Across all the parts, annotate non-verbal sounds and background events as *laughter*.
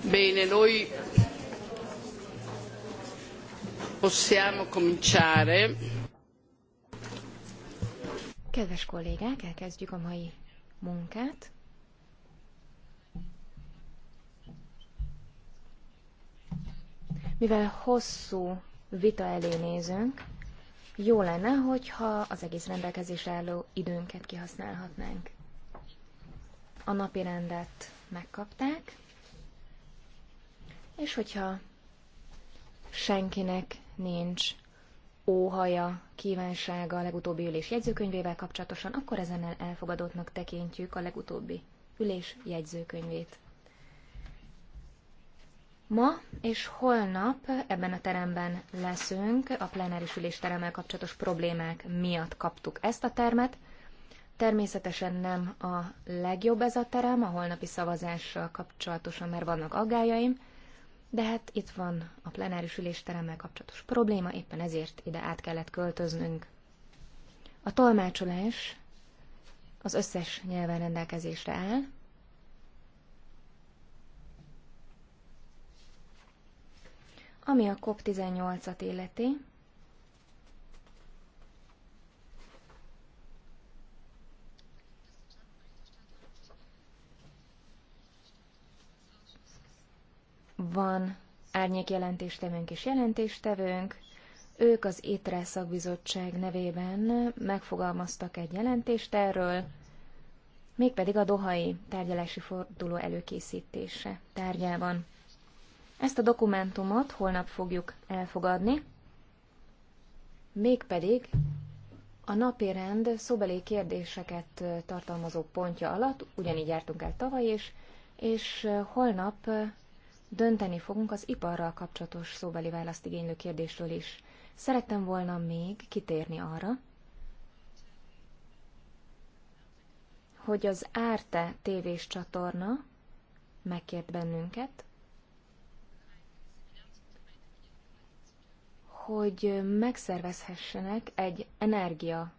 Bene, noi possiamo cominciare. Kedves kollégák, elkezdjük a mai munkát. Mivel hosszú vita elé nézünk, jó lenne, hogyha az egész rendelkezésre álló időnket kihasználhatnánk. A napi rendet megkapták, és hogyha senkinek nincs óhaja, kívánsága a legutóbbi ülés jegyzőkönyvével kapcsolatosan, akkor ezen elfogadottnak tekintjük a legutóbbi ülés jegyzőkönyvét. Ma és holnap ebben a teremben leszünk, a plenáris ülésteremmel kapcsolatos problémák miatt kaptuk ezt a termet. Természetesen nem a legjobb ez a terem, a holnapi szavazással kapcsolatosan már vannak aggájaim, de hát itt van a plenáris ülésteremmel kapcsolatos probléma, éppen ezért ide át kellett költöznünk. A tolmácsolás az összes nyelven rendelkezésre áll, Ami a COP18-at illeti, van árnyék jelentéstevőnk és jelentéstevőnk. Ők az ITRE szakbizottság nevében megfogalmaztak egy jelentést erről, mégpedig a dohai tárgyalási forduló előkészítése tárgyában. Ezt a dokumentumot holnap fogjuk elfogadni, mégpedig a napi rend szobeli kérdéseket tartalmazó pontja alatt, ugyanígy jártunk el tavaly is, és holnap dönteni fogunk az iparral kapcsolatos szóbeli választ igénylő kérdésről is. Szerettem volna még kitérni arra, hogy az Árte tévés csatorna megkért bennünket, hogy megszervezhessenek egy energia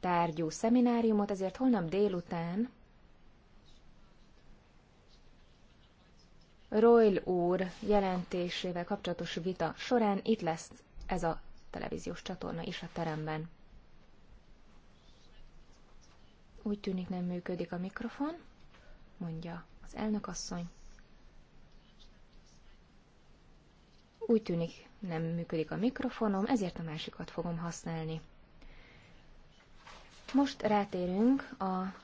tárgyú szemináriumot, ezért holnap délután Royl úr jelentésével kapcsolatos vita során itt lesz ez a televíziós csatorna is a teremben. Úgy tűnik nem működik a mikrofon, mondja az elnökasszony. Úgy tűnik, nem működik a mikrofonom, ezért a másikat fogom használni. Most rátérünk a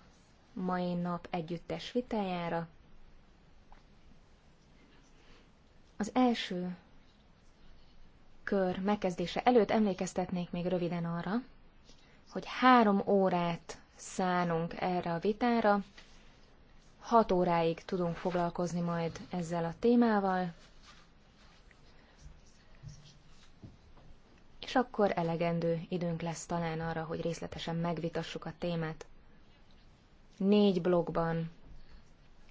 mai nap együttes vitájára. Az első kör megkezdése előtt emlékeztetnék még röviden arra, hogy három órát szánunk erre a vitára, hat óráig tudunk foglalkozni majd ezzel a témával, és akkor elegendő időnk lesz talán arra, hogy részletesen megvitassuk a témát. Négy blokkban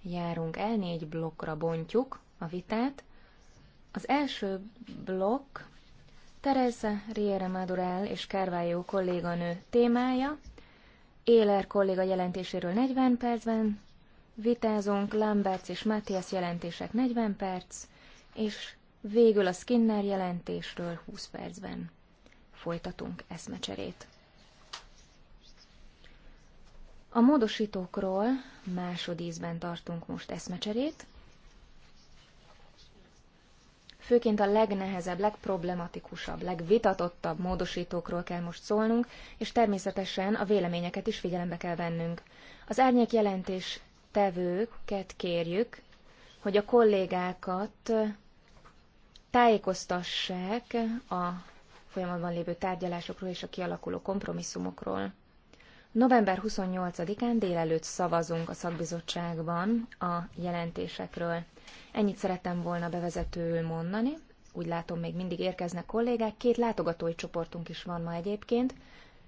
járunk el, négy blokkra bontjuk a vitát. Az első blokk Teresa Riera Madurel és Carvalho kolléganő témája. Éler kolléga jelentéséről 40 percben vitázunk, Lamberts és Matthias jelentések 40 perc, és végül a Skinner jelentésről 20 percben folytatunk eszmecserét. A módosítókról másodízben tartunk most eszmecserét. Főként a legnehezebb, legproblematikusabb, legvitatottabb módosítókról kell most szólnunk, és természetesen a véleményeket is figyelembe kell vennünk. Az árnyék jelentés tevőket kérjük, hogy a kollégákat tájékoztassák a folyamatban lévő tárgyalásokról és a kialakuló kompromisszumokról. November 28-án délelőtt szavazunk a szakbizottságban a jelentésekről. Ennyit szerettem volna bevezetőül mondani. Úgy látom, még mindig érkeznek kollégák. Két látogatói csoportunk is van ma egyébként.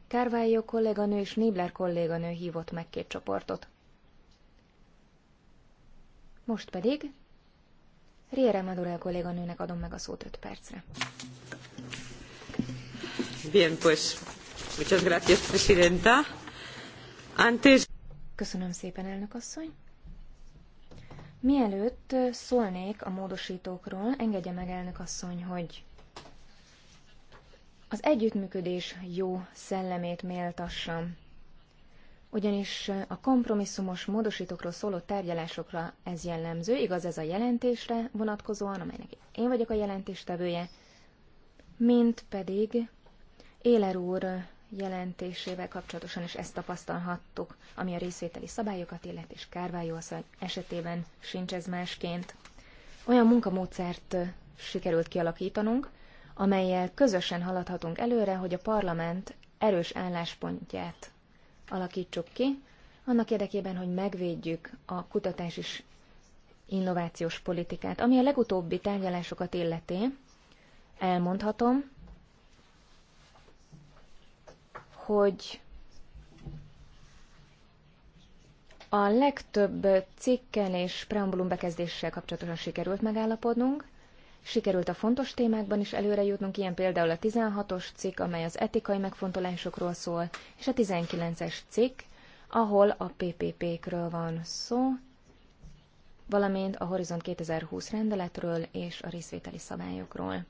Kárvályó kolléganő és Nibler kolléganő hívott meg két csoportot. Most pedig Riera Madurel kolléganőnek adom meg a szót 5 percre. Bien, pues muchas gracias, presidenta. Antes... Köszönöm szépen, elnök asszony. Mielőtt szólnék a módosítókról, engedje meg elnök asszony, hogy az együttműködés jó szellemét méltassam. Ugyanis a kompromisszumos módosítókról szóló tárgyalásokra ez jellemző, igaz ez a jelentésre vonatkozóan, amelynek én vagyok a jelentéstevője, mint pedig Éler úr jelentésével kapcsolatosan is ezt tapasztalhattuk, ami a részvételi szabályokat illet, és Kárvályó esetében sincs ez másként. Olyan munkamódszert sikerült kialakítanunk, amelyel közösen haladhatunk előre, hogy a parlament erős álláspontját alakítsuk ki, annak érdekében, hogy megvédjük a kutatás és innovációs politikát. Ami a legutóbbi tárgyalásokat illeti, elmondhatom, hogy a legtöbb cikken és preambulum bekezdéssel kapcsolatosan sikerült megállapodnunk, sikerült a fontos témákban is előre jutnunk, ilyen például a 16-os cikk, amely az etikai megfontolásokról szól, és a 19-es cikk, ahol a PPP-kről van szó, valamint a Horizont 2020 rendeletről és a részvételi szabályokról.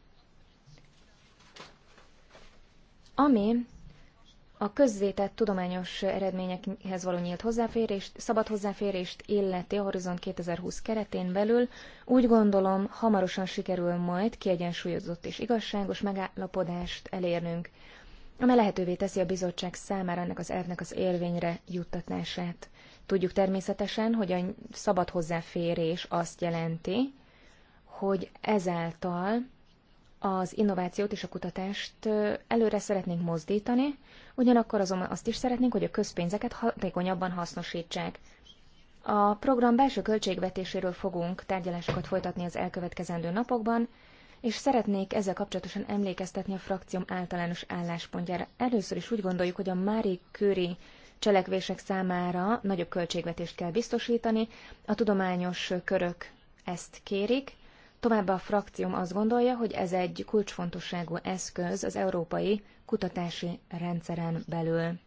Ami a közzétett tudományos eredményekhez való nyílt hozzáférést, szabad hozzáférést illeti a Horizont 2020 keretén belül, úgy gondolom, hamarosan sikerül majd kiegyensúlyozott és igazságos megállapodást elérnünk, amely lehetővé teszi a bizottság számára ennek az elvnek az érvényre juttatását. Tudjuk természetesen, hogy a szabad hozzáférés azt jelenti, hogy ezáltal az innovációt és a kutatást előre szeretnénk mozdítani, ugyanakkor azonban azt is szeretnénk, hogy a közpénzeket hatékonyabban hasznosítsák. A program belső költségvetéséről fogunk tárgyalásokat folytatni az elkövetkezendő napokban, és szeretnék ezzel kapcsolatosan emlékeztetni a frakcióm általános álláspontjára. Először is úgy gondoljuk, hogy a Mári Köri cselekvések számára nagyobb költségvetést kell biztosítani, a tudományos körök ezt kérik, Továbbá a frakcióm azt gondolja, hogy ez egy kulcsfontosságú eszköz az európai kutatási rendszeren belül.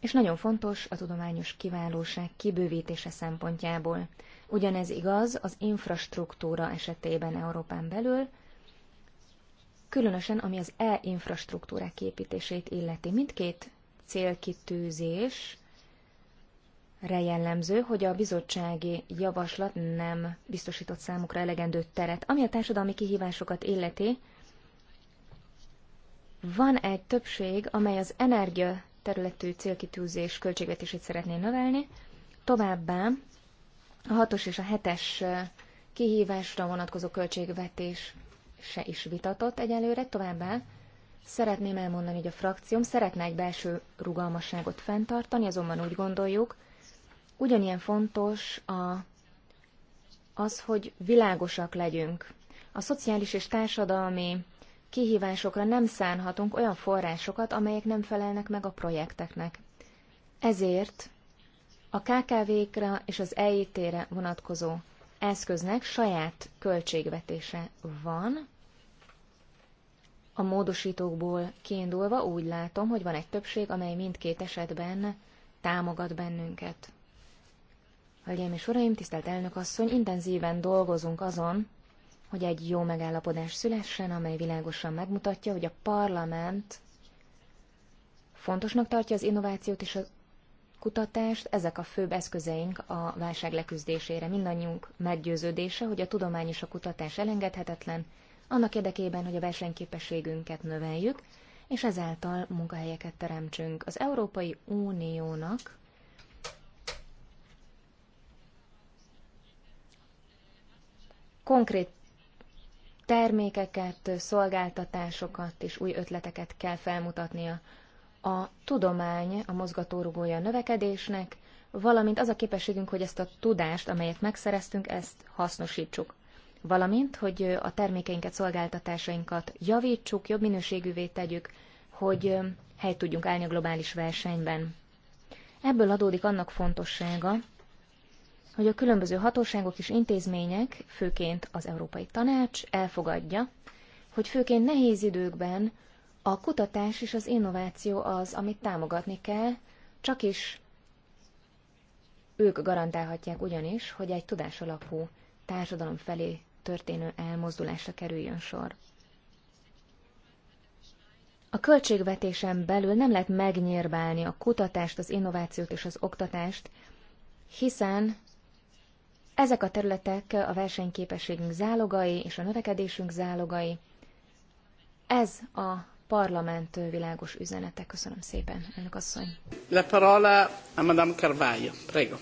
És nagyon fontos a tudományos kiválóság kibővítése szempontjából. Ugyanez igaz az infrastruktúra esetében Európán belül, különösen ami az e infrastruktúra képítését illeti. Mindkét célkitűzés jellemző, hogy a bizottsági javaslat nem biztosított számukra elegendő teret, ami a társadalmi kihívásokat illeti, van egy többség, amely az energia területű célkitűzés költségvetését szeretné növelni, továbbá a hatos és a hetes kihívásra vonatkozó költségvetés se is vitatott egyelőre, továbbá szeretném elmondani, hogy a frakcióm szeretne egy belső rugalmasságot fenntartani, azonban úgy gondoljuk, ugyanilyen fontos a, az, hogy világosak legyünk. A szociális és társadalmi kihívásokra nem szánhatunk olyan forrásokat, amelyek nem felelnek meg a projekteknek. Ezért a KKV-kra és az EIT-re vonatkozó eszköznek saját költségvetése van. A módosítókból kiindulva úgy látom, hogy van egy többség, amely mindkét esetben támogat bennünket. Hölgyeim és uraim, tisztelt elnök asszony, intenzíven dolgozunk azon, hogy egy jó megállapodás szülessen, amely világosan megmutatja, hogy a parlament fontosnak tartja az innovációt és a kutatást, ezek a főbb eszközeink a válság leküzdésére. Mindannyiunk meggyőződése, hogy a tudomány és a kutatás elengedhetetlen, annak érdekében, hogy a versenyképességünket növeljük, és ezáltal munkahelyeket teremtsünk. Az Európai Uniónak konkrét termékeket, szolgáltatásokat és új ötleteket kell felmutatnia. A tudomány a mozgatórugója a növekedésnek, valamint az a képességünk, hogy ezt a tudást, amelyet megszereztünk, ezt hasznosítsuk. Valamint, hogy a termékeinket, szolgáltatásainkat javítsuk, jobb minőségűvé tegyük, hogy helyt tudjunk állni a globális versenyben. Ebből adódik annak fontossága, hogy a különböző hatóságok és intézmények, főként az Európai Tanács elfogadja, hogy főként nehéz időkben a kutatás és az innováció az, amit támogatni kell, csak is ők garantálhatják ugyanis, hogy egy alapú társadalom felé történő elmozdulásra kerüljön sor. A költségvetésen belül nem lehet megnyírbálni a kutatást, az innovációt és az oktatást, hiszen ezek a területek a versenyképességünk zálogai és a növekedésünk zálogai. Ez a parlament világos üzenete. Köszönöm szépen, elnök asszony. La parola a Madame Carvalho. Prego.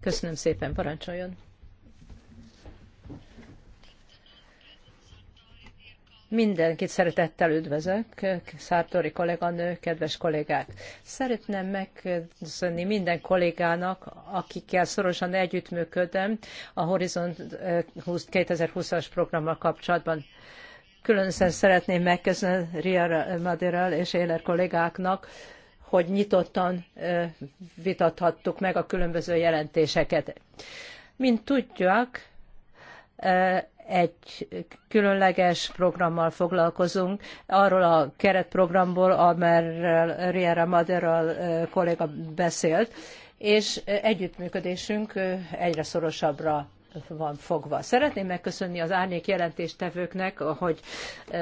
Köszönöm szépen, parancsoljon. Mindenkit szeretettel üdvözök, Szártori kolléganő, kedves kollégák. Szeretném megköszönni minden kollégának, akikkel szorosan együttműködöm a Horizon 2020-as eh, programmal kapcsolatban. Különösen szeretném megköszönni Ria Maderal és Éler kollégáknak, hogy nyitottan eh, vitathattuk meg a különböző jelentéseket. Mint tudják, eh, egy különleges programmal foglalkozunk, arról a keretprogramból, amerről Riera Madera kolléga beszélt, és együttműködésünk egyre szorosabbra van fogva. Szeretném megköszönni az árnyék jelentéstevőknek, hogy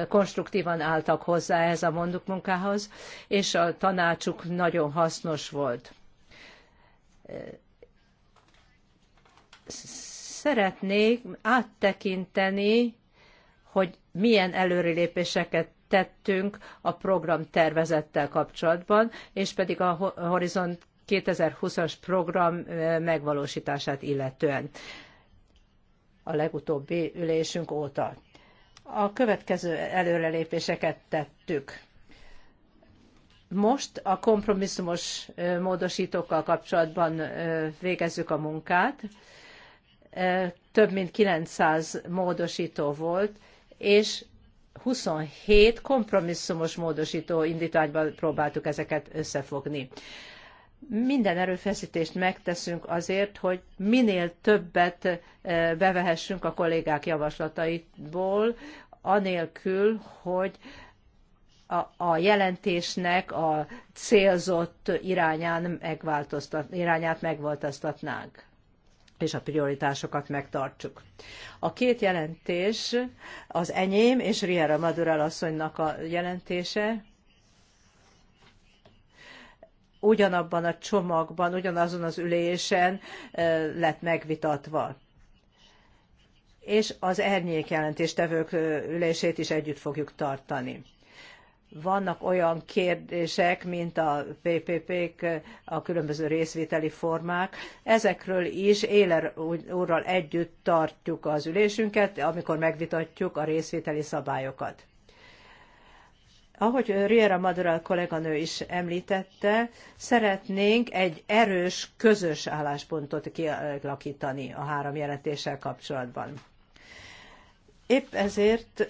konstruktívan álltak hozzá ehhez a monduk munkához, és a tanácsuk nagyon hasznos volt szeretnék áttekinteni, hogy milyen előrelépéseket tettünk a program tervezettel kapcsolatban, és pedig a Horizont 2020-as program megvalósítását illetően a legutóbbi ülésünk óta. A következő előrelépéseket tettük. Most a kompromisszumos módosítókkal kapcsolatban végezzük a munkát, több mint 900 módosító volt, és 27 kompromisszumos módosító indítványban próbáltuk ezeket összefogni. Minden erőfeszítést megteszünk azért, hogy minél többet e, bevehessünk a kollégák javaslataitból, anélkül, hogy a, a jelentésnek a célzott irányán megváltoztat, irányát megváltoztatnánk és a prioritásokat megtartsuk. A két jelentés az enyém és Riera Madurell asszonynak a jelentése, ugyanabban a csomagban, ugyanazon az ülésen lett megvitatva. És az ernyék jelentéstevők ülését is együtt fogjuk tartani vannak olyan kérdések, mint a PPP-k, a különböző részvételi formák. Ezekről is Éler úrral együtt tartjuk az ülésünket, amikor megvitatjuk a részvételi szabályokat. Ahogy Riera Madura kolléganő is említette, szeretnénk egy erős, közös álláspontot kialakítani a három jelentéssel kapcsolatban. Épp ezért,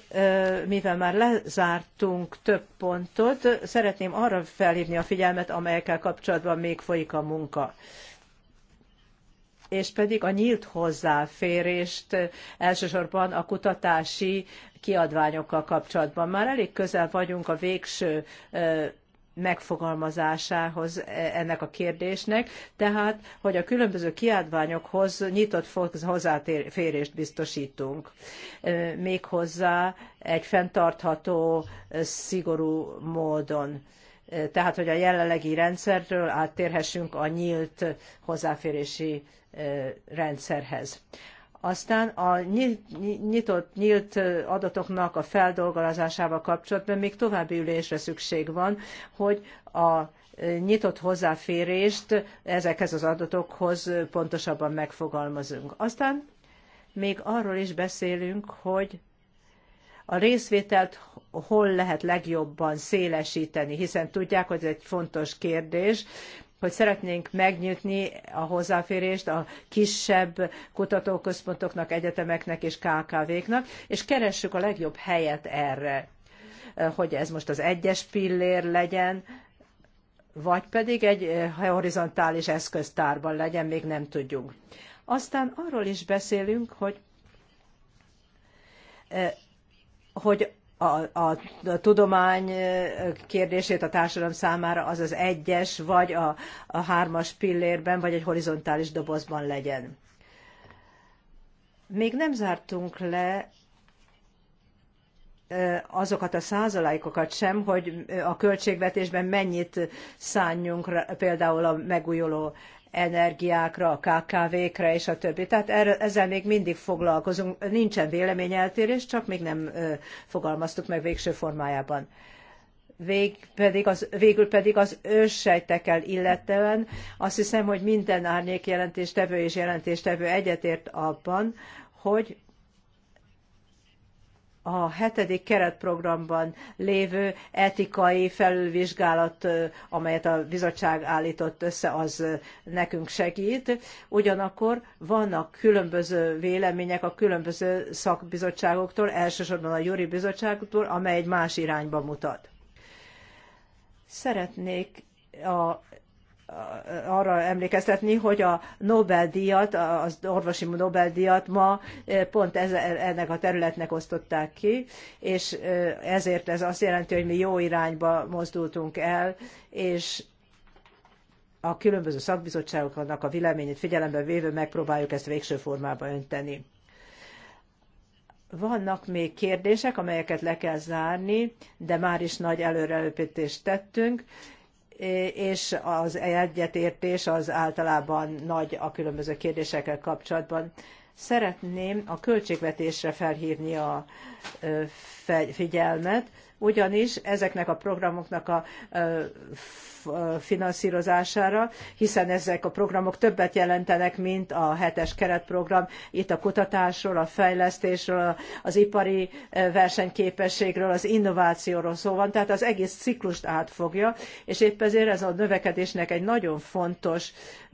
mivel már lezártunk több pontot, szeretném arra felhívni a figyelmet, amelyekkel kapcsolatban még folyik a munka és pedig a nyílt hozzáférést elsősorban a kutatási kiadványokkal kapcsolatban. Már elég közel vagyunk a végső megfogalmazásához e, ennek a kérdésnek, tehát, hogy a különböző kiadványokhoz nyitott hozzáférést biztosítunk. E, méghozzá egy fenntartható, e, szigorú módon. Tehát, hogy a jelenlegi rendszerről áttérhessünk a nyílt hozzáférési rendszerhez. Aztán a nyitott, nyílt adatoknak a feldolgozásával kapcsolatban még további ülésre szükség van, hogy a nyitott hozzáférést ezekhez az adatokhoz pontosabban megfogalmazunk. Aztán még arról is beszélünk, hogy a részvételt hol lehet legjobban szélesíteni, hiszen tudják, hogy ez egy fontos kérdés, hogy szeretnénk megnyitni a hozzáférést a kisebb kutatóközpontoknak, egyetemeknek és KKV-knak, és keressük a legjobb helyet erre, eh, hogy ez most az egyes pillér legyen, vagy pedig egy eh, horizontális eszköztárban legyen, még nem tudjuk. Aztán arról is beszélünk, hogy eh, hogy a, a, a tudomány kérdését a társadalom számára az az egyes, vagy a, a hármas pillérben, vagy egy horizontális dobozban legyen. Még nem zártunk le azokat a százalékokat sem, hogy a költségvetésben mennyit szánjunk például a megújuló energiákra, a KKV-kre és a többi. Tehát erre, ezzel még mindig foglalkozunk. Nincsen véleményeltérés, csak még nem fogalmaztuk meg végső formájában. Vég pedig az, végül pedig az őssejtekkel illetően azt hiszem, hogy minden árnyék jelentéstevő és jelentéstevő egyetért abban, hogy a hetedik keretprogramban lévő etikai felülvizsgálat, amelyet a bizottság állított össze, az nekünk segít. Ugyanakkor vannak különböző vélemények a különböző szakbizottságoktól, elsősorban a Juri Bizottságtól, amely egy más irányba mutat. Szeretnék a arra emlékeztetni, hogy a Nobel-díjat, az orvosi Nobel-díjat ma eh, pont ez, ennek a területnek osztották ki, és eh, ezért ez azt jelenti, hogy mi jó irányba mozdultunk el, és a különböző szakbizottságoknak a véleményét figyelembe véve megpróbáljuk ezt végső formába önteni. Vannak még kérdések, amelyeket le kell zárni, de már is nagy előrelépítést tettünk, és az egyetértés az általában nagy a különböző kérdésekkel kapcsolatban. Szeretném a költségvetésre felhívni a figyelmet, ugyanis ezeknek a programoknak a finanszírozására, hiszen ezek a programok többet jelentenek, mint a hetes keretprogram. Itt a kutatásról, a fejlesztésről, az ipari versenyképességről, az innovációról szó van, tehát az egész ciklust átfogja, és épp ezért ez a növekedésnek egy nagyon fontos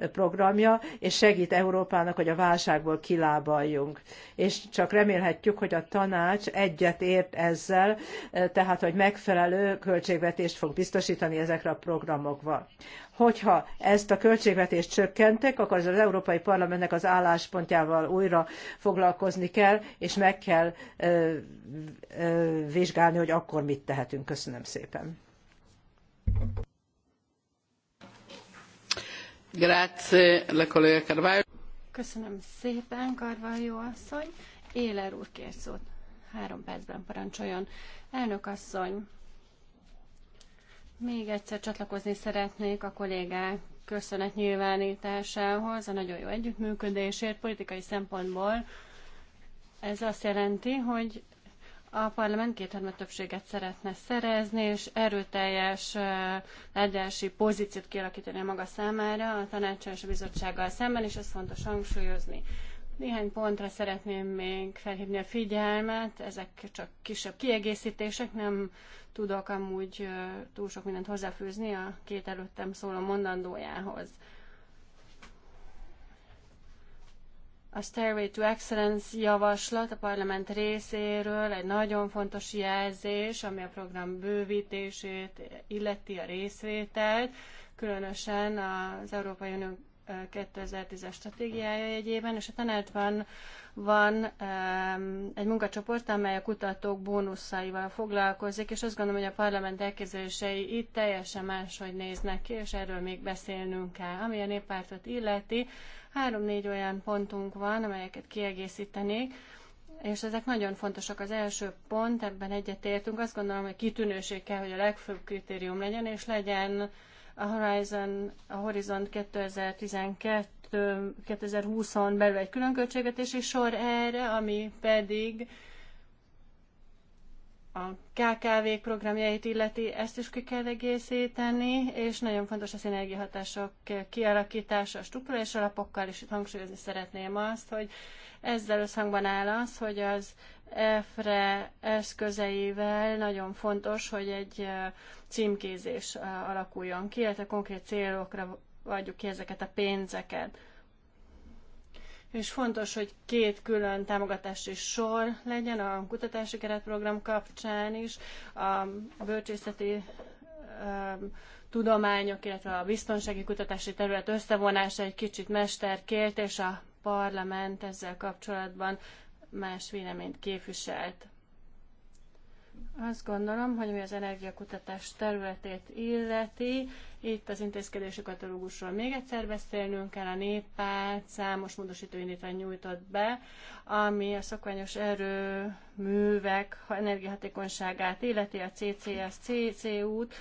programja, és segít Európának, hogy a válságból kilábaljunk. És csak remélhetjük, hogy a tanács egyet ért ezzel, eh, tehát hogy megfelelő költségvetést fog biztosítani ezekre a programokra hogyha ezt a költségvetést csökkentik, akkor az Európai Parlamentnek az álláspontjával újra foglalkozni kell, és meg kell ö, eh, ö, eh, vizsgálni, hogy akkor mit tehetünk. Köszönöm szépen. Köszönöm szépen, Carvalho asszony. Éler úr kért szót. Három percben parancsoljon. Elnök asszony, még egyszer csatlakozni szeretnék a kollégák köszönet nyilvánításához, a nagyon jó együttműködésért politikai szempontból. Ez azt jelenti, hogy a parlament kétharmad többséget szeretne szerezni, és erőteljes tárgyalási pozíciót kialakítani a maga számára a tanácsos és a bizottsággal szemben, és ezt fontos hangsúlyozni. Néhány pontra szeretném még felhívni a figyelmet, ezek csak kisebb kiegészítések, nem tudok amúgy túl sok mindent hozzáfűzni a két előttem szóló mondandójához. A Stairway to Excellence javaslat a parlament részéről egy nagyon fontos jelzés, ami a program bővítését illeti a részvételt, különösen az Európai Unió 2010-es stratégiája jegyében, és a tanácsban van um, egy munkacsoport, amely a kutatók bónuszaival foglalkozik, és azt gondolom, hogy a parlament elképzelései itt teljesen máshogy néznek ki, és erről még beszélnünk kell. Ami a néppártot illeti, Három-négy olyan pontunk van, amelyeket kiegészítenék, és ezek nagyon fontosak. Az első pont, ebben egyetértünk, azt gondolom, hogy kitűnőség kell, hogy a legfőbb kritérium legyen, és legyen a Horizon, a Horizon 2012 2020-on belül egy külön sor erre, ami pedig a KKV programjait illeti, ezt is ki kell egészíteni, és nagyon fontos a szinergiahatások kialakítása a struktúrális alapokkal, és itt hangsúlyozni szeretném azt, hogy ezzel összhangban áll az, hogy az EFRE eszközeivel nagyon fontos, hogy egy címkézés alakuljon ki, illetve konkrét célokra adjuk ki ezeket a pénzeket és fontos, hogy két külön támogatási sor legyen a kutatási keretprogram kapcsán is, a bölcsészeti tudományok, illetve a biztonsági kutatási terület összevonása egy kicsit mesterkért, és a parlament ezzel kapcsolatban más véleményt képviselt. Azt gondolom, hogy mi az energiakutatás területét illeti, itt az intézkedési katalógusról még egyszer beszélnünk kell, a néppárt számos módosító indítvány nyújtott be, ami a szokványos erőművek energiahatékonyságát illeti, a CCS, CCU-t,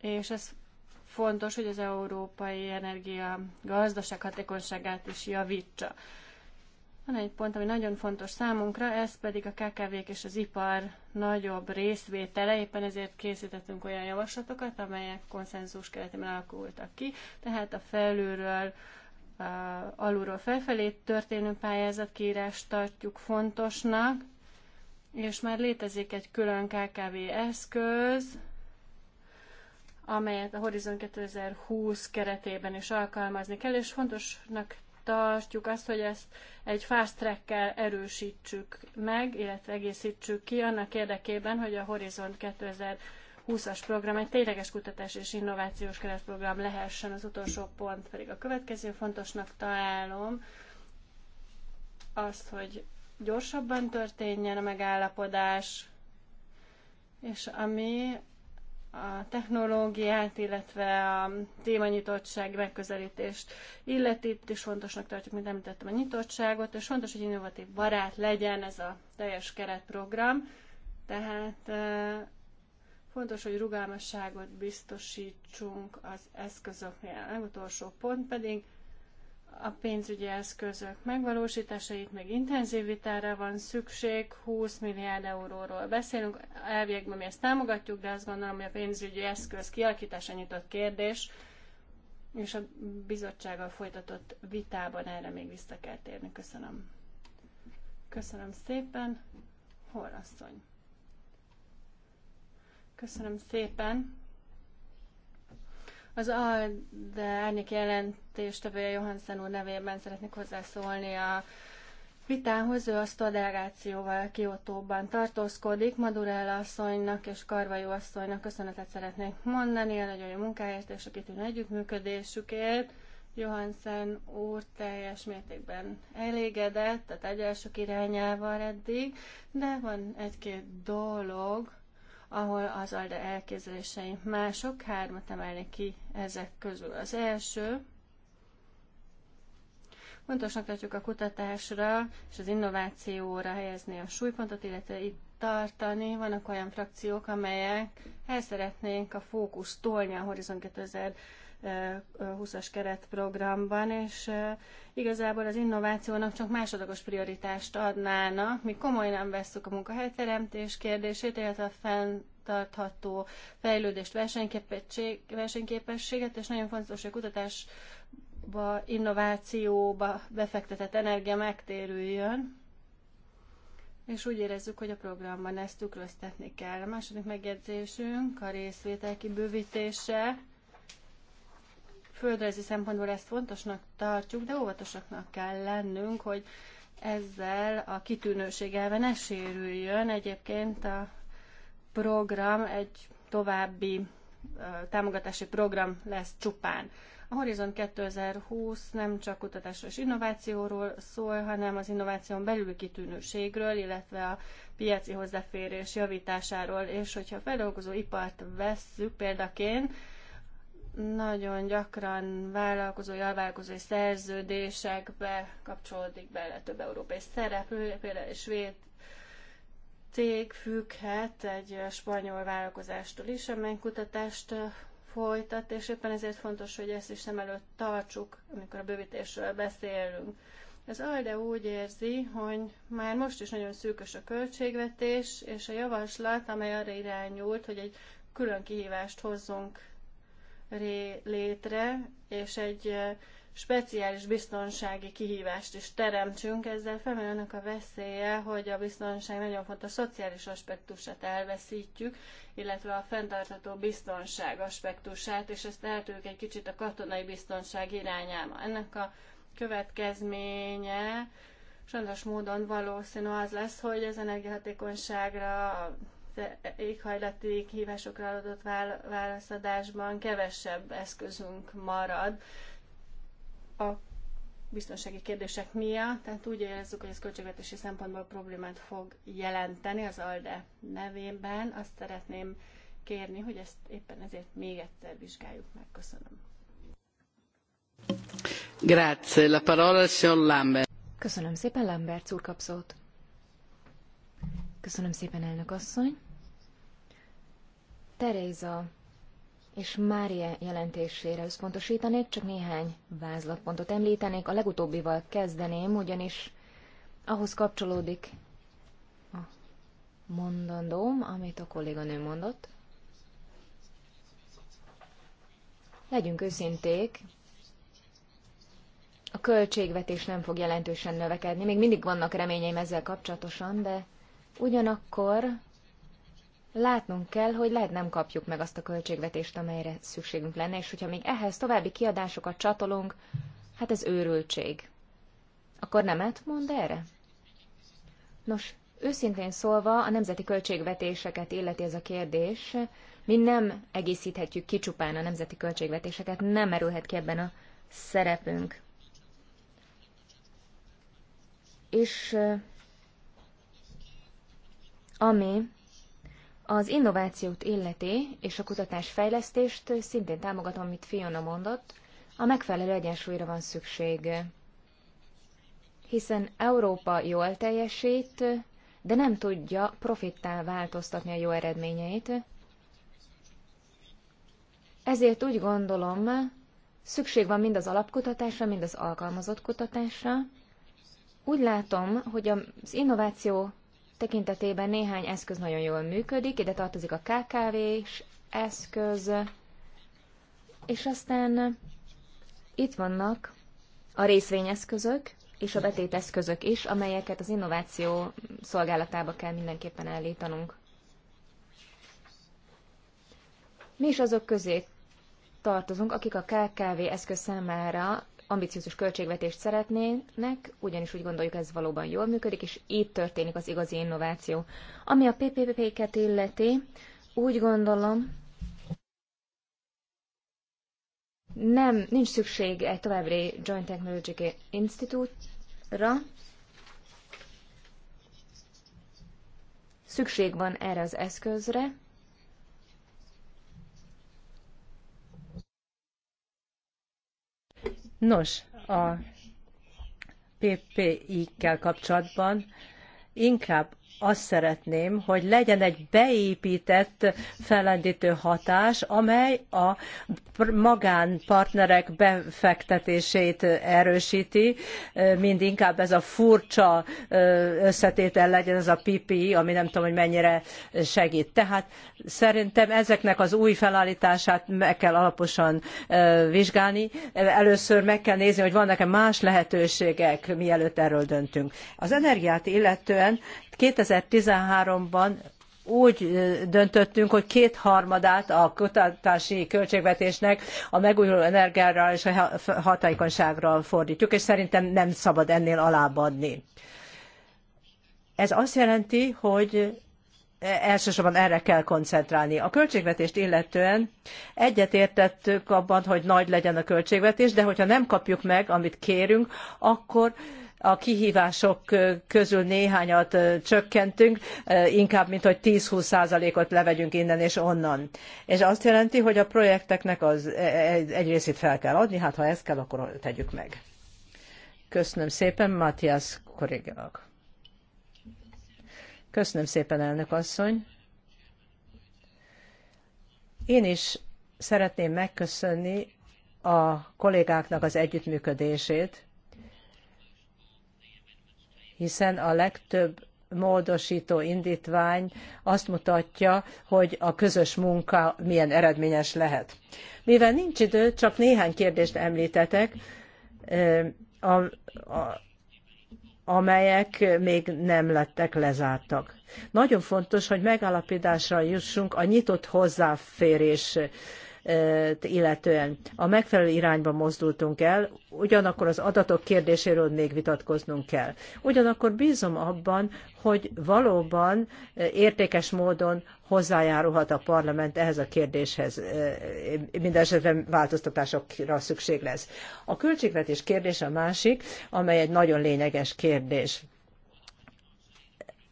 és ez fontos, hogy az európai energia gazdaság hatékonyságát is javítsa. Van egy pont, ami nagyon fontos számunkra, ez pedig a KKV-k és az ipar nagyobb részvétele, éppen ezért készítettünk olyan javaslatokat, amelyek konszenzus keretében alakultak ki, tehát a felülről alulról felfelé történő pályázatkírást tartjuk fontosnak, és már létezik egy külön KKV eszköz, amelyet a Horizon 2020 keretében is alkalmazni kell, és fontosnak tartjuk azt, hogy ezt egy fast track-kel erősítsük meg, illetve egészítsük ki annak érdekében, hogy a Horizont 2020-as program egy tényleges kutatás és innovációs keretprogram lehessen. Az utolsó pont pedig a következő fontosnak találom azt, hogy gyorsabban történjen a megállapodás, és ami a technológiát, illetve a témanyitottság megközelítést illeti. és fontosnak tartjuk, mint említettem, a nyitottságot, és fontos, hogy innovatív barát legyen ez a teljes keretprogram. Tehát fontos, hogy rugalmasságot biztosítsunk az eszközöknél. A legutolsó pont pedig a pénzügyi eszközök megvalósításait még intenzív vitára van szükség, 20 milliárd euróról beszélünk, elvégben mi ezt támogatjuk, de azt gondolom, hogy a pénzügyi eszköz kialakítása nyitott kérdés, és a bizottsággal folytatott vitában erre még vissza kell térni. Köszönöm. Köszönöm szépen. Hol asszony? Köszönöm szépen. Az ALDE árnyék a Johansen úr nevében szeretnék hozzászólni a vitához. Ő azt a delegációval Kiotóban tartózkodik. Madurella asszonynak és Karvajó asszonynak köszönetet szeretnék mondani a nagyon jó munkáért és a kitűnő együttműködésükért. Johansen úr teljes mértékben elégedett a tárgyalások irányával eddig, de van egy-két dolog, ahol az alda elképzelései mások, hármat emelnék ki ezek közül. Az első, fontosnak tartjuk a kutatásra és az innovációra helyezni a súlypontot, illetve itt tartani. Vannak olyan frakciók, amelyek el szeretnénk a fókusz tolni a Horizon 2000 20-as keretprogramban, és igazából az innovációnak csak másodlagos prioritást adnának. Mi komolyan vesszük a munkahelyteremtés kérdését, illetve a fenn tartható fejlődést, versenyképességet, és nagyon fontos, hogy a kutatásba, innovációba befektetett energia megtérüljön. És úgy érezzük, hogy a programban ezt tükröztetni kell. A második megjegyzésünk a részvétel kibővítése földrajzi szempontból ezt fontosnak tartjuk, de óvatosaknak kell lennünk, hogy ezzel a kitűnőség elve ne sérüljön. Egyébként a program egy további támogatási program lesz csupán. A Horizon 2020 nem csak kutatásról és innovációról szól, hanem az innováción belüli kitűnőségről, illetve a piaci hozzáférés javításáról, és hogyha a feldolgozó ipart vesszük példaként, nagyon gyakran vállalkozói, alvállalkozói szerződésekbe kapcsolódik bele több európai szereplő, például egy svéd cég függhet egy spanyol vállalkozástól is, amely kutatást folytat, és éppen ezért fontos, hogy ezt is szem előtt tartsuk, amikor a bővítésről beszélünk. Az ALDE úgy érzi, hogy már most is nagyon szűkös a költségvetés, és a javaslat, amely arra irányult, hogy egy külön kihívást hozzunk ré létre, és egy speciális biztonsági kihívást is teremtsünk, ezzel felmerülnek a veszélye, hogy a biztonság nagyon fontos szociális aspektusát elveszítjük, illetve a fenntartható biztonság aspektusát, és ezt eltűrjük egy kicsit a katonai biztonság irányába. Ennek a következménye sajnos módon valószínű az lesz, hogy az energiahatékonyságra, a éghajlati kihívásokra adott válaszadásban kevesebb eszközünk marad a biztonsági kérdések miatt, tehát úgy érezzük, hogy ez költségvetési szempontból problémát fog jelenteni az ALDE nevében. Azt szeretném kérni, hogy ezt éppen ezért még egyszer vizsgáljuk meg. Köszönöm. Grazie. La parola signor Lambert. Köszönöm szépen, Lambert úr kapszót. Köszönöm szépen, elnök asszony. Teréza és Mária jelentésére összpontosítanék, csak néhány vázlatpontot említenék. A legutóbbival kezdeném, ugyanis ahhoz kapcsolódik a mondandóm, amit a kolléganő mondott. Legyünk őszinték, a költségvetés nem fog jelentősen növekedni. Még mindig vannak reményeim ezzel kapcsolatosan, de ugyanakkor látnunk kell, hogy lehet nem kapjuk meg azt a költségvetést, amelyre szükségünk lenne, és hogyha még ehhez további kiadásokat csatolunk, hát ez őrültség. Akkor nemet mond erre? Nos, őszintén szólva a nemzeti költségvetéseket illeti ez a kérdés, mi nem egészíthetjük ki csupán a nemzeti költségvetéseket, nem merülhet ki ebben a szerepünk. És ami az innovációt illeti és a kutatás fejlesztést szintén támogatom, amit Fiona mondott, a megfelelő egyensúlyra van szükség. Hiszen Európa jól teljesít, de nem tudja profittá változtatni a jó eredményeit. Ezért úgy gondolom, szükség van mind az alapkutatásra, mind az alkalmazott kutatásra. Úgy látom, hogy az innováció tekintetében néhány eszköz nagyon jól működik, ide tartozik a KKV-s eszköz, és aztán itt vannak a részvényeszközök és a betéteszközök is, amelyeket az innováció szolgálatába kell mindenképpen állítanunk. Mi is azok közé tartozunk, akik a KKV eszköz számára ambiciózus költségvetést szeretnének, ugyanis úgy gondoljuk, ez valóban jól működik, és így történik az igazi innováció. Ami a PPP-ket illeti, úgy gondolom, nem, nincs szükség egy további Joint Technology Institute-ra, szükség van erre az eszközre, Nos, a PPI-kkel kapcsolatban inkább azt szeretném, hogy legyen egy beépített felendítő hatás, amely a magánpartnerek befektetését erősíti, mind inkább ez a furcsa összetétel legyen ez a PPI, ami nem tudom, hogy mennyire segít. Tehát szerintem ezeknek az új felállítását meg kell alaposan vizsgálni. Először meg kell nézni, hogy vannak-e más lehetőségek, mielőtt erről döntünk. Az energiát illetően 2013-ban úgy döntöttünk, hogy kétharmadát a kutatási költségvetésnek a megújuló energiára és a hatékonyságra fordítjuk, és szerintem nem szabad ennél alábbadni. Ez azt jelenti, hogy elsősorban erre kell koncentrálni. A költségvetést illetően egyetértettük abban, hogy nagy legyen a költségvetés, de hogyha nem kapjuk meg, amit kérünk, akkor a kihívások közül néhányat csökkentünk, inkább, mint hogy 10-20 százalékot levegyünk innen és onnan. És azt jelenti, hogy a projekteknek az e, e, egy részét fel kell adni, hát ha ez kell, akkor tegyük meg. Köszönöm szépen, Matthias Korrigelag. Köszönöm szépen, elnök asszony. Én is szeretném megköszönni a kollégáknak az együttműködését, hiszen a legtöbb módosító indítvány azt mutatja, hogy a közös munka milyen eredményes lehet. Mivel nincs idő, csak néhány kérdést említetek, a, a, amelyek még nem lettek lezártak. Nagyon fontos, hogy megállapításra jussunk a nyitott hozzáférés illetően. A megfelelő irányba mozdultunk el, ugyanakkor az adatok kérdéséről még vitatkoznunk kell. Ugyanakkor bízom abban, hogy valóban értékes módon hozzájárulhat a parlament ehhez a kérdéshez. Mindenesetre változtatásokra szükség lesz. A költségvetés kérdése a másik, amely egy nagyon lényeges kérdés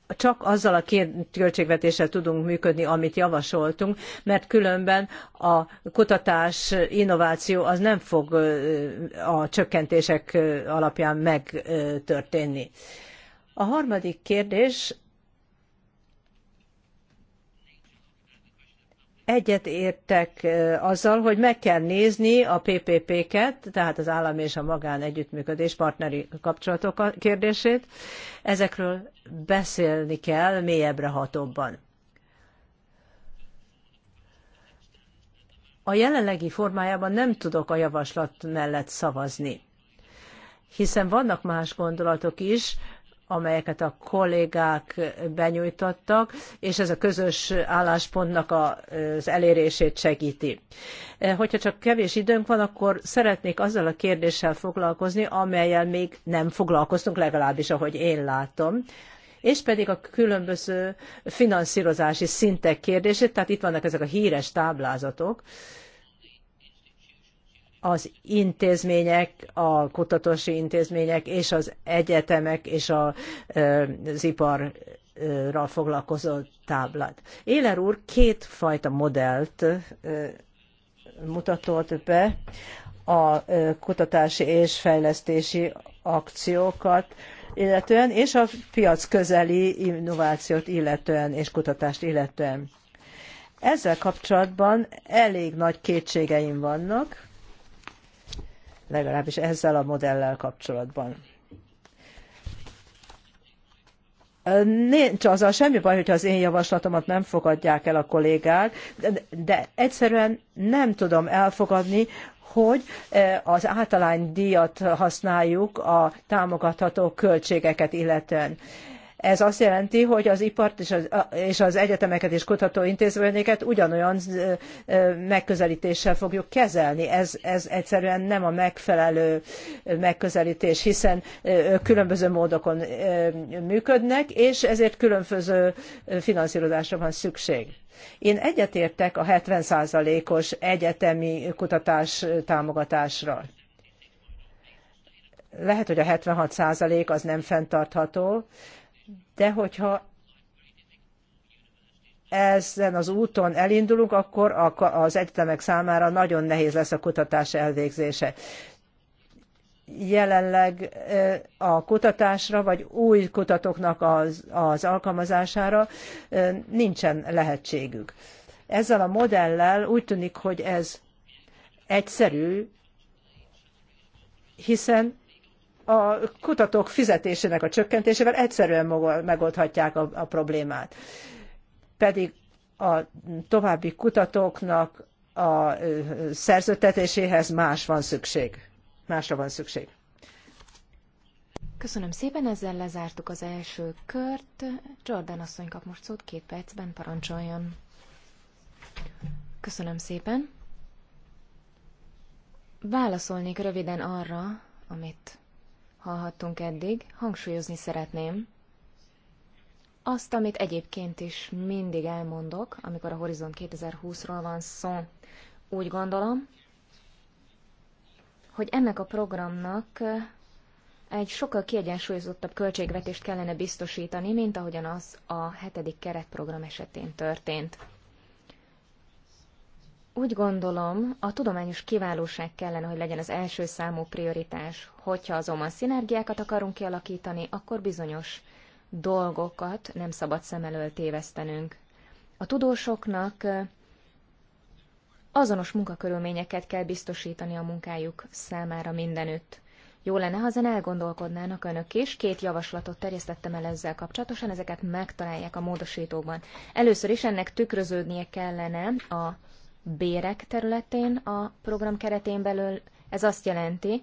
csak azzal a költségvetéssel tudunk működni, amit javasoltunk, mert különben a kutatás, innováció az nem fog a csökkentések alapján megtörténni. A harmadik kérdés Egyet értek azzal, hogy meg kell nézni a PPP-ket, tehát az állam és a magán együttműködés partneri kapcsolatok kérdését. Ezekről beszélni kell mélyebbre hatóbban. A jelenlegi formájában nem tudok a javaslat mellett szavazni, hiszen vannak más gondolatok is, amelyeket a kollégák benyújtottak, és ez a közös álláspontnak az elérését segíti. E, hogyha csak kevés időnk van, akkor szeretnék azzal a kérdéssel foglalkozni, amelyel még nem foglalkoztunk, legalábbis ahogy én látom és pedig a különböző finanszírozási szintek kérdését, tehát itt vannak ezek a híres táblázatok, az intézmények, a kutatási intézmények és az egyetemek és a, az ipar foglalkozó táblát. Éler úr két fajta modellt mutatott be, a kutatási és fejlesztési akciókat illetően, és a piac közeli innovációt illetően és kutatást illetően. Ezzel kapcsolatban elég nagy kétségeim vannak, legalábbis ezzel a modellel kapcsolatban. Nincs azzal semmi baj, hogyha az én javaslatomat nem fogadják el a kollégák, de egyszerűen nem tudom elfogadni, hogy e, az díjat használjuk a támogatható költségeket illetően. Ez azt jelenti, hogy az ipart és az, és az egyetemeket és kutatóintézményeket ugyanolyan megközelítéssel fogjuk kezelni. Ez, ez egyszerűen nem a megfelelő megközelítés, hiszen különböző módokon működnek, és ezért különböző finanszírozásra van szükség. Én egyetértek a 70%-os egyetemi kutatás támogatásra. Lehet, hogy a 76% az nem fenntartható, de hogyha ezen az úton elindulunk, akkor az egyetemek számára nagyon nehéz lesz a kutatás elvégzése. Jelenleg a kutatásra, vagy új kutatóknak az, az alkalmazására nincsen lehetségük. Ezzel a modellel úgy tűnik, hogy ez egyszerű, hiszen a kutatók fizetésének a csökkentésével egyszerűen megoldhatják a, a problémát. Pedig a további kutatóknak a szerződtetéséhez más van szükség. Másra van szükség. Köszönöm szépen, ezzel lezártuk az első kört. Jordan asszony kap most szót, két percben parancsoljon. Köszönöm szépen. Válaszolnék röviden arra, amit hallhattunk eddig, hangsúlyozni szeretném azt, amit egyébként is mindig elmondok, amikor a Horizon 2020-ról van szó. Úgy gondolom, hogy ennek a programnak eh, egy sokkal kiegyensúlyozottabb költségvetést kellene biztosítani, mint ahogyan az a hetedik keretprogram esetén történt. Úgy gondolom, a tudományos kiválóság kellene, hogy legyen az első számú prioritás. Hogyha azonban szinergiákat akarunk kialakítani, akkor bizonyos dolgokat nem szabad szem elől tévesztenünk. A tudósoknak azonos munkakörülményeket kell biztosítani a munkájuk számára mindenütt. Jó lenne, ha ezen elgondolkodnának önök is. Két javaslatot terjesztettem el ezzel kapcsolatosan, ezeket megtalálják a módosítókban. Először is ennek tükröződnie kellene a bérek területén a program keretén belül. Ez azt jelenti,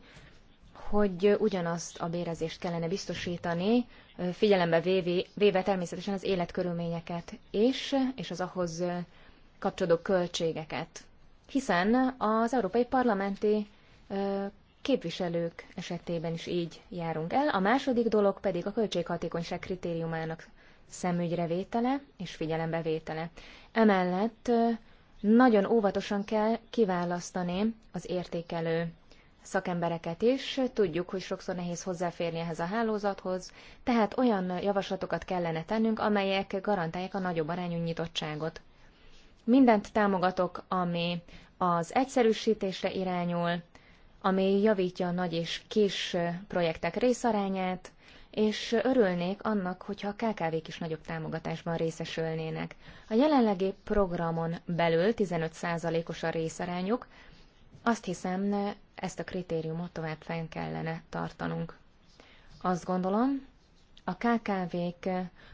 hogy ugyanazt a bérezést kellene biztosítani, figyelembe véve, véve természetesen az életkörülményeket is, és az ahhoz kapcsolódó költségeket. Hiszen az európai parlamenti képviselők esetében is így járunk el. A második dolog pedig a költséghatékonyság kritériumának szemügyre vétele és figyelembevétele. Emellett nagyon óvatosan kell kiválasztani az értékelő szakembereket is. Tudjuk, hogy sokszor nehéz hozzáférni ehhez a hálózathoz, tehát olyan javaslatokat kellene tennünk, amelyek garantálják a nagyobb arányú nyitottságot. Mindent támogatok, ami az egyszerűsítésre irányul, ami javítja a nagy és kis projektek részarányát, és örülnék annak, hogyha a KKV-k is nagyobb támogatásban részesülnének. A jelenlegi programon belül 15%-os a részarányuk, azt hiszem, ezt a kritériumot tovább fenn kellene tartanunk. Azt gondolom, a KKV-k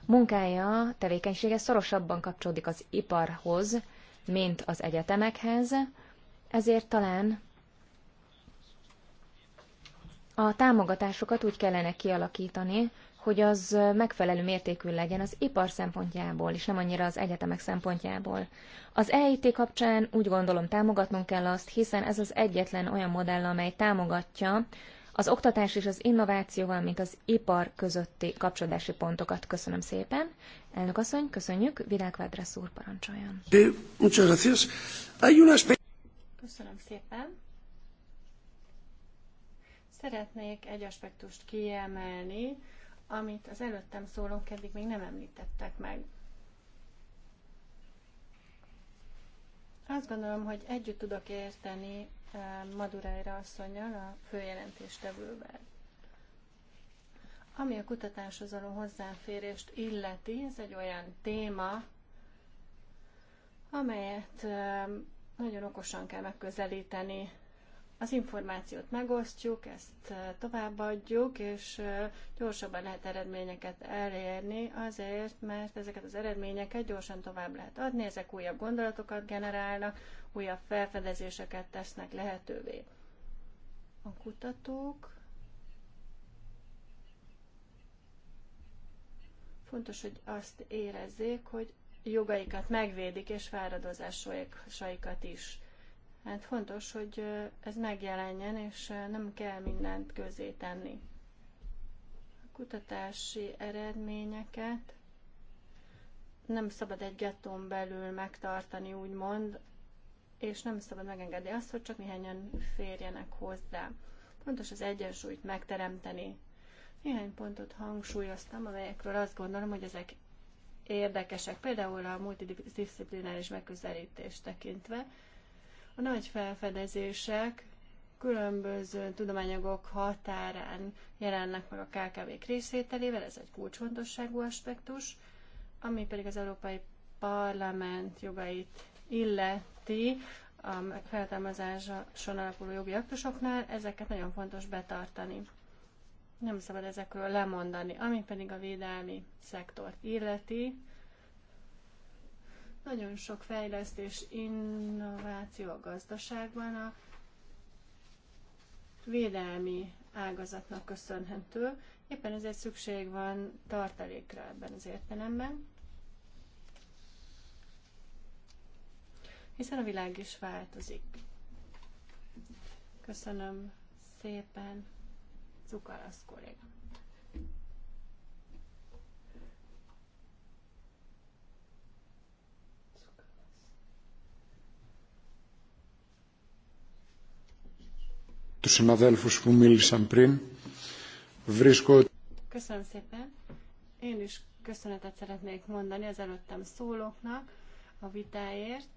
munkája, tevékenysége szorosabban kapcsolódik az iparhoz, mint az egyetemekhez, ezért talán a támogatásokat úgy kellene kialakítani, hogy az megfelelő mértékű legyen az ipar szempontjából, és nem annyira az egyetemek szempontjából. Az EIT kapcsán úgy gondolom támogatnunk kell azt, hiszen ez az egyetlen olyan modell, amely támogatja az oktatás és az innováció, valamint az ipar közötti kapcsolódási pontokat. Köszönöm szépen. Elnök asszony, köszönjük. Vidák Vedresz úr parancsoljon. Köszönöm szépen. Szeretnék egy aspektust kiemelni, amit az előttem szólónk eddig még nem említettek meg. Azt gondolom, hogy együtt tudok érteni eh, Madurájra asszonynal a főjelentéstevővel. Ami a kutatáshoz való hozzáférést illeti, ez egy olyan téma, amelyet eh, nagyon okosan kell megközelíteni az információt megosztjuk, ezt továbbadjuk, és gyorsabban lehet eredményeket elérni, azért, mert ezeket az eredményeket gyorsan tovább lehet adni, ezek újabb gondolatokat generálnak, újabb felfedezéseket tesznek lehetővé. A kutatók fontos, hogy azt érezzék, hogy jogaikat megvédik, és fáradozásaikat is. Hát fontos, hogy ez megjelenjen, és nem kell mindent közé tenni. A kutatási eredményeket nem szabad egy gettón belül megtartani, úgymond, és nem szabad megengedni azt, hogy csak néhányan férjenek hozzá. Fontos az egyensúlyt megteremteni. Néhány pontot hangsúlyoztam, amelyekről azt gondolom, hogy ezek érdekesek, például a multidisziplináris megközelítést tekintve, a nagy felfedezések különböző tudományagok határán jelennek meg a KKV-k részvételével, ez egy kulcsfontosságú aspektus, ami pedig az Európai Parlament jogait illeti, a feltámazáson alapuló jogi aktusoknál, ezeket nagyon fontos betartani. Nem szabad ezekről lemondani. Ami pedig a védelmi szektort illeti, nagyon sok fejlesztés, innováció a gazdaságban a védelmi ágazatnak köszönhető. Éppen ezért szükség van tartalékra ebben az értelemben. Hiszen a világ is változik. Köszönöm szépen, Cukarasz kollégám. συναδέλφους που μίλησαν πριν. Βρίσκω... Köszönöm szépen. Én is köszönetet szeretnék mondani az előttem szólóknak a vitáért.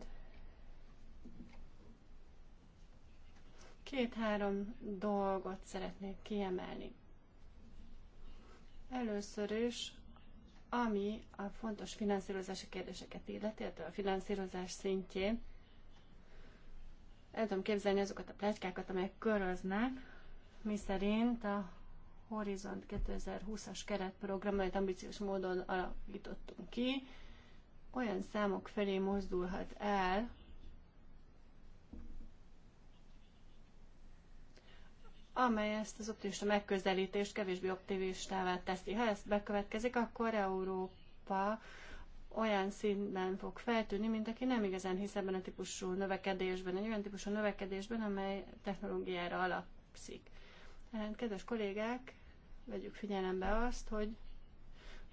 Két-három dolgot szeretnék kiemelni. Először is, ami a fontos finanszírozási kérdéseket illeti, illetve a finanszírozás szintjén, el tudom képzelni azokat a pletykákat, amelyek köröznek, mi szerint a Horizont 2020-as keretprogram, amelyet ambiciós módon alakítottunk ki, olyan számok felé mozdulhat el, amely ezt az optimista megközelítést kevésbé optimistává teszi. Ha ezt bekövetkezik, akkor Európa olyan színben fog feltűnni, mint aki nem igazán hisz ebben a típusú növekedésben, egy olyan típusú növekedésben, amely technológiára alapszik. Tehát, kedves kollégák, vegyük figyelembe azt, hogy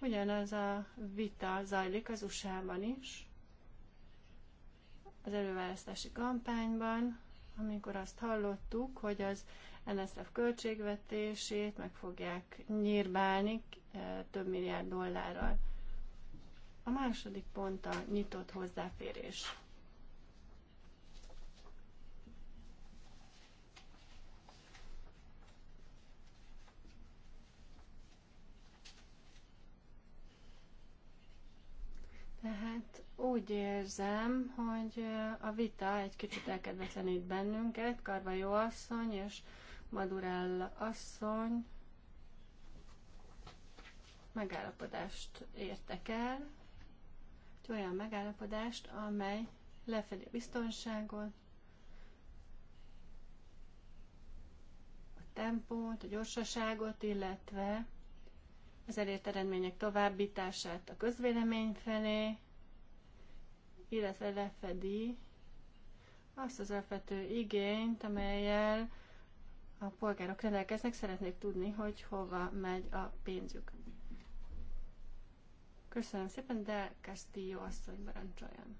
ugyanaz a vita zajlik az USA-ban is, az előválasztási kampányban, amikor azt hallottuk, hogy az NSF költségvetését meg fogják nyírbálni eh, több milliárd dollárral. A második pont a nyitott hozzáférés. Tehát úgy érzem, hogy a vita egy kicsit elkedvetlenít bennünket, jó asszony és Madurella asszony megállapodást értek el, egy olyan megállapodást, amely lefedi a biztonságot, a tempót, a gyorsaságot, illetve az elért eredmények továbbítását a közvélemény felé, illetve lefedi azt az alapvető igényt, amelyel a polgárok rendelkeznek, szeretnék tudni, hogy hova megy a pénzük. Köszönöm szépen, de Castillo asszony parancsoljon.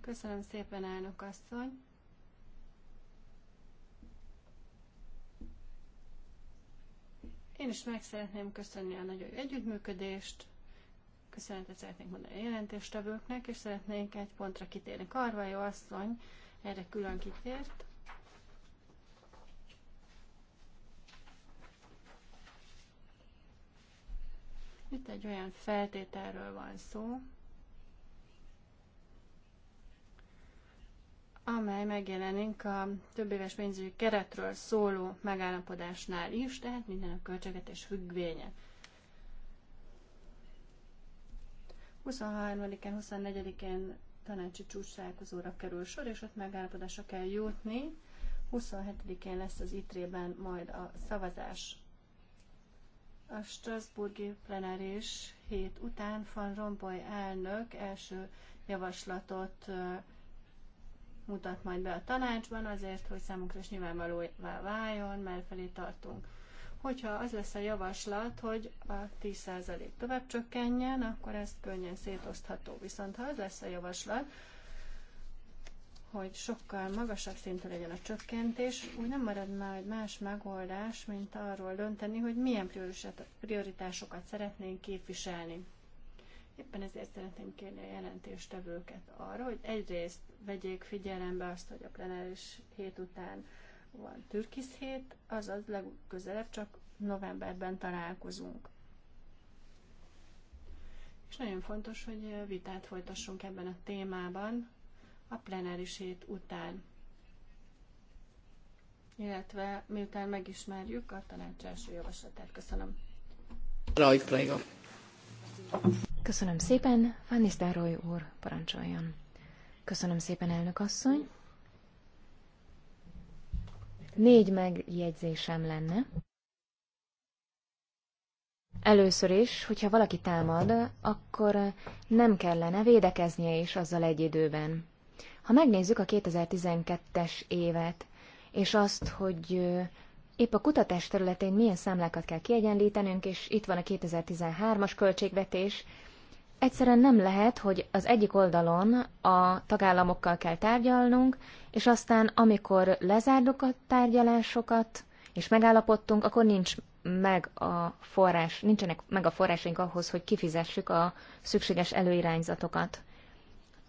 Köszönöm szépen, elnök asszony. Én is meg szeretném köszönni a nagyon jó együttműködést, köszönetet szeretnék mondani a jelentéstevőknek, és szeretnék egy pontra kitérni. Karvajó asszony erre külön kitért. Itt egy olyan feltételről van szó, amely megjelenik a több éves pénzügyi keretről szóló megállapodásnál is, tehát minden a költségvetés függvénye. 23-án, 24-én tanácsi csúcsálkozóra kerül sor, és ott megállapodásra kell jutni. 27-én lesz az ITRE-ben majd a szavazás. A Strasburgi plenáris hét után Van Rompuy elnök első javaslatot mutat majd be a tanácsban azért, hogy számunkra is nyilvánvalóvá váljon, mert felé tartunk. Hogyha az lesz a javaslat, hogy a 10% tovább csökkenjen, akkor ezt könnyen szétosztható. Viszont ha az lesz a javaslat, hogy sokkal magasabb szintű legyen a csökkentés, úgy nem marad már egy más megoldás, mint arról dönteni, hogy milyen prioritásokat szeretnénk képviselni. Éppen ezért szeretném kérni a jelentéstevőket arra, hogy egyrészt vegyék figyelembe azt, hogy a plenáris hét után van türkisz hét, azaz legközelebb csak novemberben találkozunk. És nagyon fontos, hogy vitát folytassunk ebben a témában, a plenáris hét után, illetve miután megismerjük a tanács első javaslatát. Köszönöm. Köszönöm szépen, Van Nistelrooy úr, parancsoljon. Köszönöm szépen, elnök asszony. Négy megjegyzésem lenne. Először is, hogyha valaki támad, akkor nem kellene védekeznie is azzal egy időben. Ha megnézzük a 2012-es évet, és azt, hogy épp a kutatás területén milyen számlákat kell kiegyenlítenünk, és itt van a 2013-as költségvetés, egyszerűen nem lehet, hogy az egyik oldalon a tagállamokkal kell tárgyalnunk, és aztán amikor lezárduk a tárgyalásokat, és megállapodtunk, akkor nincs meg a forrás, nincsenek meg a forrásaink ahhoz, hogy kifizessük a szükséges előirányzatokat.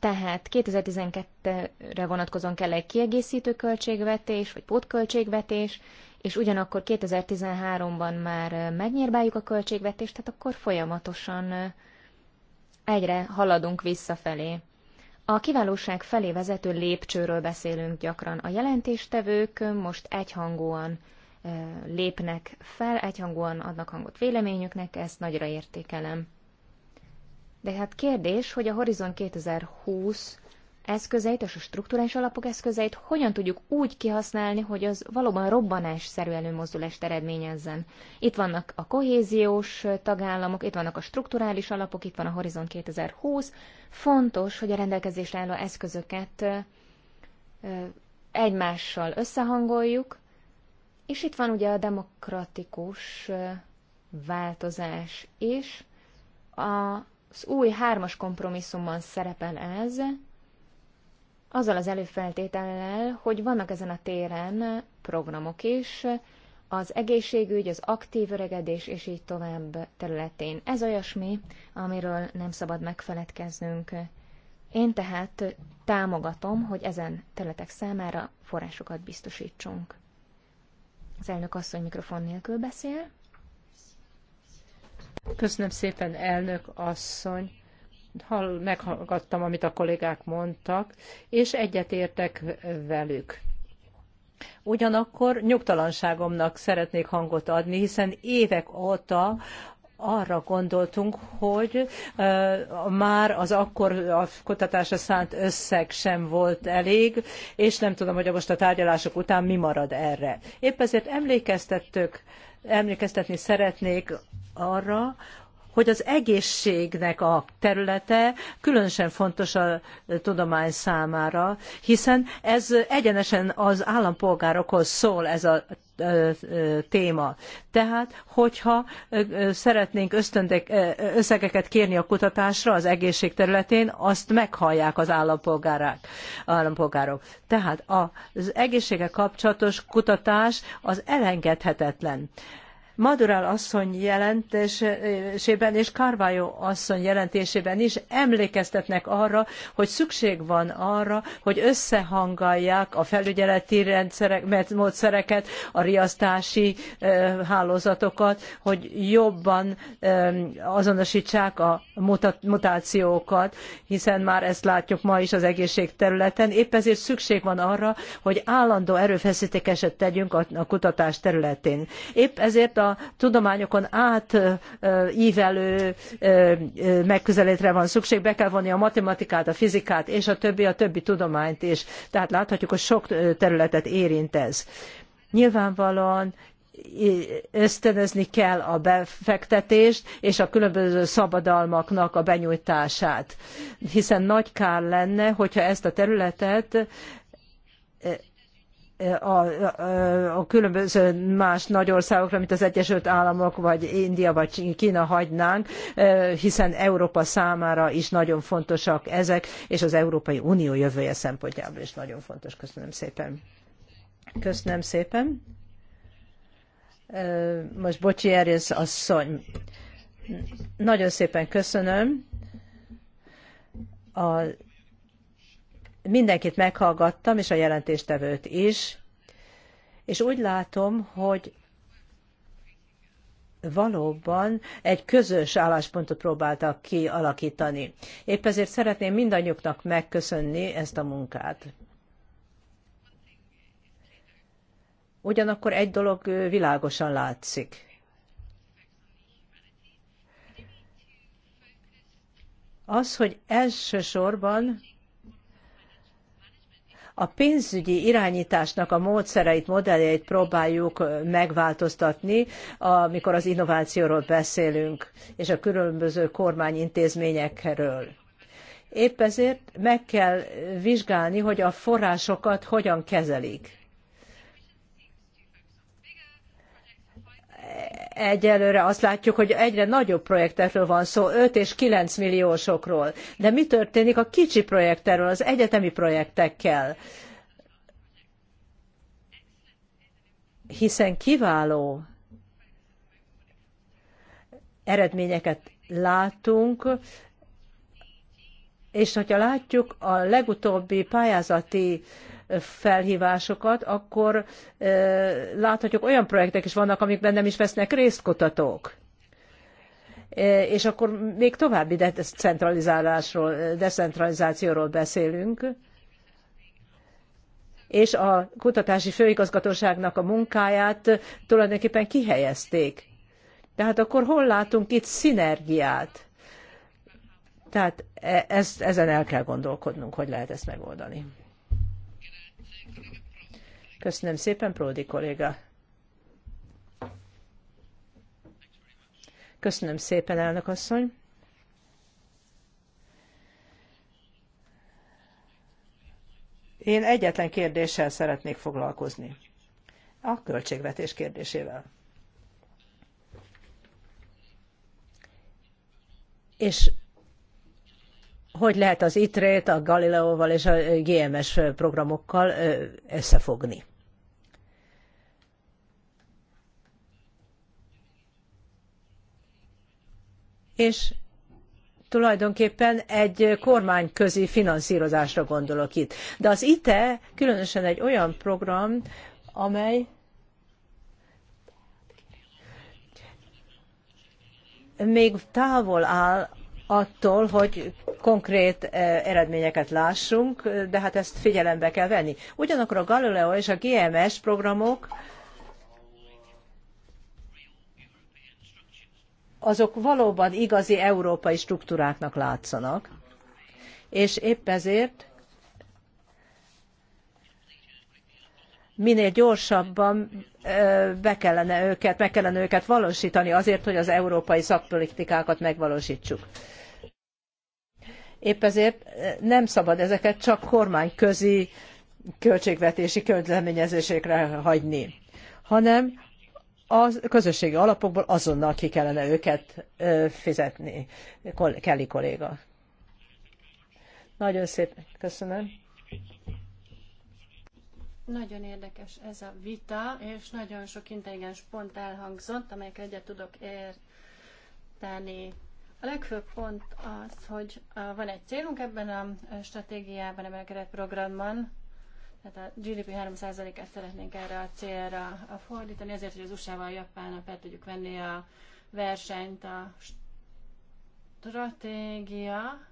Tehát 2012-re vonatkozóan kell egy kiegészítő költségvetés, vagy pótköltségvetés, és ugyanakkor 2013-ban már megnyírbáljuk a költségvetést, tehát akkor folyamatosan egyre haladunk visszafelé. A kiválóság felé vezető lépcsőről beszélünk gyakran. A jelentéstevők most egyhangúan eh, lépnek fel, egyhangúan adnak hangot véleményüknek, ezt nagyra értékelem. De hát kérdés, hogy a Horizon 2020 eszközeit és a strukturális alapok eszközeit hogyan tudjuk úgy kihasználni, hogy az valóban robbanásszerű előmozdulást eredményezzen. Itt vannak a kohéziós tagállamok, itt vannak a strukturális alapok, itt van a Horizon 2020. Fontos, hogy a rendelkezésre álló eszközöket egymással összehangoljuk, és itt van ugye a demokratikus változás is. A az új hármas kompromisszumban szerepel ez, azzal az előfeltétellel, hogy vannak ezen a téren programok is, az egészségügy, az aktív öregedés és így tovább területén. Ez olyasmi, amiről nem szabad megfeledkeznünk. Én tehát támogatom, hogy ezen területek számára forrásokat biztosítsunk. Az elnök asszony mikrofon nélkül beszél. Köszönöm szépen, elnök asszony. Hall, meghallgattam, amit a kollégák mondtak, és egyetértek velük. Ugyanakkor nyugtalanságomnak szeretnék hangot adni, hiszen évek óta arra gondoltunk, hogy már az akkor a kutatásra szánt összeg sem volt elég, és nem tudom, hogy most a tárgyalások után mi marad erre. Épp ezért emlékeztettük, emlékeztetni szeretnék arra, hogy az egészségnek a területe különösen fontos a tudomány számára, hiszen ez egyenesen az állampolgárokhoz szól ez a téma. Tehát, hogyha szeretnénk ösztöndek, összegeket kérni a kutatásra az egészség területén, azt meghallják az állampolgárok. Tehát az egészséggel kapcsolatos kutatás az elengedhetetlen. Madurál asszony jelentésében és Carvalho asszony jelentésében is emlékeztetnek arra, hogy szükség van arra, hogy összehangolják a felügyeleti rendszerek, módszereket, a riasztási hálózatokat, hogy jobban azonosítsák a mutációkat, hiszen már ezt látjuk ma is az egészség területen. Épp ezért szükség van arra, hogy állandó erőfeszítékeset tegyünk a kutatás területén. Épp ezért a tudományokon átívelő megközelítre van szükség, be kell vonni a matematikát, a fizikát és a többi, a többi tudományt is. Tehát láthatjuk, hogy sok területet érint ez. Nyilvánvalóan ösztönözni kell a befektetést és a különböző szabadalmaknak a benyújtását. Hiszen nagy kár lenne, hogyha ezt a területet a, a, a különböző más nagy országokra, mint az Egyesült Államok, vagy India, vagy Kína hagynánk, hiszen Európa számára is nagyon fontosak ezek, és az Európai Unió jövője szempontjából is nagyon fontos. Köszönöm szépen. Köszönöm szépen. Most Bocsi Erősz asszony. Nagyon szépen köszönöm. A mindenkit meghallgattam, és a jelentéstevőt is, és úgy látom, hogy valóban egy közös álláspontot próbáltak kialakítani. Épp ezért szeretném mindannyiuknak megköszönni ezt a munkát. Ugyanakkor egy dolog világosan látszik. Az, hogy elsősorban a pénzügyi irányításnak a módszereit, modelljeit próbáljuk megváltoztatni, amikor az innovációról beszélünk, és a különböző kormányintézményekről. Épp ezért meg kell vizsgálni, hogy a forrásokat hogyan kezelik egyelőre azt látjuk, hogy egyre nagyobb projektekről van szó, 5 és 9 milliósokról. De mi történik a kicsi projektekről, az egyetemi projektekkel? Hiszen kiváló eredményeket látunk, és hogyha látjuk a legutóbbi pályázati felhívásokat, akkor láthatjuk, olyan projektek is vannak, amikben nem is vesznek részt kutatók. És akkor még további decentralizálásról, decentralizációról beszélünk és a kutatási főigazgatóságnak a munkáját tulajdonképpen kihelyezték. Tehát akkor hol látunk itt szinergiát? Tehát e- ezt, ezen el kell gondolkodnunk, hogy lehet ezt megoldani. Köszönöm szépen, Pródi kolléga. Köszönöm szépen, elnök asszony. Én egyetlen kérdéssel szeretnék foglalkozni. A költségvetés kérdésével. És hogy lehet az ITRE-t a Galileóval és a GMS programokkal összefogni? és tulajdonképpen egy kormányközi finanszírozásra gondolok itt. De az ITE különösen egy olyan program, amely még távol áll attól, hogy konkrét e, eredményeket lássunk, de hát ezt figyelembe kell venni. Ugyanakkor a Galileo és a GMS programok azok valóban igazi európai struktúráknak látszanak. És épp ezért minél gyorsabban be kellene őket, meg kellene őket valósítani azért, hogy az európai szakpolitikákat megvalósítsuk. Épp ezért nem szabad ezeket csak kormányközi költségvetési közdeményezésekre hagyni, hanem a közösségi alapokból azonnal ki kellene őket fizetni. Kelly kolléga. Nagyon szépen köszönöm. Nagyon érdekes ez a vita, és nagyon sok intelligens pont elhangzott, amelyek egyet tudok érteni. A legfőbb pont az, hogy van egy célunk ebben a stratégiában, ebben a keretprogramban, tehát a GDP 3%-át szeretnénk erre a célra A fordítani, ezért, hogy az USA-val, Japánnal fel tudjuk venni a versenyt, a stratégia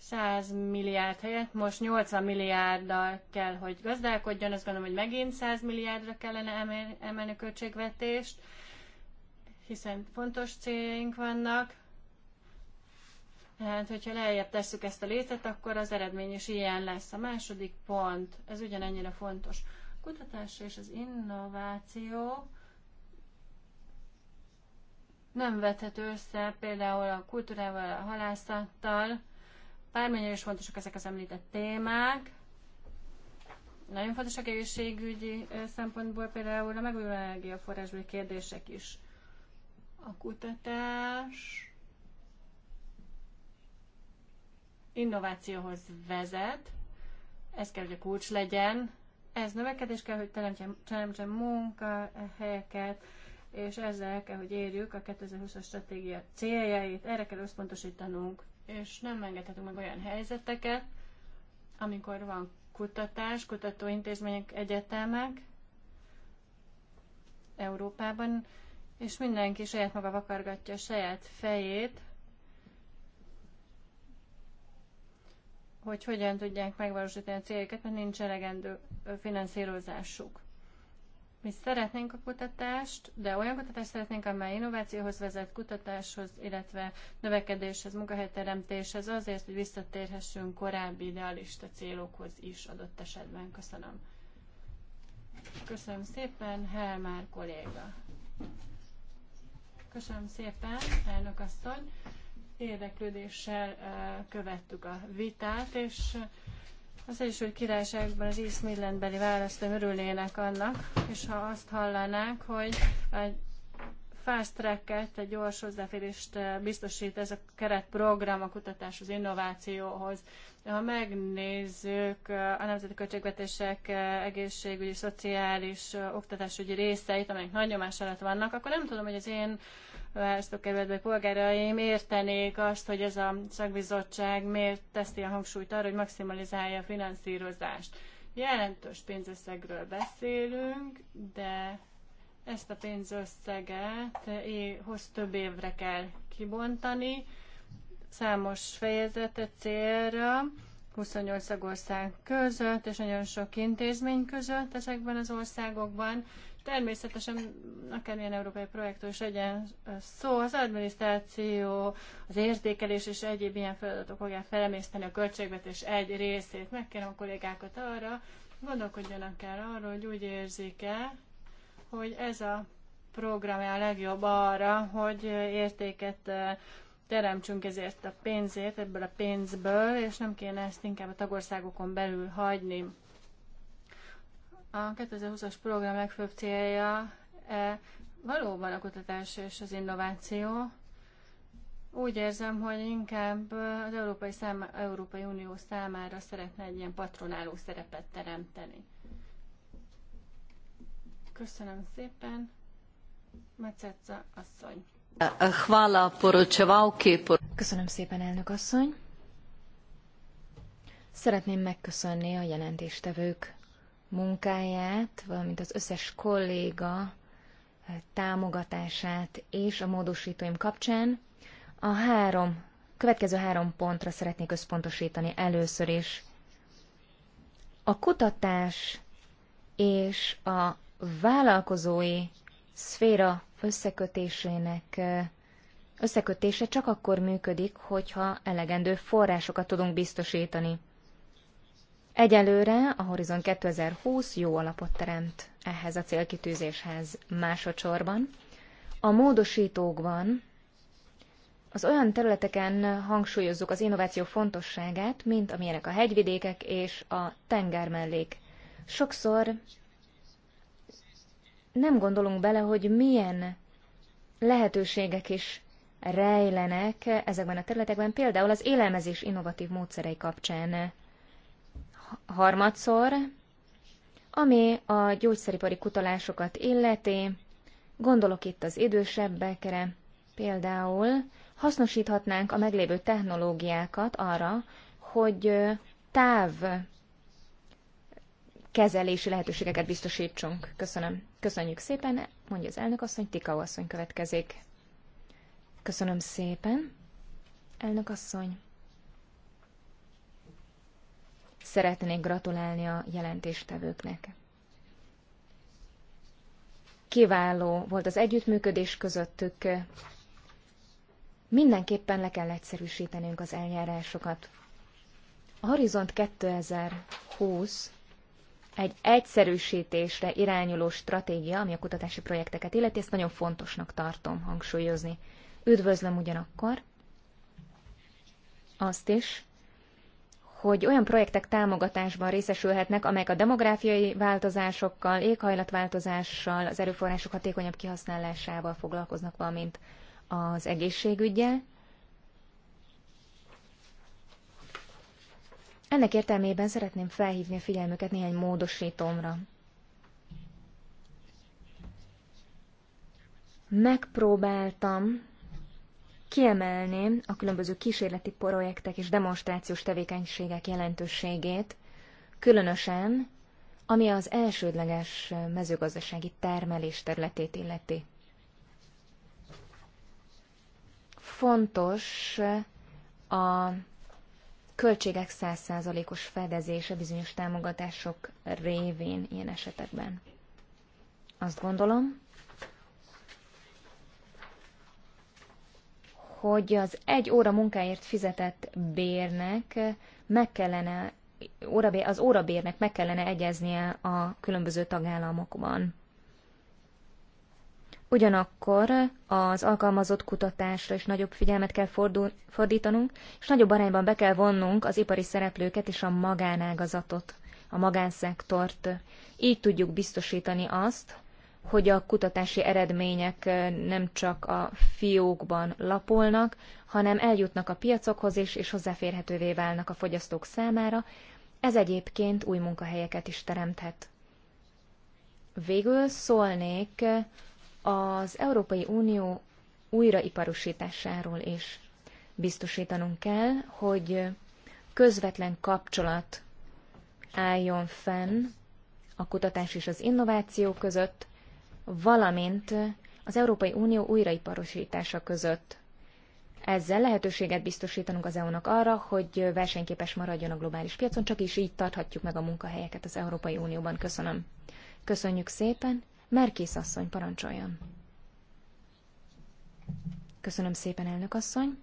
100 milliárd helyett most 80 milliárddal kell, hogy gazdálkodjon, azt gondolom, hogy megint 100 milliárdra kellene emelni a költségvetést, hiszen fontos céljaink vannak, tehát, hogyha lejjebb tesszük ezt a létet, akkor az eredmény is ilyen lesz. A második pont, ez ugyanennyire fontos. A kutatás és az innováció nem vethető össze például a kultúrával, a halászattal. Bármennyire is fontosak ezek az említett témák, nagyon fontos a egészségügyi szempontból például a megújuló energiaforrásbeli kérdések is. A kutatás, innovációhoz vezet, ez kell, hogy a kulcs legyen, ez növekedés kell, hogy teremtsen, munka munkahelyeket, és ezzel kell, hogy érjük a 2020-as stratégia céljait, erre kell összpontosítanunk, és nem engedhetünk meg olyan helyzeteket, amikor van kutatás, kutatóintézmények, egyetemek Európában, és mindenki saját maga vakargatja a saját fejét, hogy hogyan tudják megvalósítani a céljukat, mert nincs elegendő finanszírozásuk. Mi szeretnénk a kutatást, de olyan kutatást szeretnénk, amely innovációhoz vezet, kutatáshoz, illetve növekedéshez, munkahelyteremtéshez, azért, hogy visszatérhessünk korábbi idealista célokhoz is adott esetben. Köszönöm. Köszönöm szépen, Helmár kolléga. Köszönöm szépen, elnök asszony. Érdeklődéssel követtük a vitát, és az hogy Királyságban az East Midlandbeli választóim örülnének annak, és ha azt hallanák, hogy a fast track-et, egy gyors hozzáférést biztosít ez a keretprogram a kutatáshoz, innovációhoz. Ha megnézzük a nemzeti költségvetések egészségügyi, szociális, oktatásügyi részeit, amelyek nagy nyomás alatt vannak, akkor nem tudom, hogy az én választókerületbeli polgáraim értenék azt, hogy ez a szakbizottság miért teszi a hangsúlyt arra, hogy maximalizálja a finanszírozást. Jelentős pénzösszegről beszélünk, de ezt a pénzösszeget hoz több évre kell kibontani, számos fejezetet célra, 28 ország között és nagyon sok intézmény között ezekben az országokban. Természetesen akármilyen európai projektről is legyen szó, az adminisztráció, az értékelés és egyéb ilyen feladatok fogják felemészteni a költségvetés egy részét. Megkérem a kollégákat arra, gondolkodjanak el arról, hogy úgy érzik-e, hogy ez a program a legjobb arra, hogy értéket eh, teremtsünk ezért a pénzért, ebből a pénzből, és nem kéne ezt inkább a tagországokon belül hagyni. A 2020-as program legfőbb célja e, valóban a kutatás és az innováció. Úgy érzem, hogy inkább az Európai, szám, Európai Unió számára szeretne egy ilyen patronáló szerepet teremteni. Köszönöm szépen. Mecetza asszony. Hvala poročevalki. Köszönöm szépen, elnök asszony. Szeretném megköszönni a jelentéstevők munkáját, valamint az összes kolléga eh, támogatását és a módosítóim kapcsán. A három, következő három pontra szeretnék összpontosítani először is. A kutatás és a vállalkozói szféra összekötésének eh, összekötése csak akkor működik, hogyha elegendő forrásokat tudunk biztosítani. Egyelőre a Horizon 2020 jó alapot teremt ehhez a célkitűzéshez másodszorban. A módosítókban az olyan területeken hangsúlyozzuk az innováció fontosságát, mint amilyenek a hegyvidékek és a mellék. Sokszor nem gondolunk bele, hogy milyen lehetőségek is rejlenek ezekben a területekben, például az élelmezés innovatív módszerei kapcsán harmadszor, ami a gyógyszeripari kutatásokat illeti, gondolok itt az idősebbekre, például hasznosíthatnánk a meglévő technológiákat arra, hogy táv kezelési lehetőségeket biztosítsunk. Köszönöm. Köszönjük szépen, mondja az elnök asszony, Tikau asszony következik. Köszönöm szépen, elnök asszony szeretnék gratulálni a jelentéstevőknek. Kiváló volt az együttműködés közöttük. Mindenképpen le kell egyszerűsítenünk az eljárásokat. A Horizont 2020 egy egyszerűsítésre irányuló stratégia, ami a kutatási projekteket illeti, ezt nagyon fontosnak tartom hangsúlyozni. Üdvözlöm ugyanakkor azt is, hogy olyan projektek támogatásban részesülhetnek, amelyek a demográfiai változásokkal, éghajlatváltozással, az erőforrások hatékonyabb kihasználásával foglalkoznak, valamint az egészségügyel. Ennek értelmében szeretném felhívni a figyelmüket néhány módosítómra. Megpróbáltam kiemelném a különböző kísérleti projektek és demonstrációs tevékenységek jelentőségét, különösen ami az elsődleges mezőgazdasági termelés területét illeti. Fontos a költségek százszázalékos fedezése bizonyos támogatások révén ilyen esetekben. Azt gondolom, hogy az egy óra munkáért fizetett bérnek meg kellene, az órabérnek meg kellene egyeznie a különböző tagállamokban. Ugyanakkor az alkalmazott kutatásra is nagyobb figyelmet kell fordítanunk, és nagyobb arányban be kell vonnunk az ipari szereplőket és a magánágazatot, a magánszektort. Így tudjuk biztosítani azt, hogy a kutatási eredmények nem csak a fiókban lapolnak, hanem eljutnak a piacokhoz is, és hozzáférhetővé válnak a fogyasztók számára, ez egyébként új munkahelyeket is teremthet. Végül szólnék az Európai Unió újraiparosításáról is. Biztosítanunk kell, hogy közvetlen kapcsolat álljon fenn a kutatás és az innováció között, valamint az Európai Unió újraiparosítása között. Ezzel lehetőséget biztosítanunk az EU-nak arra, hogy versenyképes maradjon a globális piacon, csak is így tarthatjuk meg a munkahelyeket az Európai Unióban. Köszönöm. Köszönjük szépen. Merkész asszony, parancsoljon. Köszönöm szépen, elnök asszony.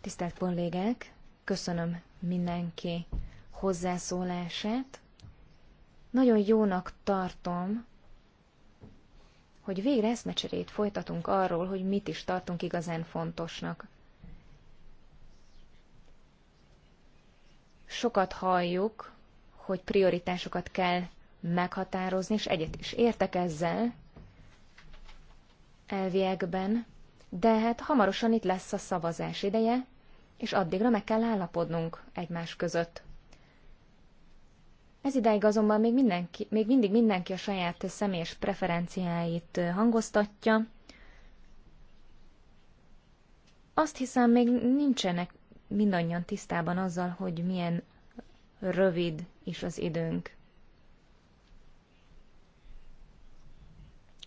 Tisztelt kollégák, köszönöm mindenki hozzászólását. Nagyon jónak tartom hogy végre eszmecserét folytatunk arról, hogy mit is tartunk igazán fontosnak. Sokat halljuk, hogy prioritásokat kell meghatározni, és egyet is értek ezzel elviekben, de hát hamarosan itt lesz a szavazás ideje, és addigra meg kell állapodnunk egymás között. Ez idáig azonban még, mindenki, még mindig mindenki a saját személyes preferenciáit hangoztatja. Azt hiszem, még nincsenek mindannyian tisztában azzal, hogy milyen rövid is az időnk.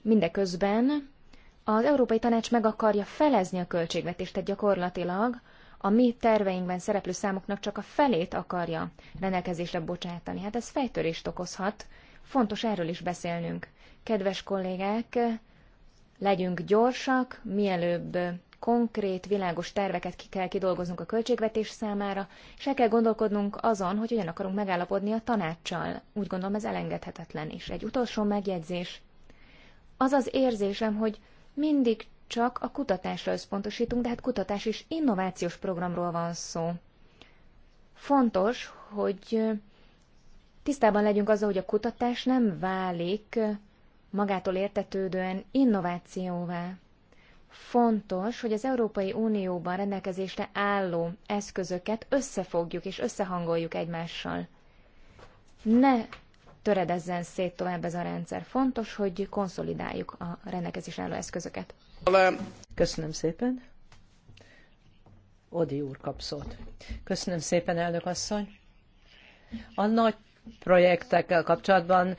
Mindeközben az Európai Tanács meg akarja felezni a költségvetést, tehát gyakorlatilag a mi terveinkben szereplő számoknak csak a felét akarja rendelkezésre bocsátani. Hát ez fejtörést okozhat, fontos erről is beszélnünk. Kedves kollégák, legyünk gyorsak, mielőbb konkrét, világos terveket ki kell kidolgoznunk a költségvetés számára, és el kell gondolkodnunk azon, hogy hogyan akarunk megállapodni a tanácssal. Úgy gondolom ez elengedhetetlen. is. egy utolsó megjegyzés. Az az érzésem, hogy mindig csak a kutatásra összpontosítunk, de hát kutatás és innovációs programról van szó. Fontos, hogy tisztában legyünk azzal, hogy a kutatás nem válik magától értetődően innovációvá. Fontos, hogy az Európai Unióban rendelkezésre álló eszközöket összefogjuk és összehangoljuk egymással. Ne töredezzen szét tovább ez a rendszer. Fontos, hogy konszolidáljuk a rendelkezésre álló eszközöket. Köszönöm szépen. Odi úr kap szót. Köszönöm szépen, elnök asszony. A nagy projektekkel kapcsolatban,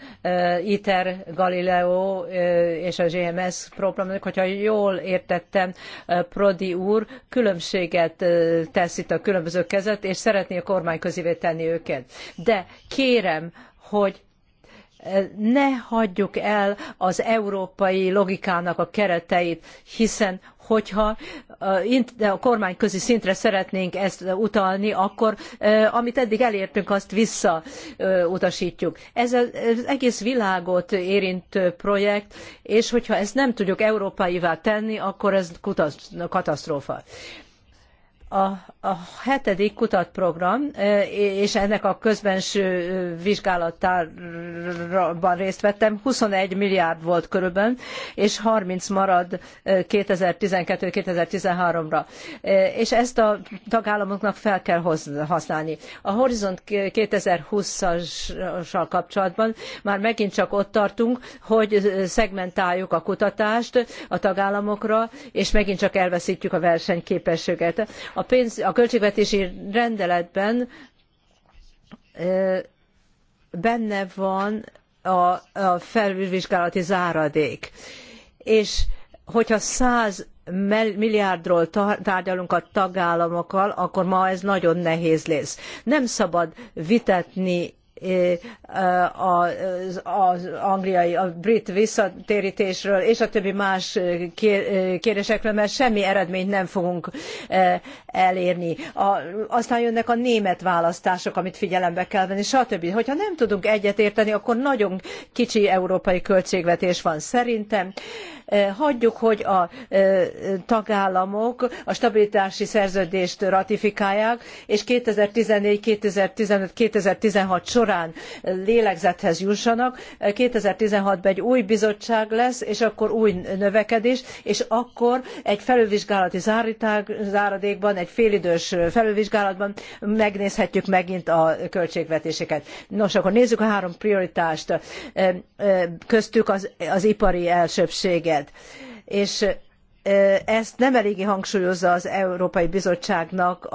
ITER, Galileo és a GMS programnak, hogyha jól értettem, Prodi úr különbséget tesz itt a különböző kezet, és szeretné a kormány közévé tenni őket. De kérem, hogy ne hagyjuk el az európai logikának a kereteit, hiszen hogyha a kormányközi szintre szeretnénk ezt utalni, akkor amit eddig elértünk, azt visszautasítjuk. Ez az egész világot érintő projekt, és hogyha ezt nem tudjuk európaivá tenni, akkor ez katasztrófa a, a hetedik kutatprogram, és ennek a közbenső vizsgálatában részt vettem, 21 milliárd volt körülbelül, és 30 marad 2012-2013-ra. És ezt a tagállamoknak fel kell használni. A Horizont 2020-sal kapcsolatban már megint csak ott tartunk, hogy szegmentáljuk a kutatást a tagállamokra, és megint csak elveszítjük a versenyképességet. A a költségvetési rendeletben benne van a, a felülvizsgálati záradék. És hogyha 100 milliárdról tárgyalunk a tagállamokkal, akkor ma ez nagyon nehéz lesz. Nem szabad vitatni az, az angliai, a brit visszatérítésről és a többi más kérdésekről, mert semmi eredményt nem fogunk e, elérni. A, aztán jönnek a német választások, amit figyelembe kell venni, stb. Hogyha nem tudunk egyetérteni, akkor nagyon kicsi európai költségvetés van szerintem. Eh, hagyjuk, hogy a eh, tagállamok a stabilitási szerződést ratifikálják, és 2014, 2015, 2016 során lélegzethez jussanak. 2016 eh, ban egy új bizottság lesz, és akkor új növekedés, és akkor egy felülvizsgálati záradékban, egy félidős felülvizsgálatban megnézhetjük megint a költségvetéseket. Nos, akkor nézzük a három prioritást. Köztük az, az ipari elsőbsége terjed. És ezt nem eléggé hangsúlyozza az Európai Bizottságnak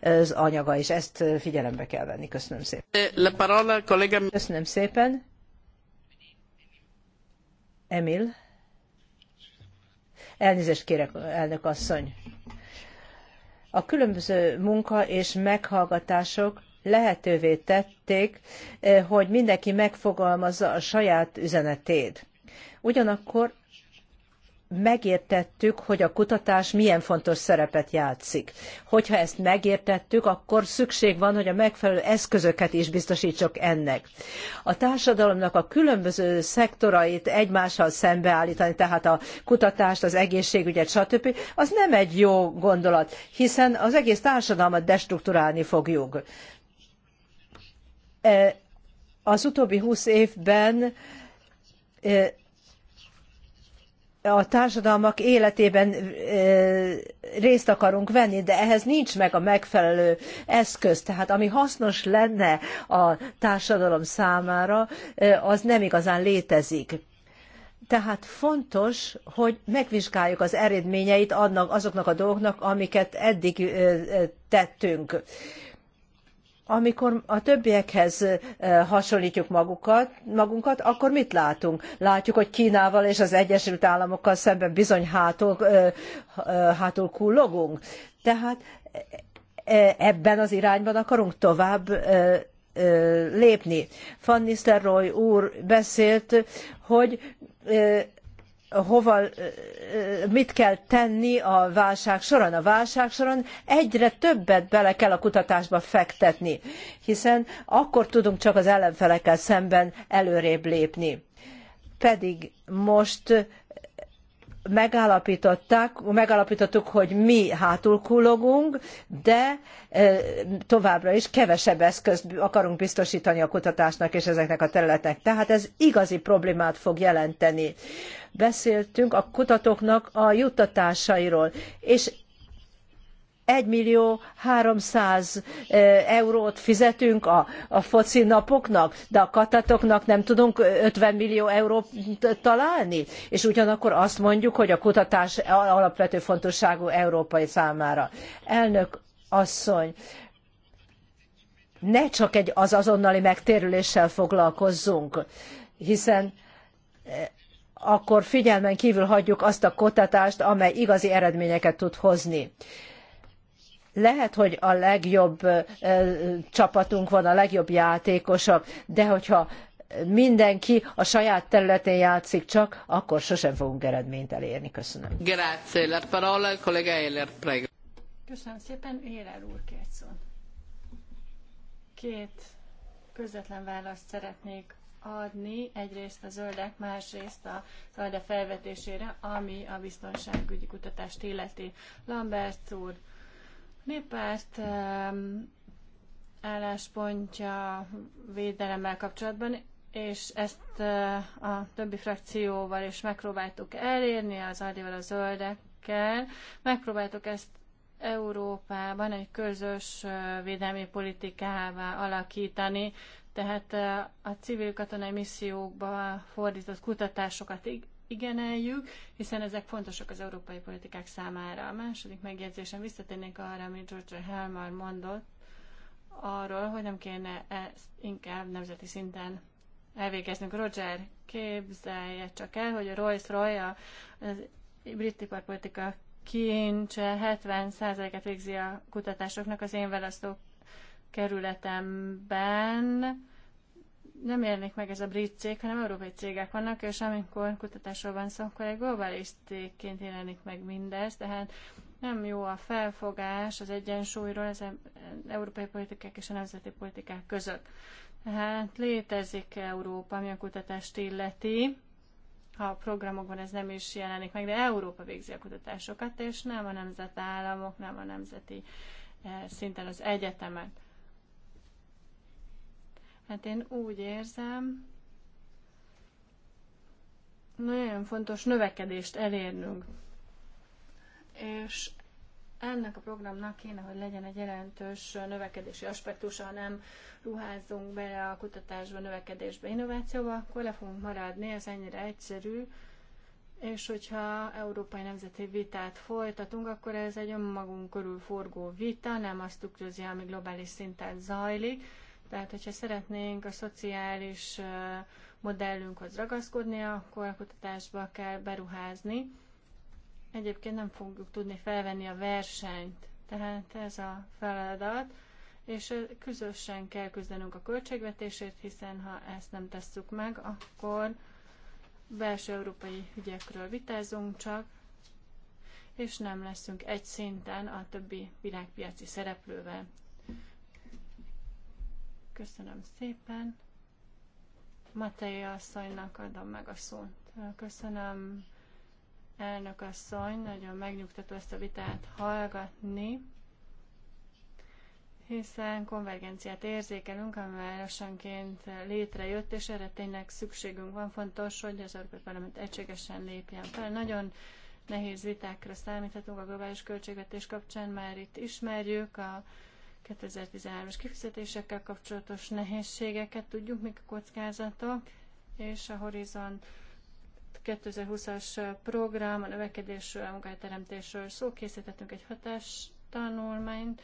az anyaga, és ezt figyelembe kell venni. Köszönöm szépen. Köszönöm szépen. Emil. Elnézést kérek, elnök asszony. A különböző munka és meghallgatások lehetővé tették, hogy mindenki megfogalmazza a saját üzenetét. Ugyanakkor megértettük, hogy a kutatás milyen fontos szerepet játszik. Hogyha ezt megértettük, akkor szükség van, hogy a megfelelő eszközöket is biztosítsuk ennek. A társadalomnak a különböző szektorait egymással szembeállítani, tehát a kutatást, az egészségügyet, stb., az nem egy jó gondolat, hiszen az egész társadalmat destrukturálni fogjuk. E, az utóbbi húsz évben e, a társadalmak életében részt akarunk venni, de ehhez nincs meg a megfelelő eszköz. Tehát ami hasznos lenne a társadalom számára, az nem igazán létezik. Tehát fontos, hogy megvizsgáljuk az eredményeit annak, azoknak a dolgoknak, amiket eddig tettünk amikor a többiekhez hasonlítjuk magukat, magunkat, akkor mit látunk? Látjuk, hogy Kínával és az Egyesült Államokkal szemben bizony hátul, hátul kullogunk. Tehát e, e, ebben az irányban akarunk tovább lépni. Van Nistelrooy úr beszélt, hogy hova, mit kell tenni a válság során. A válság során egyre többet bele kell a kutatásba fektetni, hiszen akkor tudunk csak az ellenfelekkel szemben előrébb lépni. Pedig most megállapították, megállapítottuk, hogy mi hátulkulogunk, de e, továbbra is kevesebb eszközt akarunk biztosítani a kutatásnak és ezeknek a területeknek. Tehát ez igazi problémát fog jelenteni. Beszéltünk a kutatóknak a juttatásairól, és 1 millió 300 eurót fizetünk a, a foci napoknak, de a katatoknak nem tudunk 50 millió eurót találni, és ugyanakkor azt mondjuk, hogy a kutatás alapvető fontosságú európai számára. Elnök asszony, ne csak egy az azonnali megtérüléssel foglalkozzunk, hiszen akkor figyelmen kívül hagyjuk azt a kutatást, amely igazi eredményeket tud hozni. Lehet, hogy a legjobb csapatunk van, a legjobb játékosok, de hogyha mindenki a saját területén játszik csak, akkor sosem fogunk eredményt elérni. Köszönöm. Grazie. La parola al collega Eller, prego. Köszönöm szépen. Éler úr Kérszon. Két közvetlen választ szeretnék adni, egyrészt a zöldek, másrészt a zölde felvetésére, ami a biztonságügyi kutatást illeti. Lambert úr, Néppárt álláspontja védelemmel kapcsolatban, és ezt e, a többi frakcióval is megpróbáltuk elérni, az Aldival, a Zöldekkel. Megpróbáltuk ezt Európában egy közös e, védelmi politikává alakítani, tehát e, a civil katonai missziókba fordított kutatásokat igeneljük, hiszen ezek fontosak az európai politikák számára. A második megjegyzésem visszatérnék arra, amit George Helmar mondott, arról, hogy nem kéne ezt inkább nemzeti szinten elvégeznünk. Roger, képzelje csak el, hogy a Rolls-Royce a brit iparpolitika kincse 70%-et végzi a kutatásoknak az én választó kerületemben nem érnek meg ez a brit cég, hanem európai cégek vannak, és amikor kutatásról van szó, akkor egy globális cégként jelenik meg mindez, tehát nem jó a felfogás az egyensúlyról az európai politikák és a nemzeti politikák között. Tehát létezik Európa, ami a kutatást illeti, ha a programokban ez nem is jelenik meg, de Európa végzi a kutatásokat, és nem a nemzetállamok, nem a nemzeti eh, szinten az egyetemet. Hát én úgy érzem, nagyon fontos növekedést elérnünk. És ennek a programnak kéne, hogy legyen egy jelentős növekedési aspektusa, ha nem ruházunk bele a kutatásba, növekedésbe, innovációba, akkor le fogunk maradni, ez ennyire egyszerű, és hogyha európai nemzeti vitát folytatunk, akkor ez egy önmagunk körül forgó vita, nem azt tükrözi, ami globális szinten zajlik, tehát, hogyha szeretnénk a szociális modellünkhöz ragaszkodni, akkor a kutatásba kell beruházni. Egyébként nem fogjuk tudni felvenni a versenyt. Tehát ez a feladat, és közösen kell küzdenünk a költségvetésért, hiszen ha ezt nem tesszük meg, akkor belső európai ügyekről vitázunk csak, és nem leszünk egy szinten a többi világpiaci szereplővel. Köszönöm szépen. Matei asszonynak adom meg a szót. Köszönöm, elnök asszony, nagyon megnyugtató ezt a vitát hallgatni, hiszen konvergenciát érzékelünk, amely lassanként létrejött, és erre tényleg szükségünk van. Fontos, hogy az Európai Parlament egységesen lépjen fel. Nagyon nehéz vitákra számíthatunk a globális költségvetés kapcsán, már itt ismerjük a 2013-as kifizetésekkel kapcsolatos nehézségeket, tudjuk, mik a kockázatok, és a Horizon 2020-as program a növekedésről, a munkahelyteremtésről szó, készítettünk egy hatástanulmányt,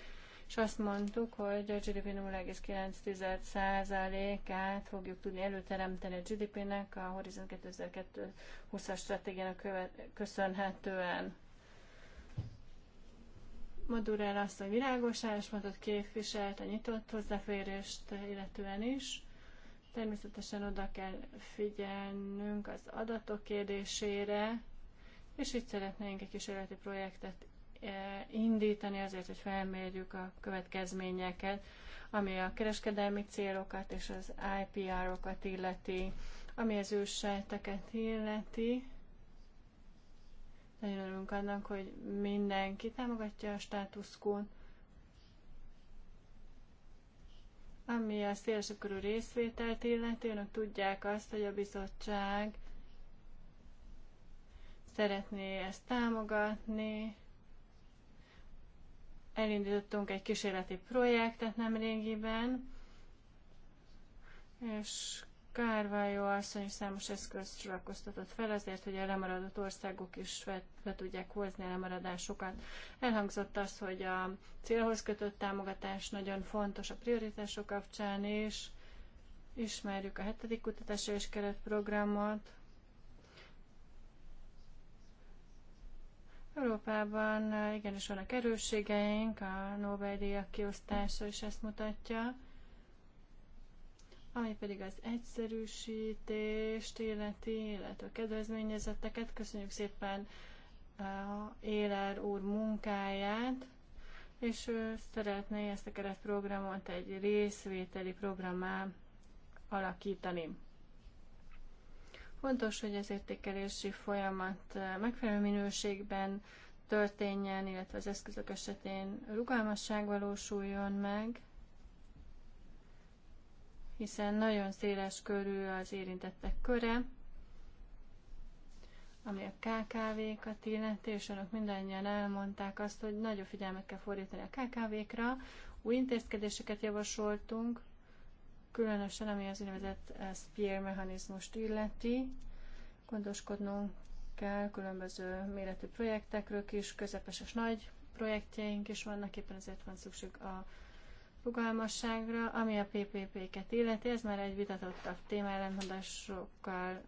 és azt mondtuk, hogy a GDP 0,9%-át fogjuk tudni előteremteni a GDP-nek a Horizon 2020-as stratégiának köszönhetően. Madurell azt, a világos álláspontot képviselt a nyitott hozzáférést illetően is. Természetesen oda kell figyelnünk az adatok kérdésére, és itt szeretnénk egy kísérleti projektet eh, indítani azért, hogy felmérjük a következményeket, ami a kereskedelmi célokat és az IPR-okat illeti, ami az ősejteket illeti. Nagyon örülünk annak, hogy mindenki támogatja a státuszkón, ami a szélesebb körű részvételt illeti, önök tudják azt, hogy a bizottság szeretné ezt támogatni. Elindítottunk egy kísérleti projektet nem régiben, és Kárvályó asszony számos eszközt sorakoztatott fel azért, hogy a lemaradott országok is fel, tudják hozni a lemaradásokat. Elhangzott az, hogy a célhoz kötött támogatás nagyon fontos a prioritások kapcsán is. Ismerjük a hetedik kutatási és keretprogramot. Európában eh, igenis vannak erősségeink, a Nobel-díjak kiosztása is ezt mutatja ami pedig az egyszerűsítést életi, illetve a kedvezményezetteket. Köszönjük szépen eh, Éler úr munkáját, és ő szeretné ezt a keretprogramot egy részvételi programmá alakítani. Fontos, hogy az értékelési folyamat eh, megfelelő minőségben történjen, illetve az eszközök esetén rugalmasság valósuljon meg, hiszen nagyon széles körű az érintettek köre, ami a KKV-kat illeti, és önök mindannyian elmondták azt, hogy nagyon figyelmet kell fordítani a KKV-kra. Új intézkedéseket javasoltunk, különösen ami az úgynevezett eh, SPIR mechanizmust illeti. Gondoskodnunk kell különböző méretű projektekről is, közepes és nagy projektjeink is vannak, éppen ezért van szükség a rugalmasságra, ami a PPP-ket illeti, ez már egy vitatottabb téma, ellentmondásokkal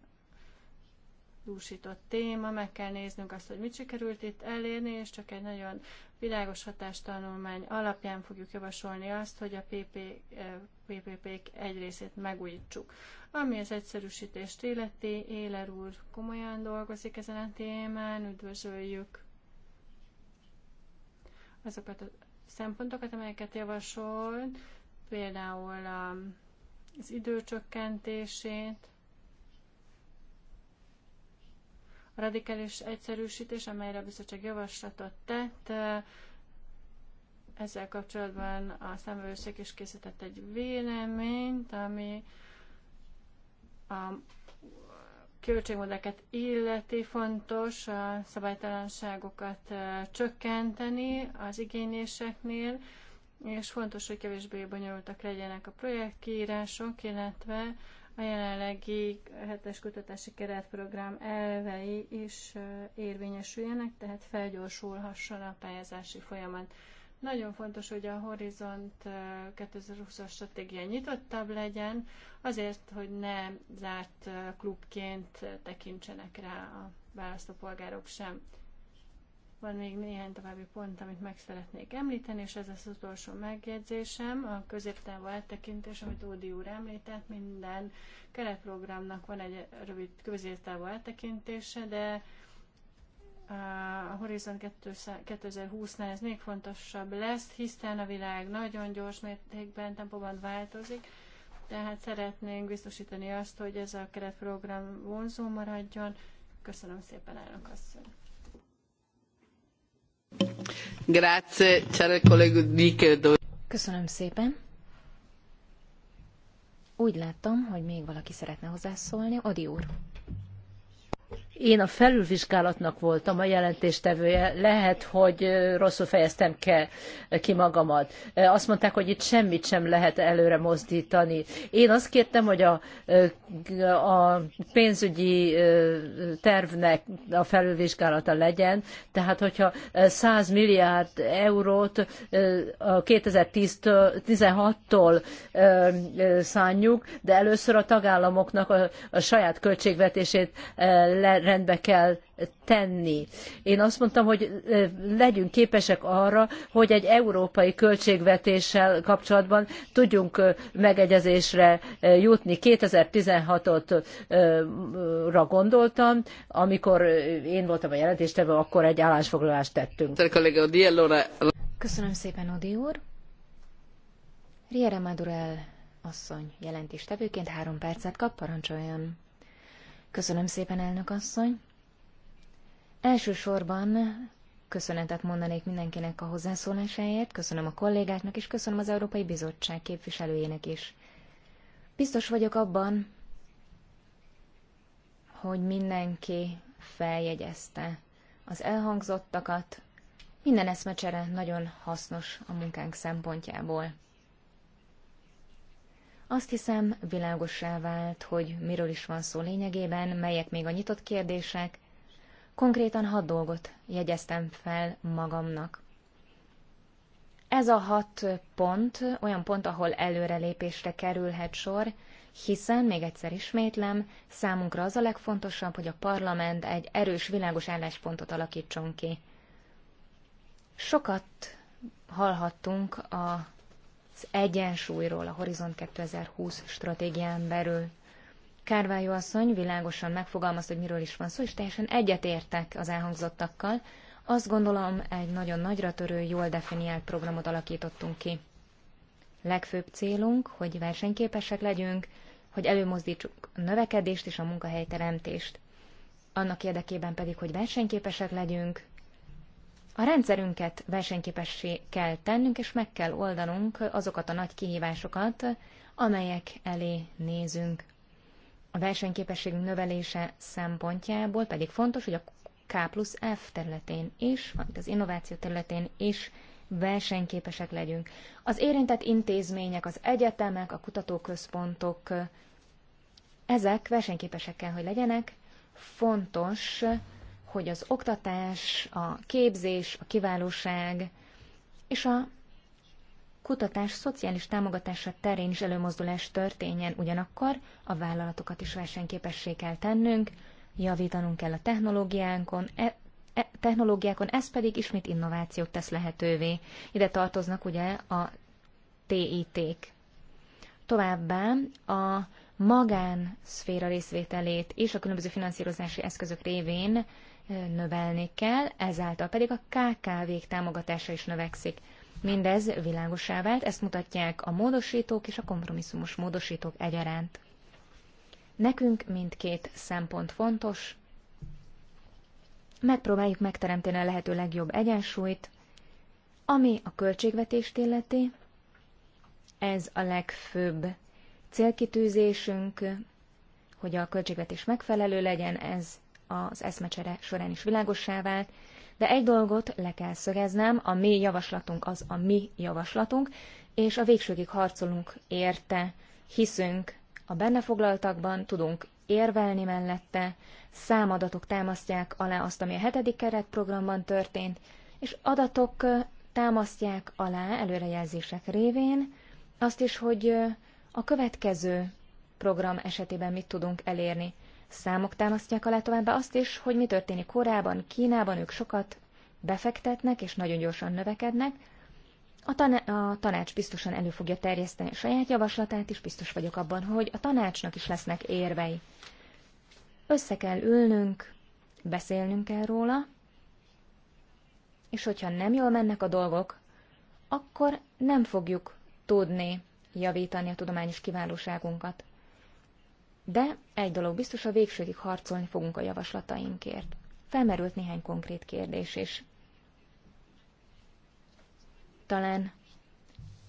dúsított téma, meg kell néznünk azt, hogy mit sikerült itt elérni, és csak egy nagyon világos hatástanulmány alapján fogjuk javasolni azt, hogy a PP, PPP-k eh, egy részét megújítsuk. Ami az egyszerűsítést illeti, Éler úr komolyan dolgozik ezen a témán, üdvözöljük azokat a szempontokat, amelyeket javasolt, például az időcsökkentését, a radikális egyszerűsítés, amelyre a bizottság javaslatot tett, ezzel kapcsolatban a számvevőszék is készített egy véleményt, ami a költségmodelleket illeti fontos a szabálytalanságokat csökkenteni az igényléseknél, és fontos, hogy kevésbé bonyolultak legyenek a projektkiírások, illetve a jelenlegi hetes kutatási keretprogram elvei is érvényesüljenek, tehát felgyorsulhasson a pályázási folyamat. Nagyon fontos, hogy a Horizont 2020-as eh, stratégia nyitottabb legyen, azért, hogy ne zárt eh, klubként tekintsenek rá a választópolgárok sem. Van még néhány további pont, amit meg szeretnék említeni, és ez az utolsó megjegyzésem, a középtávú eltekintés, amit Ódi úr említett, minden keretprogramnak van egy rövid középtávú eltekintése, de a Horizon 2020-nál ez még fontosabb lesz, hiszen a világ nagyon gyors mértékben, tempóban változik, tehát szeretnénk biztosítani azt, hogy ez a keretprogram vonzó maradjon. Köszönöm szépen, elnök asszony! Grazie, caro Köszönöm szépen. Úgy láttam, hogy még valaki szeretne hozzászólni. Odi úr. Én a felülvizsgálatnak voltam a jelentéstevője, lehet, hogy rosszul fejeztem ki magamat. Azt mondták, hogy itt semmit sem lehet előre mozdítani. Én azt kértem, hogy a, a pénzügyi tervnek a felülvizsgálata legyen, tehát hogyha 100 milliárd eurót 2016-tól szánjuk, de először a tagállamoknak a, a saját költségvetését le rendbe kell tenni. Én azt mondtam, hogy legyünk képesek arra, hogy egy európai költségvetéssel kapcsolatban tudjunk megegyezésre jutni. 2016-ra gondoltam, amikor én voltam a jelentéstevő, akkor egy állásfoglalást tettünk. Köszönöm szépen, Odi úr. Riera Madurell asszony jelentéstevőként három percet kap, parancsoljon. Köszönöm szépen, elnök asszony. Elsősorban köszönetet mondanék mindenkinek a hozzászólásáért, köszönöm a kollégáknak, és köszönöm az Európai Bizottság képviselőjének is. Biztos vagyok abban, hogy mindenki feljegyezte az elhangzottakat. Minden eszmecsere nagyon hasznos a munkánk szempontjából. Azt hiszem, világosá vált, hogy miről is van szó lényegében, melyek még a nyitott kérdések. Konkrétan hat dolgot jegyeztem fel magamnak. Ez a hat pont olyan pont, ahol előrelépésre kerülhet sor, hiszen, még egyszer ismétlem, számunkra az a legfontosabb, hogy a parlament egy erős, világos álláspontot alakítson ki. Sokat hallhattunk a az egyensúlyról a Horizont 2020 stratégián belül. Kárvályó asszony világosan megfogalmazta, hogy miről is van szó, és teljesen egyetértek az elhangzottakkal. Azt gondolom, egy nagyon nagyra törő, jól definiált programot alakítottunk ki. Legfőbb célunk, hogy versenyképesek legyünk, hogy előmozdítsuk a növekedést és a munkahelyteremtést. Annak érdekében pedig, hogy versenyképesek legyünk, a rendszerünket versenyképessé kell tennünk, és meg kell oldanunk azokat a nagy kihívásokat, amelyek elé nézünk. A versenyképesség növelése szempontjából pedig fontos, hogy a K plusz F területén is, valamint az innováció területén is versenyképesek legyünk. Az érintett intézmények, az egyetemek, a kutatóközpontok, ezek versenyképesek kell, hogy legyenek. Fontos hogy az oktatás, a képzés, a kiválóság és a kutatás szociális támogatása terén is előmozdulás történjen, ugyanakkor a vállalatokat is versenyképessé kell tennünk, javítanunk kell a technológiánkon, e, e technológiákon, ez pedig ismét innovációt tesz lehetővé. Ide tartoznak ugye a TIT-k. Továbbá a magánszféra részvételét és a különböző finanszírozási eszközök révén növelni kell, ezáltal pedig a KKV-k támogatása is növekszik. Mindez világosá vált, ezt mutatják a módosítók és a kompromisszumos módosítók egyaránt. Nekünk mindkét szempont fontos. Megpróbáljuk megteremteni a lehető legjobb egyensúlyt, ami a költségvetést illeti. Ez a legfőbb célkitűzésünk, hogy a költségvetés megfelelő legyen, ez az eszmecsere során is világossá vált, de egy dolgot le kell szögeznem, a mi javaslatunk az a mi javaslatunk, és a végsőkig harcolunk érte, hiszünk a benne foglaltakban, tudunk érvelni mellette, számadatok támasztják alá azt, ami a hetedik keretprogramban történt, és adatok támasztják alá előrejelzések révén azt is, hogy a következő program esetében mit tudunk elérni. Számok támasztják alá továbbá azt is, hogy mi történik Koreában, Kínában, ők sokat befektetnek és nagyon gyorsan növekednek. A, tan- a tanács biztosan elő fogja terjeszteni a saját javaslatát, és biztos vagyok abban, hogy a tanácsnak is lesznek érvei. Össze kell ülnünk, beszélnünk kell róla, és hogyha nem jól mennek a dolgok, akkor nem fogjuk tudni javítani a tudományos kiválóságunkat de egy dolog biztos, a végsőkig harcolni fogunk a javaslatainkért. Felmerült néhány konkrét kérdés is. Talán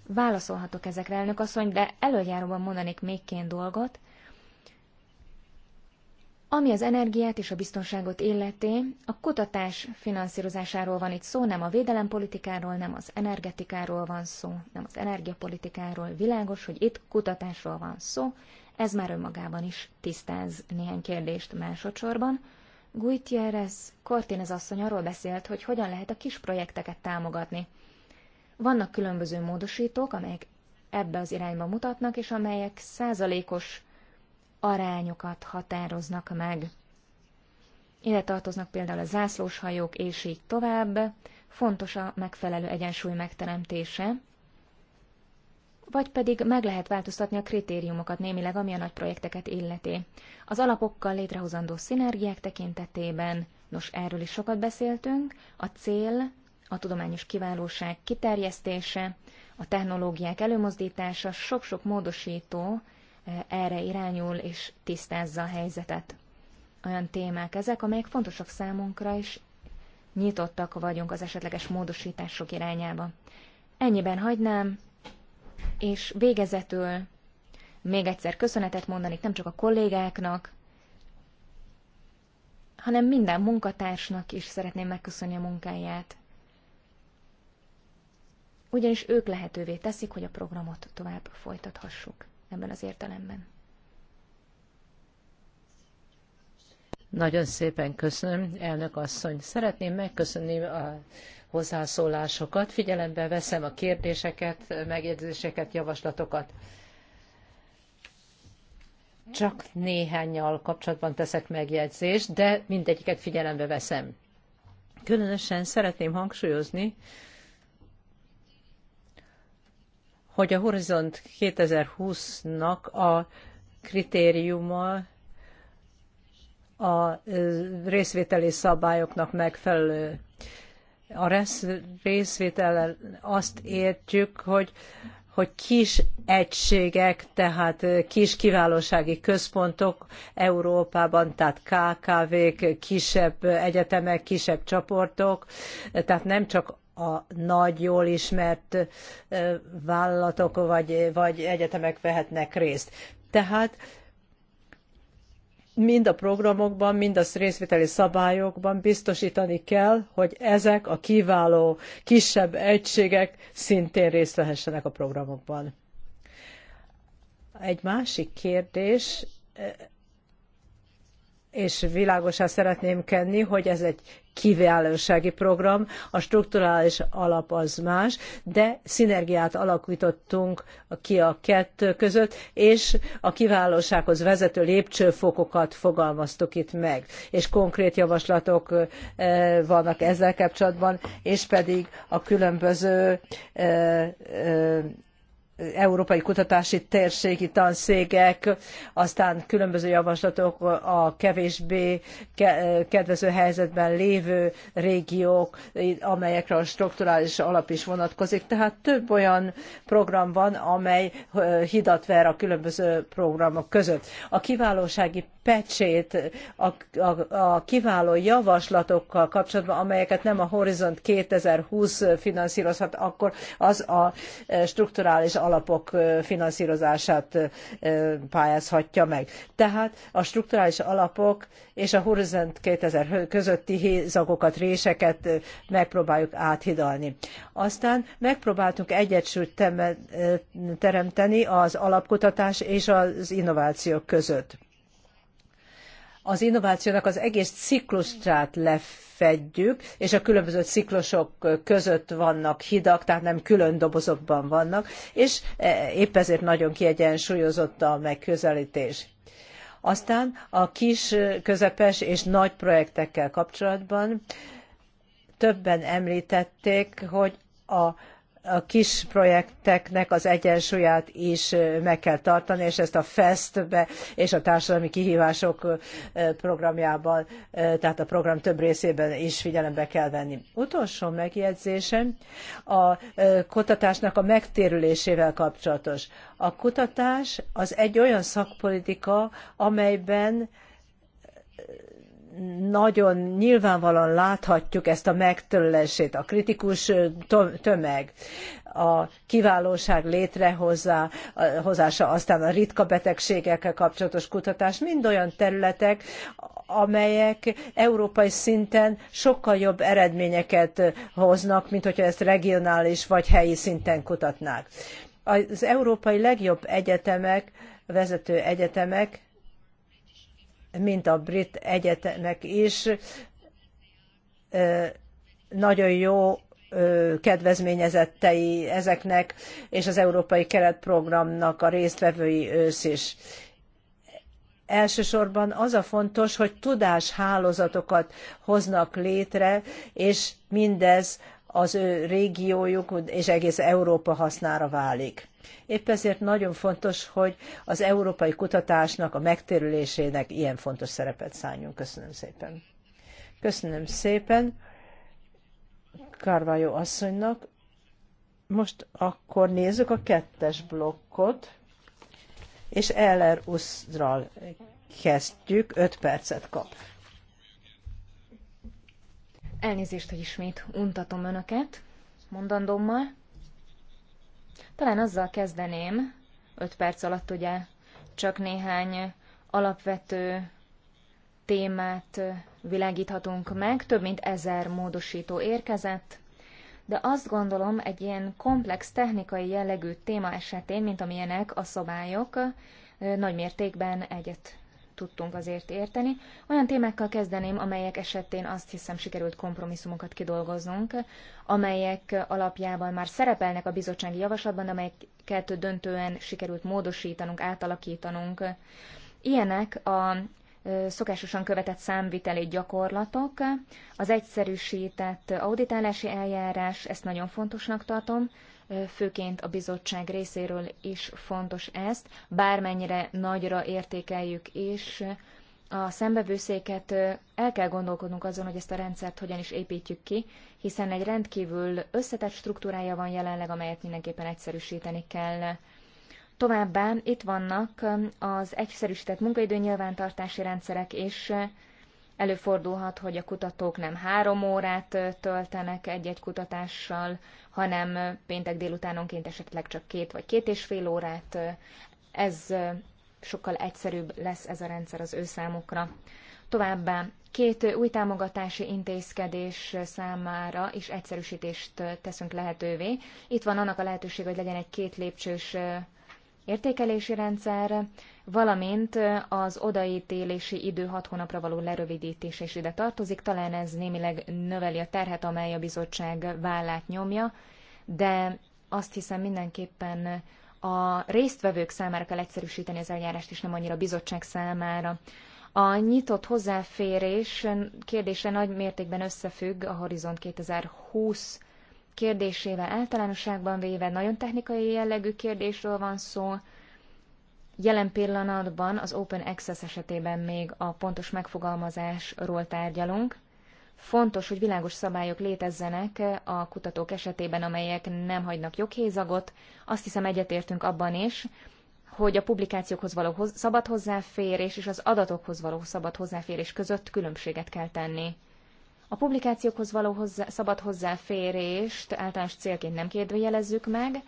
válaszolhatok ezekre, elnök asszony, de előjáróban mondanék még két dolgot. Ami az energiát és a biztonságot illeti, a kutatás finanszírozásáról van itt szó, nem a védelempolitikáról, nem az energetikáról van szó, nem az energiapolitikáról. Világos, hogy itt kutatásról van szó, ez már önmagában is tisztáz néhány kérdést másodszorban. Gutierrez Cortinez asszony arról beszélt, hogy hogyan lehet a kis projekteket támogatni. Vannak különböző módosítók, amelyek ebbe az irányba mutatnak, és amelyek százalékos arányokat határoznak meg. Ide tartoznak például a zászlóshajók, és így tovább. Fontos a megfelelő egyensúly megteremtése, vagy pedig meg lehet változtatni a kritériumokat némileg, ami a nagy projekteket illeti. Az alapokkal létrehozandó szinergiák tekintetében, nos erről is sokat beszéltünk, a cél a tudományos kiválóság kiterjesztése, a technológiák előmozdítása, sok-sok módosító erre irányul és tisztázza a helyzetet. Olyan témák ezek, amelyek fontosak számunkra, és nyitottak vagyunk az esetleges módosítások irányába. Ennyiben hagynám, és végezetül még egyszer köszönetet mondanék nem csak a kollégáknak, hanem minden munkatársnak is szeretném megköszönni a munkáját. Ugyanis ők lehetővé teszik, hogy a programot tovább folytathassuk ebben az értelemben. Nagyon szépen köszönöm, elnök asszony. Szeretném megköszönni a hozzászólásokat. Figyelembe veszem a kérdéseket, megjegyzéseket, javaslatokat. Csak néhányal kapcsolatban teszek megjegyzést, de mindegyiket figyelembe veszem. Különösen szeretném hangsúlyozni, hogy a Horizont 2020-nak a kritériuma a részvételi szabályoknak megfelelő. A részvétel azt értjük, hogy hogy kis egységek, tehát kis kiválósági központok Európában, tehát KKV-k, kisebb egyetemek, kisebb csoportok, tehát nem csak a nagy, jól ismert vállalatok vagy, vagy egyetemek vehetnek részt. Tehát mind a programokban, mind a részvételi szabályokban biztosítani kell, hogy ezek a kiváló kisebb egységek szintén részt vehessenek a programokban. Egy másik kérdés és világosá szeretném kenni, hogy ez egy kiválósági program, a strukturális alap az más, de szinergiát alakítottunk ki a kettő között, és a kiválósághoz vezető lépcsőfokokat fogalmaztuk itt meg, és konkrét javaslatok vannak ezzel kapcsolatban, és pedig a különböző európai kutatási térségi tanszégek, aztán különböző javaslatok a kevésbé kedvező helyzetben lévő régiók, amelyekre a strukturális alap is vonatkozik. Tehát több olyan program van, amely hidat ver a különböző programok között. A kiválósági pecsét, a, a, a kiváló javaslatokkal kapcsolatban, amelyeket nem a Horizont 2020 finanszírozhat, akkor az a strukturális alap alapok finanszírozását pályázhatja meg. Tehát a strukturális alapok és a Horizont 2000 közötti hézagokat, réseket megpróbáljuk áthidalni. Aztán megpróbáltunk egyensúlyt teremteni az alapkutatás és az innovációk között az innovációnak az egész ciklusát lefedjük, és a különböző ciklusok között vannak hidak, tehát nem külön dobozokban vannak, és e, épp ezért nagyon kiegyensúlyozott a megközelítés. Aztán a kis, közepes és nagy projektekkel kapcsolatban többen említették, hogy a a kis projekteknek az egyensúlyát is meg kell tartani, és ezt a FEST-be és a társadalmi kihívások programjában, tehát a program több részében is figyelembe kell venni. Utolsó megjegyzésem a kutatásnak a megtérülésével kapcsolatos. A kutatás az egy olyan szakpolitika, amelyben nagyon nyilvánvalóan láthatjuk ezt a megtörlését, a kritikus tömeg, a kiválóság létrehozása, aztán a ritka betegségekkel kapcsolatos kutatás, mind olyan területek, amelyek európai szinten sokkal jobb eredményeket hoznak, mint hogyha ezt regionális vagy helyi szinten kutatnák. Az európai legjobb egyetemek, vezető egyetemek mint a brit egyetemek is nagyon jó kedvezményezettei ezeknek, és az Európai Keretprogramnak a résztvevői ősz is. Elsősorban az a fontos, hogy tudáshálózatokat hoznak létre, és mindez az ő régiójuk és egész Európa hasznára válik. Épp ezért nagyon fontos, hogy az európai kutatásnak a megtérülésének ilyen fontos szerepet szálljunk. Köszönöm szépen. Köszönöm szépen Kárvájó asszonynak. Most akkor nézzük a kettes blokkot, és Eller Uszral kezdjük, 5 percet kap. Elnézést, hogy ismét untatom önöket mondandómmal. Talán azzal kezdeném, öt perc alatt ugye csak néhány alapvető témát világíthatunk meg, több mint ezer módosító érkezett, de azt gondolom egy ilyen komplex technikai jellegű téma esetén, mint amilyenek a szabályok, nagy mértékben egyet tudtunk azért érteni. Olyan témákkal kezdeném, amelyek esetén azt hiszem sikerült kompromisszumokat kidolgoznunk, amelyek alapjában már szerepelnek a bizottsági javaslatban, amelyeket döntően sikerült módosítanunk, átalakítanunk. Ilyenek a szokásosan követett számviteli gyakorlatok, az egyszerűsített auditálási eljárás, ezt nagyon fontosnak tartom, főként a bizottság részéről is fontos ezt, bármennyire nagyra értékeljük is. A szembevőszéket el kell gondolkodnunk azon, hogy ezt a rendszert hogyan is építjük ki, hiszen egy rendkívül összetett struktúrája van jelenleg, amelyet mindenképpen egyszerűsíteni kell. Továbbá itt vannak az egyszerűsített munkaidő nyilvántartási rendszerek és Előfordulhat, hogy a kutatók nem három órát töltenek egy-egy kutatással, hanem péntek délutánonként esetleg csak két vagy két és fél órát. Ez sokkal egyszerűbb lesz ez a rendszer az ő számukra. Továbbá két új támogatási intézkedés számára is egyszerűsítést teszünk lehetővé. Itt van annak a lehetőség, hogy legyen egy két lépcsős értékelési rendszer, valamint az odaítélési idő hat hónapra való lerövidítése is ide tartozik. Talán ez némileg növeli a terhet, amely a bizottság vállát nyomja, de azt hiszem mindenképpen a résztvevők számára kell egyszerűsíteni az eljárást, és nem annyira a bizottság számára. A nyitott hozzáférés kérdése nagy mértékben összefügg a Horizont 2020 kérdésével általánosságban véve nagyon technikai jellegű kérdésről van szó. Jelen pillanatban az Open Access esetében még a pontos megfogalmazásról tárgyalunk. Fontos, hogy világos szabályok létezzenek a kutatók esetében, amelyek nem hagynak joghézagot. Azt hiszem egyetértünk abban is, hogy a publikációkhoz való szabad hozzáférés és az adatokhoz való szabad hozzáférés között különbséget kell tenni. A publikációkhoz való hozzá, szabad hozzáférést általános célként nem kérdőjelezzük meg,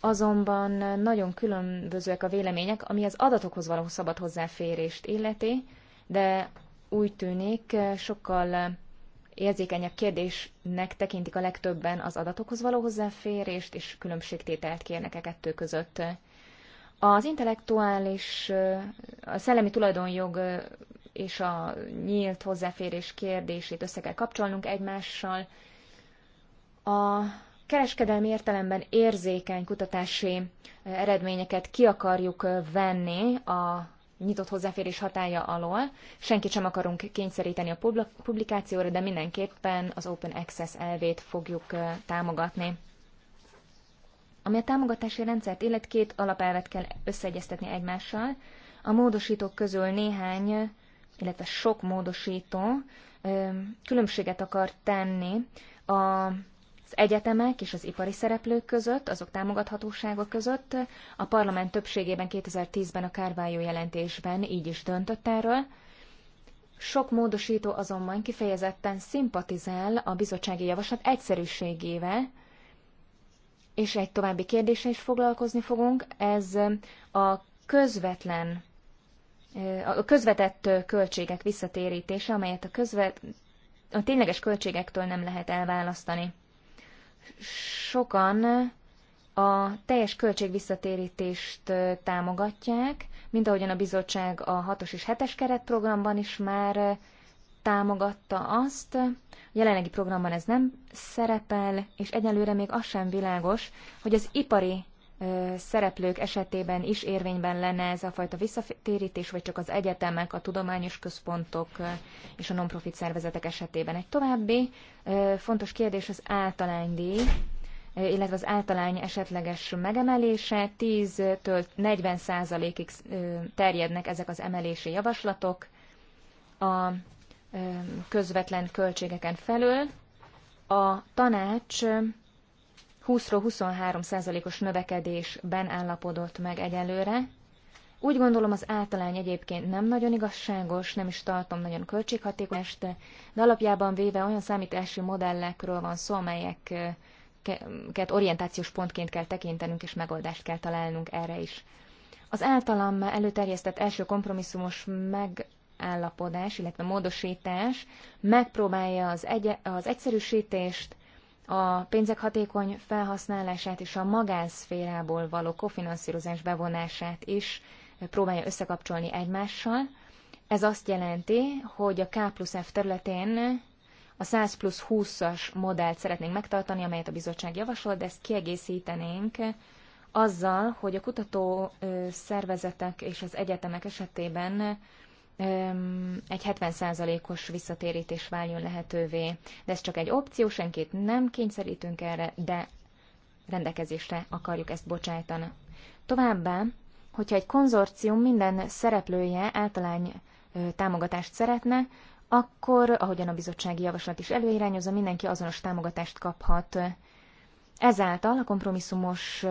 azonban nagyon különbözőek a vélemények, ami az adatokhoz való szabad hozzáférést illeti, de úgy tűnik sokkal érzékenyebb kérdésnek tekintik a legtöbben az adatokhoz való hozzáférést, és különbségtételt kérnek e kettő között. Az intellektuális, a szellemi tulajdonjog és a nyílt hozzáférés kérdését össze kell kapcsolnunk egymással. A kereskedelmi értelemben érzékeny kutatási eh, eredményeket ki akarjuk eh, venni a nyitott hozzáférés hatája alól. Senkit sem akarunk kényszeríteni a publikációra, de mindenképpen az Open Access elvét fogjuk eh, támogatni. Ami a támogatási rendszert illet, két alapelvet kell összeegyeztetni egymással. A módosítók közül néhány illetve sok módosító különbséget akar tenni a az egyetemek és az ipari szereplők között, azok támogathatósága között a parlament többségében 2010-ben a kárvájó jelentésben így is döntött erről. Sok módosító azonban kifejezetten szimpatizál a bizottsági javaslat egyszerűségével, és egy további kérdéssel is foglalkozni fogunk, ez a közvetlen a közvetett költségek visszatérítése, amelyet a, közvet, a tényleges költségektől nem lehet elválasztani. Sokan a teljes költség visszatérítést támogatják, mint ahogyan a bizottság a 6-os és 7-es keretprogramban is már támogatta azt. A jelenlegi programban ez nem szerepel, és egyelőre még az sem világos, hogy az ipari szereplők esetében is érvényben lenne ez a fajta visszatérítés, vagy csak az egyetemek, a tudományos központok és a non-profit szervezetek esetében. Egy további fontos kérdés az általánydíj, illetve az általány esetleges megemelése. 10-től 40 százalékig terjednek ezek az emelési javaslatok a közvetlen költségeken felül. A tanács 20 23 százalékos növekedésben állapodott meg egyelőre. Úgy gondolom az általány egyébként nem nagyon igazságos, nem is tartom nagyon költséghatékonyest, de alapjában véve olyan számítási modellekről van szó, amelyeket orientációs pontként kell tekintenünk, és megoldást kell találnunk erre is. Az általam előterjesztett első kompromisszumos megállapodás, illetve módosítás megpróbálja az, egy, az egyszerűsítést, a pénzek hatékony felhasználását és a magánszférából való kofinanszírozás bevonását is próbálja összekapcsolni egymással. Ez azt jelenti, hogy a K plusz F területén a 100 plusz 20-as modellt szeretnénk megtartani, amelyet a bizottság javasol, de ezt kiegészítenénk azzal, hogy a kutató szervezetek és az egyetemek esetében egy 70%-os visszatérítés váljon lehetővé. De ez csak egy opció, senkit nem kényszerítünk erre, de rendelkezésre akarjuk ezt bocsájtani. Továbbá, hogyha egy konzorcium minden szereplője általány támogatást szeretne, akkor, ahogyan a bizottsági javaslat is előirányozza, mindenki azonos támogatást kaphat. Ezáltal a kompromisszumos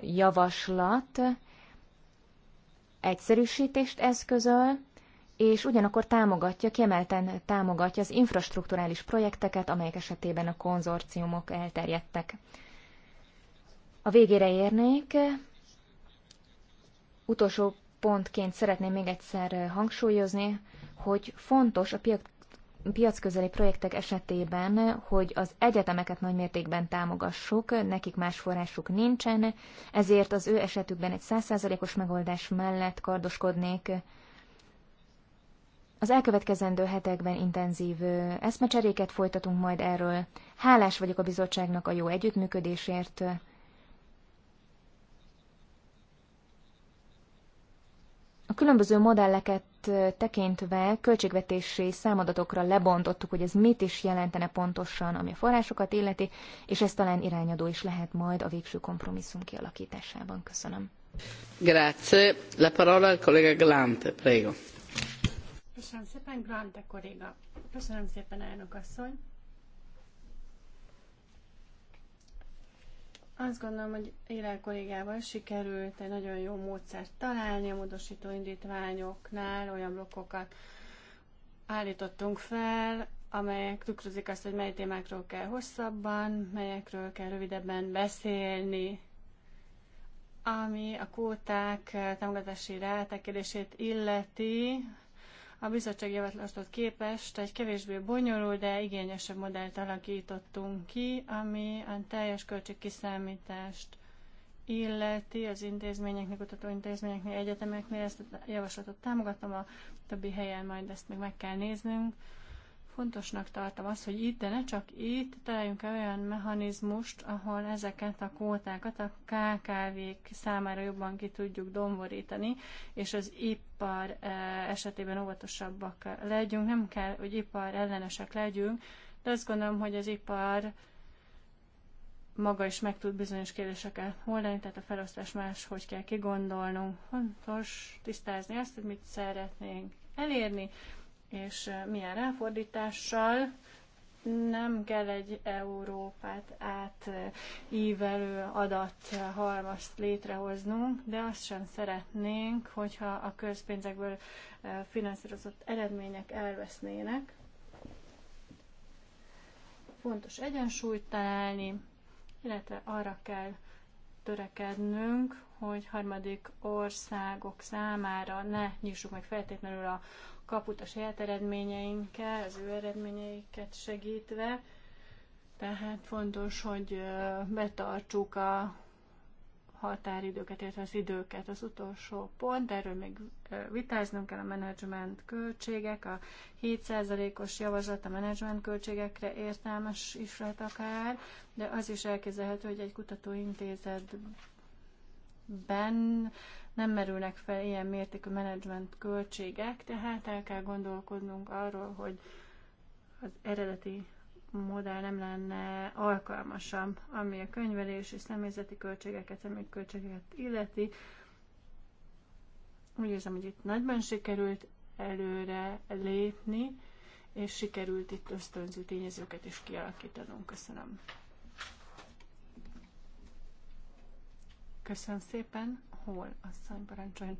javaslat egyszerűsítést eszközöl, és ugyanakkor támogatja, kiemelten támogatja az infrastruktúrális projekteket, amelyek esetében a konzorciumok elterjedtek. A végére érnék. Utolsó pontként szeretném még egyszer hangsúlyozni, hogy fontos a piacközeli projektek esetében, hogy az egyetemeket nagymértékben támogassuk, nekik más forrásuk nincsen, ezért az ő esetükben egy százszázalékos megoldás mellett kardoskodnék, az elkövetkezendő hetekben intenzív eszmecseréket folytatunk majd erről. Hálás vagyok a bizottságnak a jó együttműködésért. A különböző modelleket tekintve költségvetési számadatokra lebontottuk, hogy ez mit is jelentene pontosan, ami a forrásokat illeti, és ez talán irányadó is lehet majd a végső kompromisszum kialakításában. Köszönöm. Grazie. La parola al collega Glante, prego. Köszönöm szépen, Grante kolléga. Köszönöm szépen, elnök asszony. Azt gondolom, hogy Élel kollégával sikerült egy nagyon jó módszert találni a módosító indítványoknál, olyan blokkokat állítottunk fel, amelyek tükrözik azt, hogy mely témákról kell hosszabban, melyekről kell rövidebben beszélni, ami a kóták támogatási rátekérését illeti, a bizottság javaslatot képest egy kevésbé bonyolult, de igényesebb modellt alakítottunk ki, ami a teljes költségkiszámítást illeti az intézményeknek, kutatóintézményeknél, egyetemeknél. Ezt a javaslatot támogatom, a többi helyen majd ezt még meg kell néznünk. Fontosnak tartom azt, hogy itt, de ne csak itt, találjunk el olyan mechanizmust, ahol ezeket a kótákat a KKV-k számára jobban ki tudjuk domborítani, és az ipar eh, esetében óvatosabbak legyünk. Nem kell, hogy ipar ellenesek legyünk, de azt gondolom, hogy az ipar maga is meg tud bizonyos kérdéseket oldani, tehát a felosztás más, hogy kell kigondolnunk. Fontos tisztázni azt, hogy mit szeretnénk elérni, és milyen ráfordítással nem kell egy Európát átívelő adathalmazt létrehoznunk, de azt sem szeretnénk, hogyha a közpénzekből finanszírozott eredmények elvesznének. Fontos egyensúlyt találni, illetve arra kell törekednünk, hogy harmadik országok számára ne nyissuk meg feltétlenül a kaput a saját eredményeinkkel, az ő eredményeiket segítve. Tehát fontos, hogy betartsuk a határidőket, illetve az időket. Az utolsó pont, erről még vitáznunk kell a menedzsment költségek, a 7%-os javaslat a menedzsment költségekre értelmes is lehet akár, de az is elképzelhető, hogy egy kutatóintézetben nem merülnek fel ilyen mértékű menedzsment költségek, tehát el kell gondolkodnunk arról, hogy az eredeti modell nem lenne alkalmasabb, ami a könyvelési személyzeti költségeket, személyi költségeket illeti. Úgy érzem, hogy itt nagyban sikerült előre lépni, és sikerült itt ösztönző tényezőket is kialakítanunk. Köszönöm. Köszönöm szépen hol asszony parancsoljon.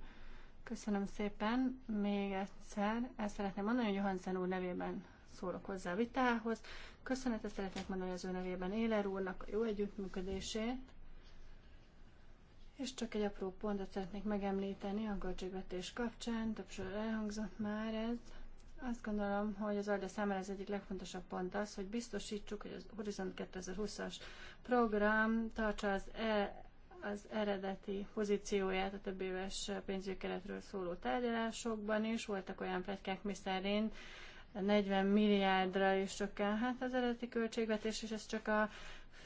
Köszönöm szépen. Még egyszer ezt szeretném mondani, hogy Johansen úr nevében szólok hozzá a vitához. Köszönetet szeretnék mondani az ő nevében Éler úrnak a jó együttműködését. És csak egy apró pontot szeretnék megemlíteni a költségvetés kapcsán, többször elhangzott már ez. Azt gondolom, hogy az ALDE számára az egyik legfontosabb pont az, hogy biztosítsuk, hogy az Horizont 2020-as program tartsa az e az eredeti pozícióját a több éves pénzügyi keretről szóló tárgyalásokban is. Voltak olyan pletykák, szerint 40 milliárdra is csökkenhet az eredeti költségvetés, és ez csak a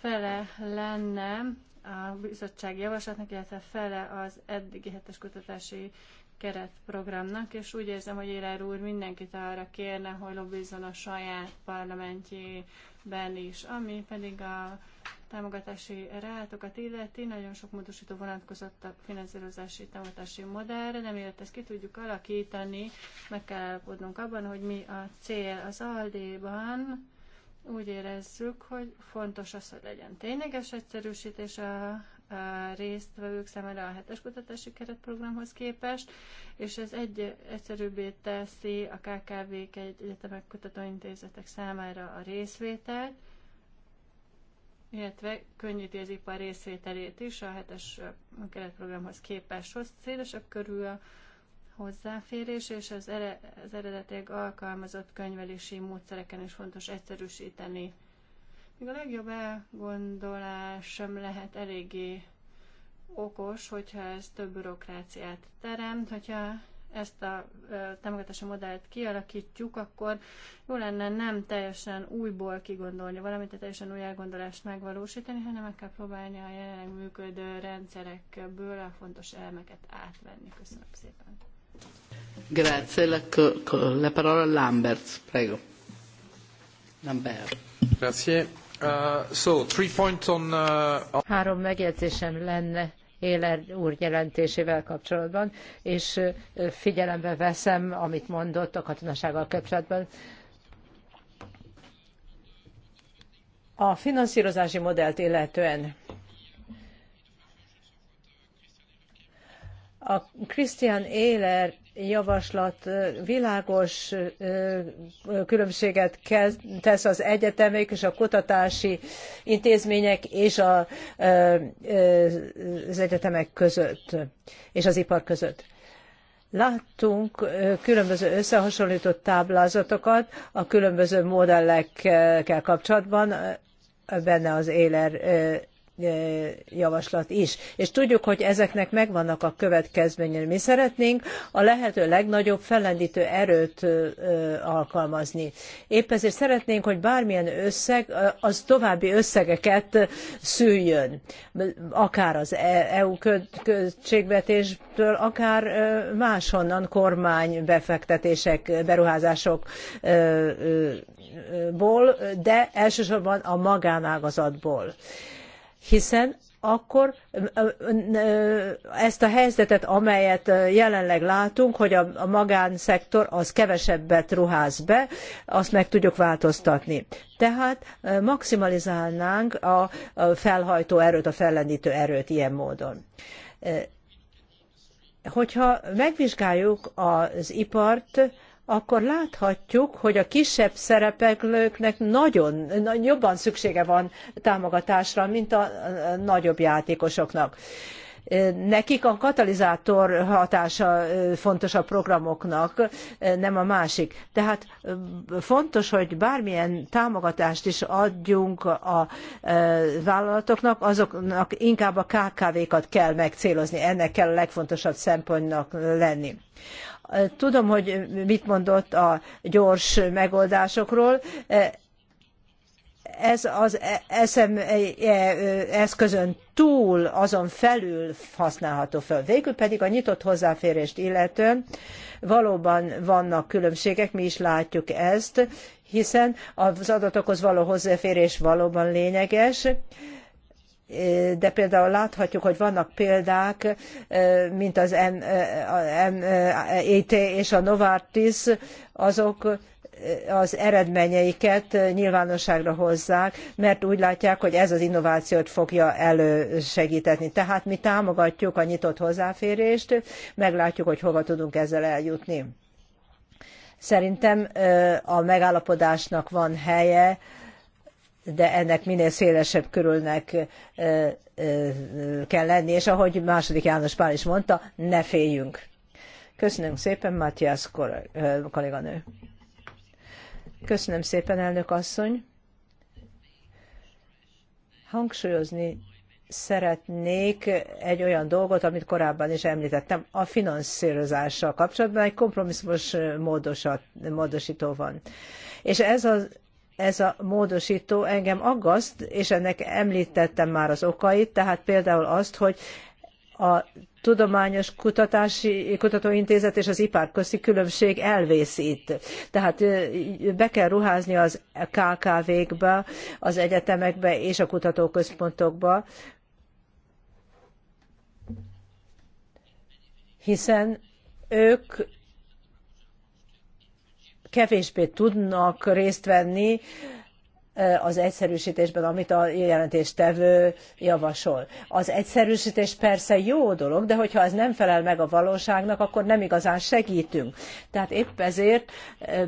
fele lenne a bizottság javaslatnak, illetve fele az eddigi hetes kutatási keretprogramnak, és úgy érzem, hogy Élár úr mindenkit arra kérne, hogy lobbizzon a saját parlamentjében is, ami pedig a támogatási rátokat illeti, nagyon sok módosító vonatkozott a finanszírozási támogatási modellre, de miért ezt ki tudjuk alakítani, meg kell állapodnunk abban, hogy mi a cél az Aldéban, úgy érezzük, hogy fontos az, hogy legyen tényleges egyszerűsítés a résztvevők számára a hetes kutatási keretprogramhoz képest, és ez egy egyszerűbbé teszi a KKV-k egy egyetemek kutatóintézetek számára a részvételt, illetve könnyíti az ipar részvételét is a hetes keretprogramhoz képest. Szélesebb körül a hozzáférés, és az, ere, az eredetileg alkalmazott könyvelési módszereken is fontos egyszerűsíteni még a legjobb elgondolás sem lehet eléggé okos, hogyha ez több bürokráciát teremt, hogyha ezt a támogatási modellt kialakítjuk, akkor jó lenne nem teljesen újból kigondolni valamit, tehát teljesen új elgondolást megvalósítani, hanem meg kell próbálni a jelenleg működő rendszerekből a fontos elemeket átvenni. Köszönöm szépen. Grazie, la, la parola Lambert, prego. Lambert. Grazie. Uh, uh, Három megjegyzésem lenne Éler úr jelentésével kapcsolatban, és figyelembe veszem, amit mondott a katonasággal kapcsolatban. A finanszírozási modellt illetően a Christian Éler javaslat világos különbséget tesz az egyetemek és a kutatási intézmények és az egyetemek között, és az ipar között. Láttunk különböző összehasonlított táblázatokat a különböző modellekkel kapcsolatban, benne az éler javaslat is. És tudjuk, hogy ezeknek megvannak a következményei. Mi szeretnénk a lehető legnagyobb fellendítő erőt alkalmazni. Épp ezért szeretnénk, hogy bármilyen összeg, az további összegeket szüljön. Akár az e- EU költségvetésből, akár máshonnan kormány befektetések, beruházásokból, de elsősorban a magánágazatból hiszen akkor ezt a helyzetet, amelyet jelenleg látunk, hogy a magánszektor az kevesebbet ruház be, azt meg tudjuk változtatni. Tehát maximalizálnánk a felhajtó erőt, a fellendítő erőt ilyen módon. Hogyha megvizsgáljuk az ipart, akkor láthatjuk, hogy a kisebb szereplőknek nagyon, jobban szüksége van támogatásra, mint a nagyobb játékosoknak. Nekik a katalizátor hatása fontos a programoknak, nem a másik. Tehát fontos, hogy bármilyen támogatást is adjunk a vállalatoknak, azoknak inkább a KKV-kat kell megcélozni. Ennek kell a legfontosabb szempontnak lenni. Tudom, hogy mit mondott a gyors megoldásokról. Ez az SME eszközön túl, azon felül használható föl. Végül pedig a nyitott hozzáférést illetően valóban vannak különbségek, mi is látjuk ezt, hiszen az adatokhoz való hozzáférés valóban lényeges, de például láthatjuk, hogy vannak példák, mint az MET és a Novartis, azok az eredményeiket nyilvánosságra hozzák, mert úgy látják, hogy ez az innovációt fogja elősegíteni. Tehát mi támogatjuk a nyitott hozzáférést, meglátjuk, hogy hova tudunk ezzel eljutni. Szerintem a megállapodásnak van helye, de ennek minél szélesebb körülnek kell lenni, és ahogy második János Pál is mondta, ne féljünk. Köszönöm szépen, Matthias kolléganő. Köszönöm szépen, elnök asszony. Hangsúlyozni szeretnék egy olyan dolgot, amit korábban is említettem, a finanszírozással kapcsolatban egy kompromisszumos módosat, módosító van. És ez az ez a módosító engem aggaszt, és ennek említettem már az okait, tehát például azt, hogy a tudományos kutatási kutatóintézet és az ipar közti különbség elvészít. Tehát be kell ruházni az KKV-kbe, az egyetemekbe és a kutatóközpontokba, hiszen ők kevésbé tudnak részt venni az egyszerűsítésben, amit a jelentéstevő javasol. Az egyszerűsítés persze jó dolog, de hogyha ez nem felel meg a valóságnak, akkor nem igazán segítünk. Tehát épp ezért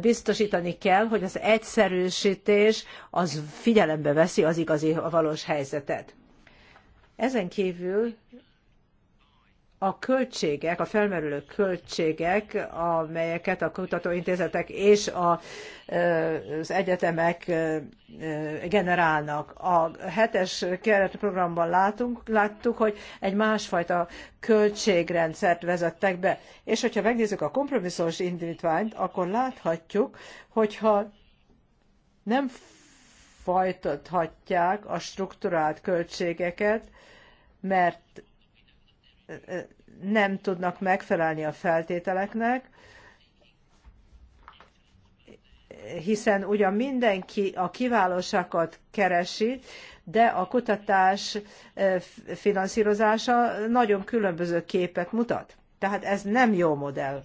biztosítani kell, hogy az egyszerűsítés az figyelembe veszi az igazi, a valós helyzetet. Ezen kívül a költségek, a felmerülő költségek, amelyeket a kutatóintézetek és a, az egyetemek generálnak. A hetes keretprogramban látunk, láttuk, hogy egy másfajta költségrendszert vezettek be. És hogyha megnézzük a kompromisszós indítványt, akkor láthatjuk, hogyha nem folytathatják a strukturált költségeket, mert nem tudnak megfelelni a feltételeknek, hiszen ugyan mindenki a kiválóságot keresi, de a kutatás finanszírozása nagyon különböző képet mutat. Tehát ez nem jó modell.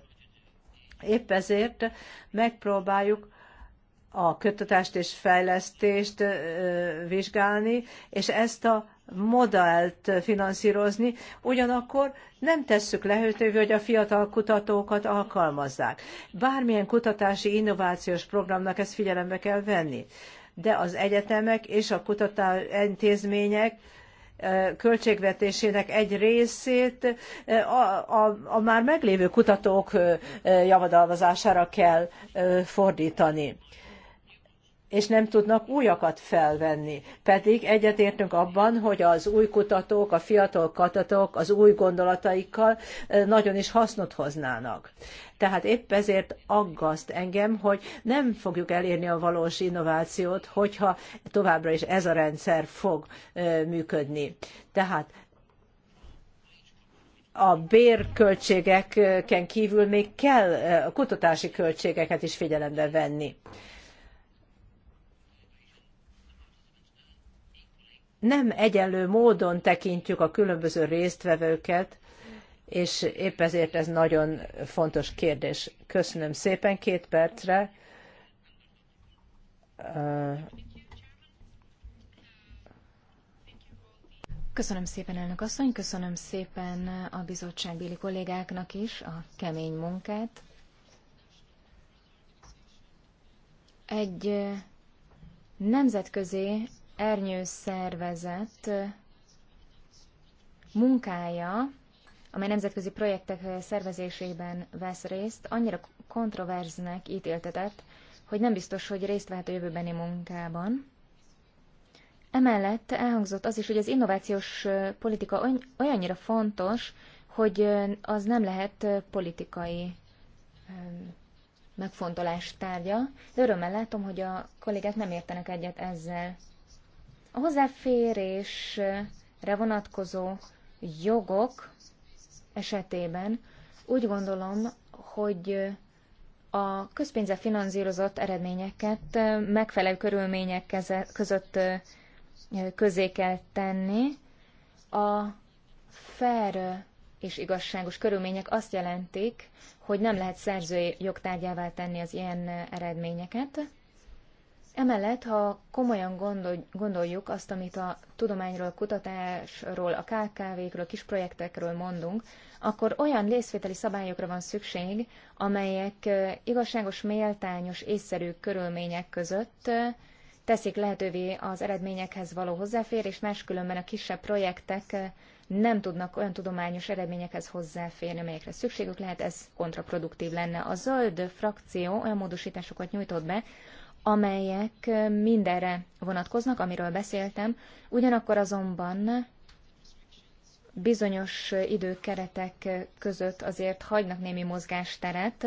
Épp ezért megpróbáljuk a kötatást és fejlesztést vizsgálni, és ezt a modellt finanszírozni, ugyanakkor nem tesszük lehetővé, hogy a fiatal kutatókat alkalmazzák. Bármilyen kutatási innovációs programnak ezt figyelembe kell venni. De az egyetemek és a kutatási intézmények e, költségvetésének egy részét e, a, a, a már meglévő kutatók e, javadalmazására kell fordítani és nem tudnak újakat felvenni. Pedig egyetértünk abban, hogy az új kutatók, a fiatal kutatók az új gondolataikkal nagyon is hasznot hoznának. Tehát épp ezért aggaszt engem, hogy nem fogjuk elérni a valós innovációt, hogyha továbbra is ez a rendszer fog működni. Tehát a bérköltségeken kívül még kell a kutatási költségeket is figyelembe venni. nem egyenlő módon tekintjük a különböző résztvevőket, és épp ezért ez nagyon fontos kérdés. Köszönöm szépen két percre. Köszönöm szépen, elnök asszony, köszönöm szépen a bizottságbéli kollégáknak is a kemény munkát. Egy nemzetközi ernyő szervezet munkája, amely nemzetközi projektek szervezésében vesz részt, annyira kontroverznek ítéltetett, hogy nem biztos, hogy részt vehet a jövőbeni munkában. Emellett elhangzott az is, hogy az innovációs politika olyannyira fontos, hogy az nem lehet politikai megfontolás tárgya. De örömmel látom, hogy a kollégák nem értenek egyet ezzel. A hozzáférésre vonatkozó jogok esetében úgy gondolom, hogy a közpénze finanszírozott eredményeket megfelelő körülmények között közé kell tenni. A fair és igazságos körülmények azt jelentik, hogy nem lehet szerzői jogtárgyává tenni az ilyen eredményeket, Emellett, ha komolyan gondol, gondoljuk azt, amit a tudományról, a kutatásról, a KKV-kről, a kisprojektekről mondunk, akkor olyan részvételi szabályokra van szükség, amelyek igazságos, méltányos, észszerű körülmények között teszik lehetővé az eredményekhez való hozzáférés, máskülönben a kisebb projektek nem tudnak olyan tudományos eredményekhez hozzáférni, amelyekre szükségük lehet, ez kontraproduktív lenne. A zöld frakció olyan módosításokat nyújtott be, amelyek mindenre vonatkoznak, amiről beszéltem, ugyanakkor azonban bizonyos időkeretek között azért hagynak némi mozgásteret.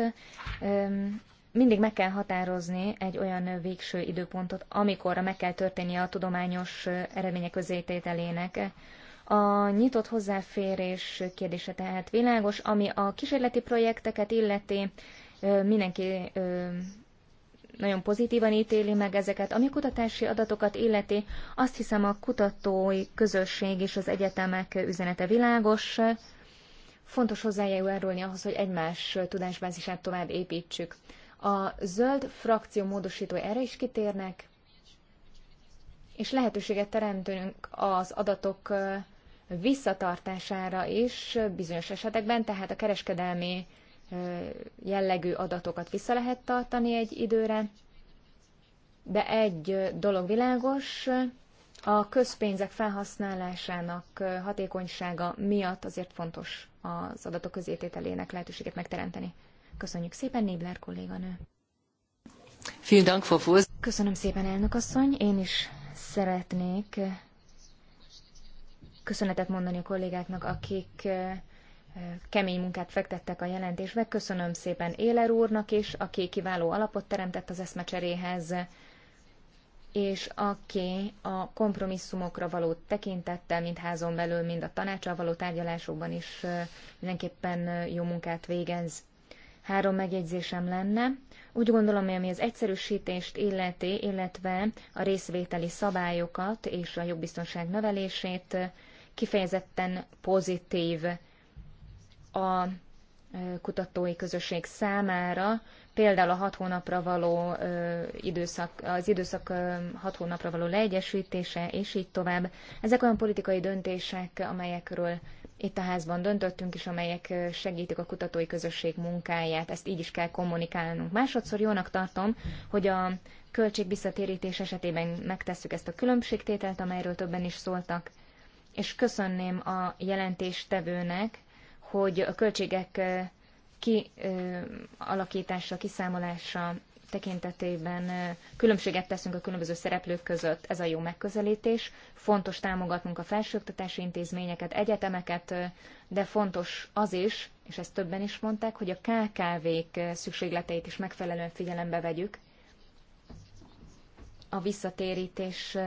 Mindig meg kell határozni egy olyan végső időpontot, amikorra meg kell történnie a tudományos eredmények közétételének. A nyitott hozzáférés kérdése tehát világos, ami a kísérleti projekteket illeti, mindenki nagyon pozitívan ítéli meg ezeket. Ami kutatási adatokat illeti, azt hiszem a kutatói közösség és az egyetemek üzenete világos. Fontos hozzájárulni ahhoz, hogy egymás tudásbázisát tovább építsük. A zöld frakció módosítói erre is kitérnek, és lehetőséget teremtünk az adatok visszatartására is bizonyos esetekben, tehát a kereskedelmi jellegű adatokat vissza lehet tartani egy időre, de egy dolog világos, a közpénzek felhasználásának hatékonysága miatt azért fontos az adatok közétételének lehetőséget megteremteni. Köszönjük szépen, Nébler kolléganő! Köszönöm szépen, elnök asszony! Én is szeretnék köszönetet mondani a kollégáknak, akik kemény munkát fektettek a jelentésbe. Köszönöm szépen Éler úrnak is, aki kiváló alapot teremtett az eszmecseréhez, és aki a kompromisszumokra való tekintettel, mind házon belül, mind a tanácsal való tárgyalásokban is mindenképpen jó munkát végez. Három megjegyzésem lenne. Úgy gondolom, hogy ami az egyszerűsítést illeti, illetve a részvételi szabályokat és a jogbiztonság növelését kifejezetten pozitív a kutatói közösség számára, például a hat hónapra való időszak, az időszak hat hónapra való leegyesítése, és így tovább. Ezek olyan politikai döntések, amelyekről itt a házban döntöttünk, és amelyek segítik a kutatói közösség munkáját, ezt így is kell kommunikálnunk. Másodszor jónak tartom, hogy a költségvisszatérítés esetében megtesszük ezt a különbségtételt, amelyről többen is szóltak, és köszönném a jelentéstevőnek, hogy a költségek kialakítása, kiszámolása tekintetében különbséget teszünk a különböző szereplők között, ez a jó megközelítés. Fontos támogatnunk a felsőoktatási intézményeket, egyetemeket, de fontos az is, és ezt többen is mondták, hogy a KKV-k szükségleteit is megfelelően figyelembe vegyük. A visszatérítés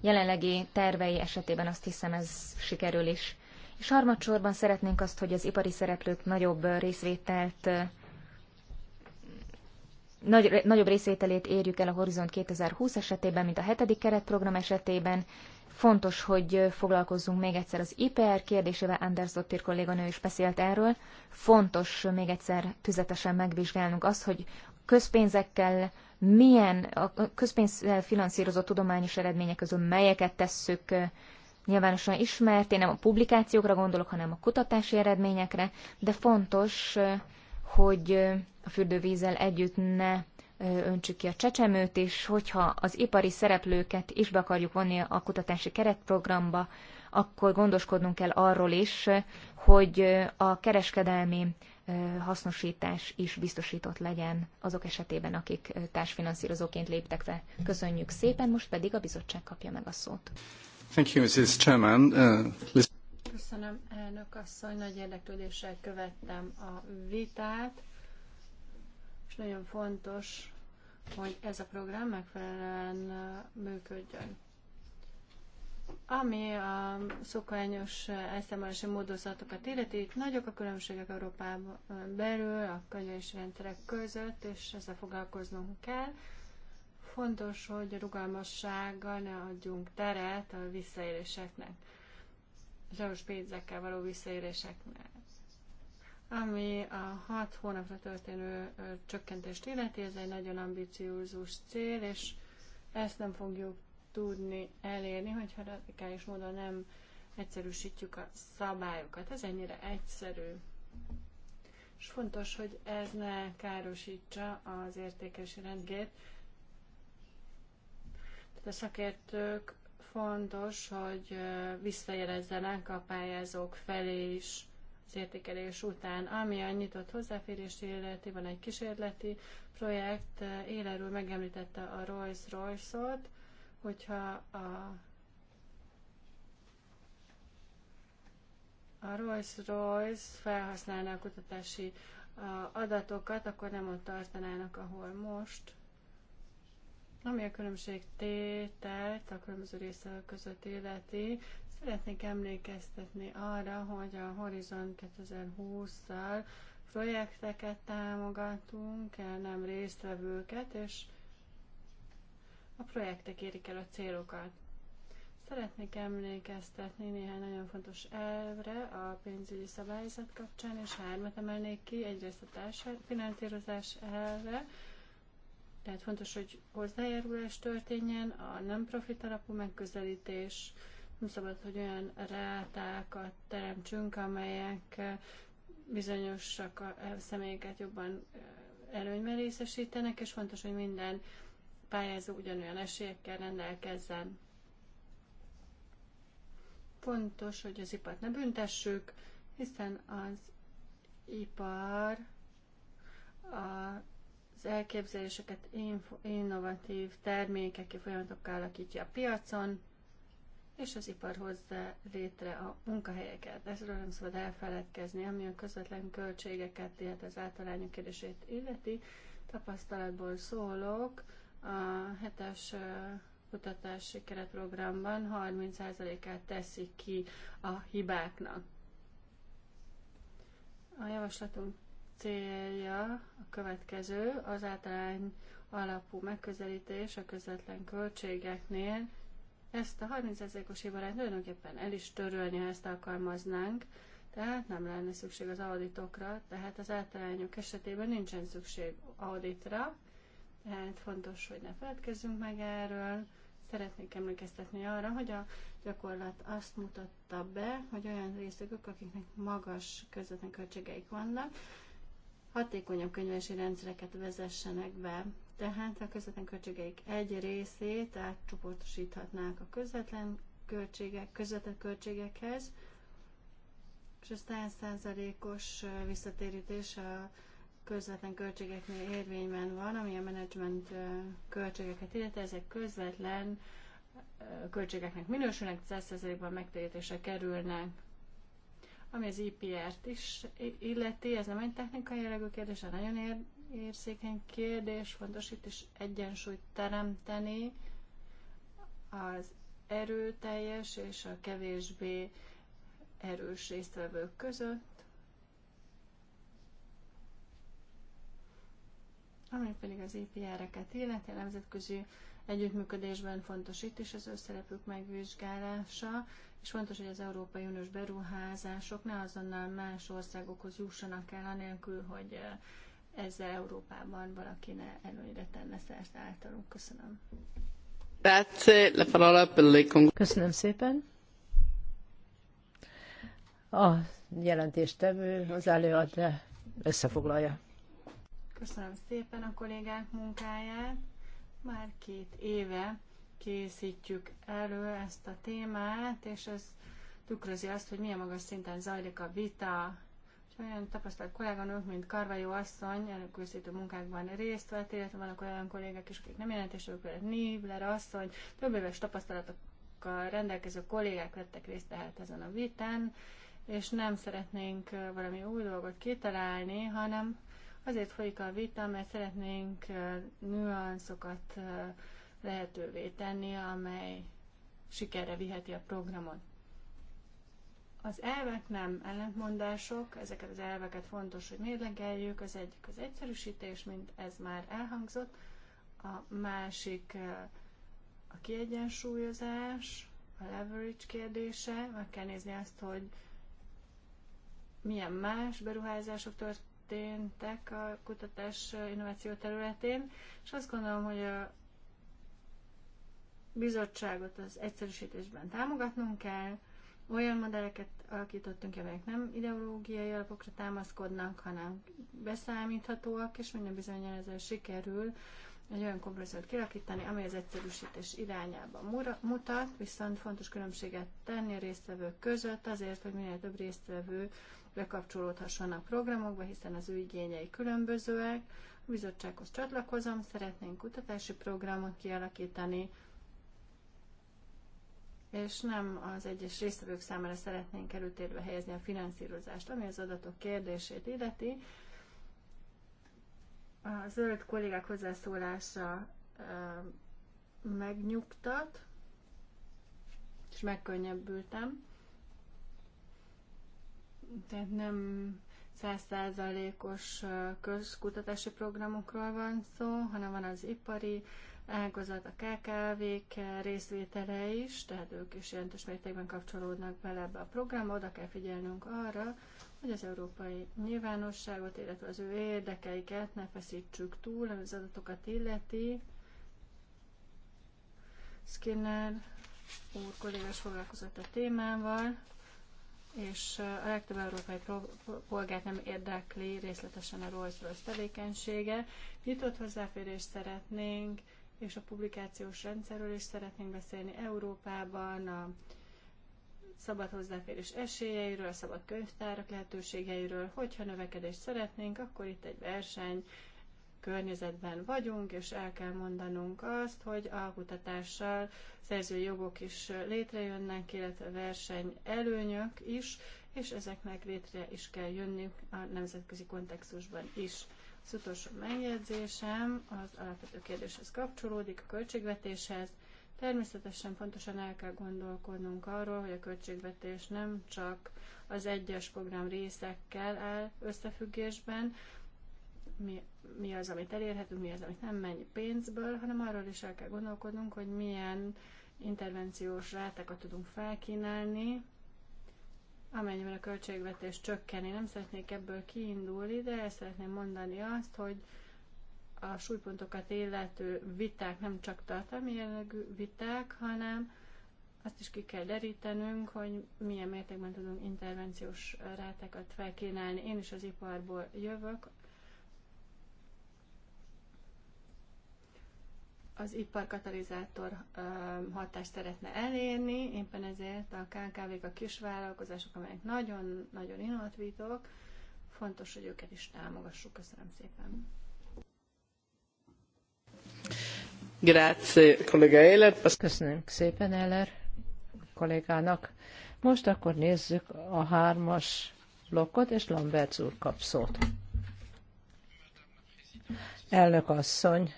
jelenlegi tervei esetében azt hiszem ez sikerül is. És harmadsorban szeretnénk azt, hogy az ipari szereplők nagyobb részvételt nagy, nagyobb részvételét érjük el a Horizont 2020 esetében, mint a hetedik keretprogram esetében. Fontos, hogy foglalkozzunk még egyszer az IPR kérdésével, Anders Dottir kolléganő is beszélt erről. Fontos még egyszer tüzetesen megvizsgálnunk azt, hogy közpénzekkel milyen a közpénzzel finanszírozott tudományos eredmények közül melyeket tesszük nyilvánosan ismert, én nem a publikációkra gondolok, hanem a kutatási eredményekre, de fontos, hogy a fürdővízzel együtt ne öntsük ki a csecsemőt, és hogyha az ipari szereplőket is be akarjuk vonni a kutatási keretprogramba, akkor gondoskodnunk kell arról is, hogy a kereskedelmi hasznosítás is biztosított legyen azok esetében, akik társfinanszírozóként léptek fel. Köszönjük szépen, most pedig a bizottság kapja meg a szót. Uh, Köszönöm, elnök asszony, nagy érdeklődéssel követtem a vitát, és nagyon fontos, hogy ez a program megfelelően uh, működjön. Ami a szokványos elszámolási módozatokat illeti, itt nagyok a különbségek Európában belül, a könyvelési rendszerek között, és ezzel foglalkoznunk kell. Fontos, hogy rugalmassággal ne adjunk teret a visszaéléseknek, az pénzekkel való visszaéléseknek. Ami a hat hónapra történő csökkentést illeti, ez egy nagyon ambiciózus cél, és ezt nem fogjuk tudni elérni, hogyha radikális módon nem egyszerűsítjük a szabályokat. Ez ennyire egyszerű. És fontos, hogy ez ne károsítsa az értékes rendjét, a szakértők fontos, hogy visszajelezzenek a pályázók felé is az értékelés után, ami a nyitott hozzáférést illeti, van egy kísérleti projekt, Élerül megemlítette a Rolls-Royce-ot, hogyha a a Rolls-Royce felhasználná a kutatási adatokat, akkor nem ott tartanának, ahol most. Ami a tételt a különböző részek között illeti, szeretnék emlékeztetni arra, hogy a Horizon 2020-szal projekteket támogatunk, eh, nem résztvevőket, és a projektek érik el a célokat. Szeretnék emlékeztetni néhány nagyon fontos elvre a pénzügyi szabályzat kapcsán, és hármat emelnék ki, egyrészt a finanszírozás elve, tehát fontos, hogy hozzájárulás történjen, a nem profit alapú megközelítés, nem szabad, hogy olyan rátákat teremtsünk, amelyek eh, bizonyosak a eh, személyeket jobban eh, előnyben részesítenek, és fontos, hogy minden pályázó ugyanolyan esélyekkel rendelkezzen. Fontos, hogy az ipart ne büntessük, hiszen az ipar a az elképzeléseket innovatív termékek, folyamatokká alakítja a piacon, és az ipar hozza létre a munkahelyeket. Ezről nem szabad elfeledkezni, ami a közvetlen költségeket, illetve az általányok kérdését illeti. Tapasztalatból szólok, a hetes kutatási keretprogramban 30%-át teszik ki a hibáknak. A javaslatunk célja a következő, az általány alapú megközelítés a közvetlen költségeknél. Ezt a 30%-os hibarát tulajdonképpen el is törölni, ha ezt alkalmaznánk, tehát nem lenne szükség az auditokra, tehát az általányok esetében nincsen szükség auditra, tehát fontos, hogy ne feledkezzünk meg erről. Szeretnék emlékeztetni arra, hogy a gyakorlat azt mutatta be, hogy olyan részekük, akiknek magas közvetlen költségeik vannak, hatékonyabb könyvelési rendszereket vezessenek be, tehát a közvetlen költségeik egy részét átcsoportosíthatnák a közvetlen költségek, közvetett költségekhez, és aztán százalékos os visszatérítés a közvetlen költségeknél érvényben van, ami a menedzsment költségeket illeti, ezek közvetlen költségeknek minősülnek, 100%-ban megtérítése kerülnek. Ami az IPR-t is illeti, ez nem egy technikai jellegű kérdés, hanem nagyon ér- érzékeny kérdés, fontos itt is egyensúlyt teremteni az erőteljes és a kevésbé erős résztvevők között. Ami pedig az IPR-eket illeti, a nemzetközi együttműködésben fontos itt is az ő megvizsgálása, és fontos, hogy az Európai Uniós beruházások ne azonnal más országokhoz jussanak el, anélkül, hogy eh, ezzel Európában valaki ne előnyre tenne szert általunk. Köszönöm. Köszönöm szépen. A jelentéstevő az előadó összefoglalja. Köszönöm szépen a kollégák munkáját. Már két éve készítjük elő ezt a témát, és ez tükrözi azt, hogy milyen magas szinten zajlik a vita. És olyan tapasztalt kolléganők, mint Karvajó asszony, előkészítő munkákban részt vett, illetve vannak olyan kollégák is, akik nem jelentésük, például Nibler asszony, több éves tapasztalatokkal rendelkező kollégák vettek részt tehát ezen a vitán, és nem szeretnénk valami új dolgot kitalálni, hanem azért folyik a vita, mert szeretnénk nüanszokat lehetővé tenni, amely sikerre viheti a programot. Az elvek nem ellentmondások, ezeket az elveket fontos, hogy mérlegeljük. Az egyik az egyszerűsítés, mint ez már elhangzott, a másik a kiegyensúlyozás, a leverage kérdése, meg kell nézni azt, hogy milyen más beruházások történtek a kutatás innováció területén, és azt gondolom, hogy a bizottságot az egyszerűsítésben támogatnunk kell, olyan modelleket alakítottunk, amelyek nem ideológiai alapokra támaszkodnak, hanem beszámíthatóak, és minden bizonyára ezzel sikerül egy olyan kompromisszumot kialakítani, amely az egyszerűsítés irányába mutat, viszont fontos különbséget tenni a résztvevők között azért, hogy minél több résztvevő bekapcsolódhasson a programokba, hiszen az ő igényei különbözőek. A bizottsághoz csatlakozom, szeretnénk kutatási programot kialakítani, és nem az egyes résztvevők számára szeretnénk előtérbe helyezni a finanszírozást, ami az adatok kérdését illeti. A zöld kollégák hozzászólása megnyugtat, és megkönnyebbültem. Tehát nem százszázalékos közkutatási programokról van szó, hanem van az ipari, ágazat, a KKV-k részvétele is, tehát ők is jelentős mértékben kapcsolódnak bele ebbe a programba, oda kell figyelnünk arra, hogy az európai nyilvánosságot, illetve az ő érdekeiket ne feszítsük túl, ami az adatokat illeti. Skinner úr kollégás foglalkozott a témával, és a legtöbb európai polgárt nem érdekli részletesen a Rolls-Royce tevékenysége. Nyitott hozzáférést szeretnénk, és a publikációs rendszerről is szeretnénk beszélni Európában, a szabad hozzáférés esélyeiről, a szabad könyvtárak lehetőségeiről. Hogyha növekedést szeretnénk, akkor itt egy verseny környezetben vagyunk, és el kell mondanunk azt, hogy a kutatással szerzői jogok is létrejönnek, illetve verseny előnyök is, és ezeknek létre is kell jönniük a nemzetközi kontextusban is. Az utolsó megjegyzésem az alapvető kérdéshez kapcsolódik, a költségvetéshez. Természetesen pontosan el kell gondolkodnunk arról, hogy a költségvetés nem csak az egyes program részekkel áll összefüggésben, mi, mi az, amit elérhetünk, mi az, amit nem, mennyi pénzből, hanem arról is el kell gondolkodnunk, hogy milyen intervenciós rátákat tudunk felkínálni, amennyiben a költségvetés csökkeni nem szeretnék ebből kiindulni, de el szeretném mondani azt, hogy a súlypontokat illető viták nem csak tartalmi jellegű viták, hanem azt is ki kell derítenünk, hogy milyen mértékben tudunk intervenciós rátákat felkínálni. Én is az iparból jövök, az ipar katalizátor hatást szeretne elérni, éppen ezért a KKV-k, a kisvállalkozások, amelyek nagyon-nagyon innovatívok, fontos, hogy őket is támogassuk. Köszönöm szépen. Grazie, kollega Eller. Köszönöm szépen, Eller kollégának. Most akkor nézzük a hármas blokkot, és Lambert úr kap szót. Elnök asszony,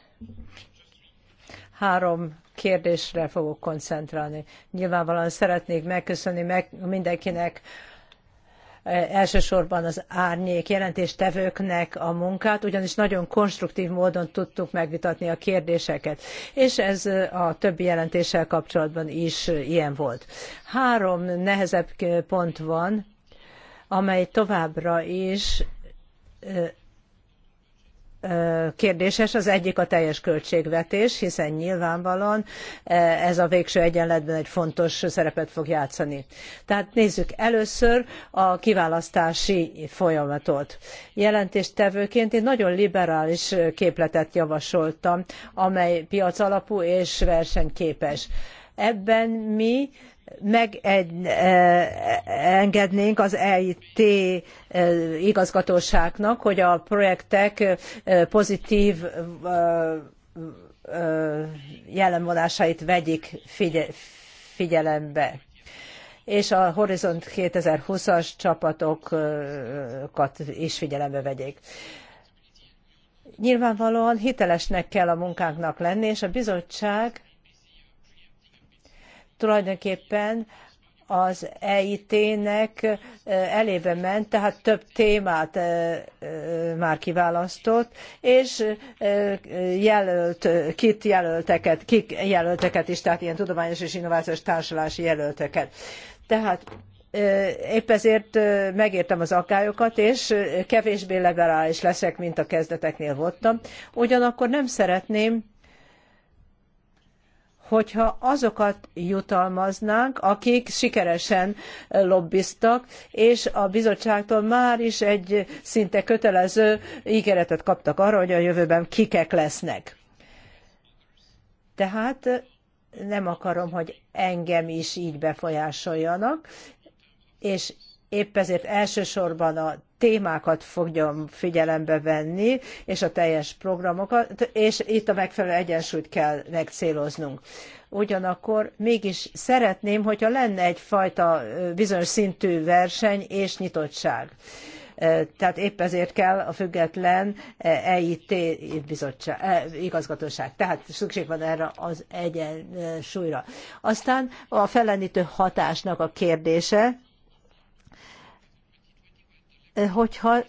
Három kérdésre fogok koncentrálni. Nyilvánvalóan szeretnék megköszönni meg mindenkinek, e, elsősorban az árnyék jelentéstevőknek a munkát, ugyanis nagyon konstruktív módon tudtuk megvitatni a kérdéseket, és ez a többi jelentéssel kapcsolatban is ilyen volt. Három nehezebb pont van, amely továbbra is e, kérdéses. Az egyik a teljes költségvetés, hiszen nyilvánvalóan ez a végső egyenletben egy fontos szerepet fog játszani. Tehát nézzük először a kiválasztási folyamatot. Jelentéstevőként én nagyon liberális képletet javasoltam, amely piacalapú és versenyképes. Ebben mi megengednénk az EIT eh, igazgatóságnak, hogy a projektek eh, pozitív eh, jelenvonásait vegyék figyelembe és a Horizont 2020-as csapatokat is figyelembe vegyék. Nyilvánvalóan hitelesnek kell a munkánknak lenni, és a bizottság tulajdonképpen az EIT-nek elébe ment, tehát több témát már kiválasztott, és jelölt, kit jelölteket, kik jelölteket is, tehát ilyen tudományos és innovációs társulási jelölteket. Tehát épp ezért megértem az akályokat, és kevésbé liberális leszek, mint a kezdeteknél voltam. Ugyanakkor nem szeretném, hogyha azokat jutalmaznánk, akik sikeresen lobbiztak, és a bizottságtól már is egy szinte kötelező ígéretet kaptak arra, hogy a jövőben kikek lesznek. Tehát nem akarom, hogy engem is így befolyásoljanak, és épp ezért elsősorban a témákat fogjon figyelembe venni, és a teljes programokat, és itt a megfelelő egyensúlyt kell megcéloznunk. Ugyanakkor mégis szeretném, hogyha lenne egyfajta bizonyos szintű verseny és nyitottság. Tehát épp ezért kell a független EIT bizottság, igazgatóság. Tehát szükség van erre az egyensúlyra. Aztán a felenítő hatásnak a kérdése, Hogyha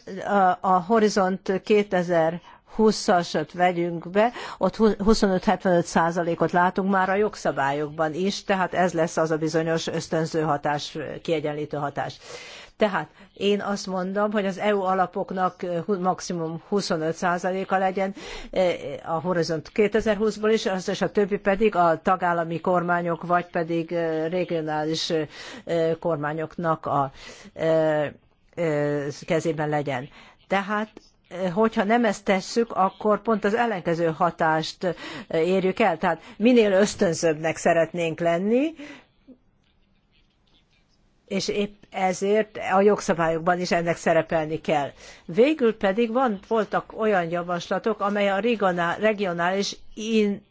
a Horizont 2000 20-asat vegyünk be, ott 25-75 százalékot látunk már a jogszabályokban is, tehát ez lesz az a bizonyos ösztönző hatás, kiegyenlítő hatás. Tehát én azt mondom, hogy az EU alapoknak maximum 25%-a legyen eh, a Horizont 2020-ból is, az és a többi pedig a tagállami kormányok, vagy pedig eh, regionális eh, kormányoknak a kezében legyen. Tehát hogyha nem ezt tesszük, akkor pont az ellenkező hatást érjük el. Tehát minél ösztönzőbbnek szeretnénk lenni, és épp ezért a jogszabályokban is ennek szerepelni kell. Végül pedig van, voltak olyan javaslatok, amely a regionális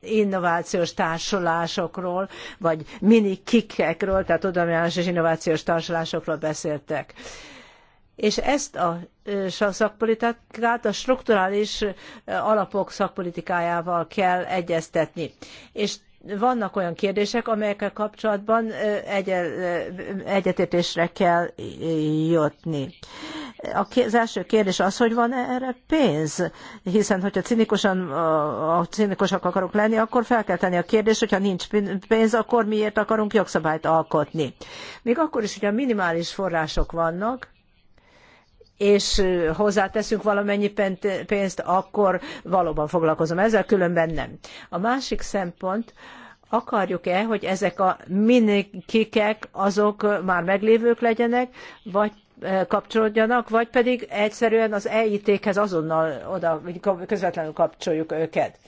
innovációs társulásokról, vagy mini kikekről, tehát tudományos és innovációs társulásokról beszéltek. Uh, és ezt a szakpolitikát a strukturális alapok szakpolitikájával kell egyeztetni. És vannak olyan kérdések, amelyekkel kapcsolatban egyetértésre kell jutni. Az első kérdés az, hogy van -e erre pénz, hiszen hogyha cinikusan, a cinikusak akarunk lenni, akkor fel kell tenni a kérdést, hogyha nincs pénz, akkor miért akarunk jogszabályt alkotni. Még akkor is, hogyha minimális források vannak, és hozzáteszünk valamennyi pénzt, akkor valóban foglalkozom ezzel, különben nem. A másik szempont, akarjuk-e, hogy ezek a minikikek azok már meglévők legyenek, vagy kapcsolódjanak, vagy pedig egyszerűen az EIT-hez azonnal oda, közvetlenül kapcsoljuk őket.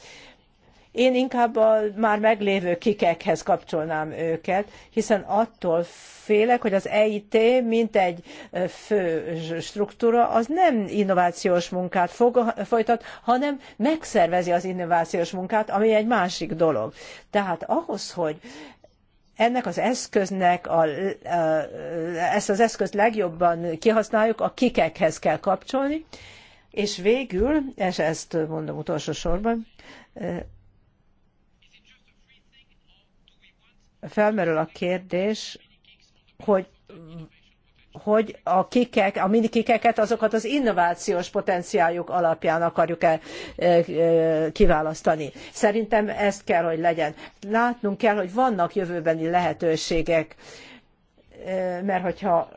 Én inkább a már meglévő kikekhez kapcsolnám őket, hiszen attól félek, hogy az EIT, mint egy fő struktúra, az nem innovációs munkát fog, folytat, hanem megszervezi az innovációs munkát, ami egy másik dolog. Tehát ahhoz, hogy ennek az eszköznek a, ezt az eszközt legjobban kihasználjuk, a kikekhez kell kapcsolni, és végül, és ezt mondom utolsó sorban, felmerül a kérdés, hogy hogy a kikek, a kikeket, azokat az innovációs potenciáljuk alapján akarjuk-e e, kiválasztani. Szerintem ezt kell, hogy legyen. Látnunk kell, hogy vannak jövőbeni lehetőségek, e, mert hogyha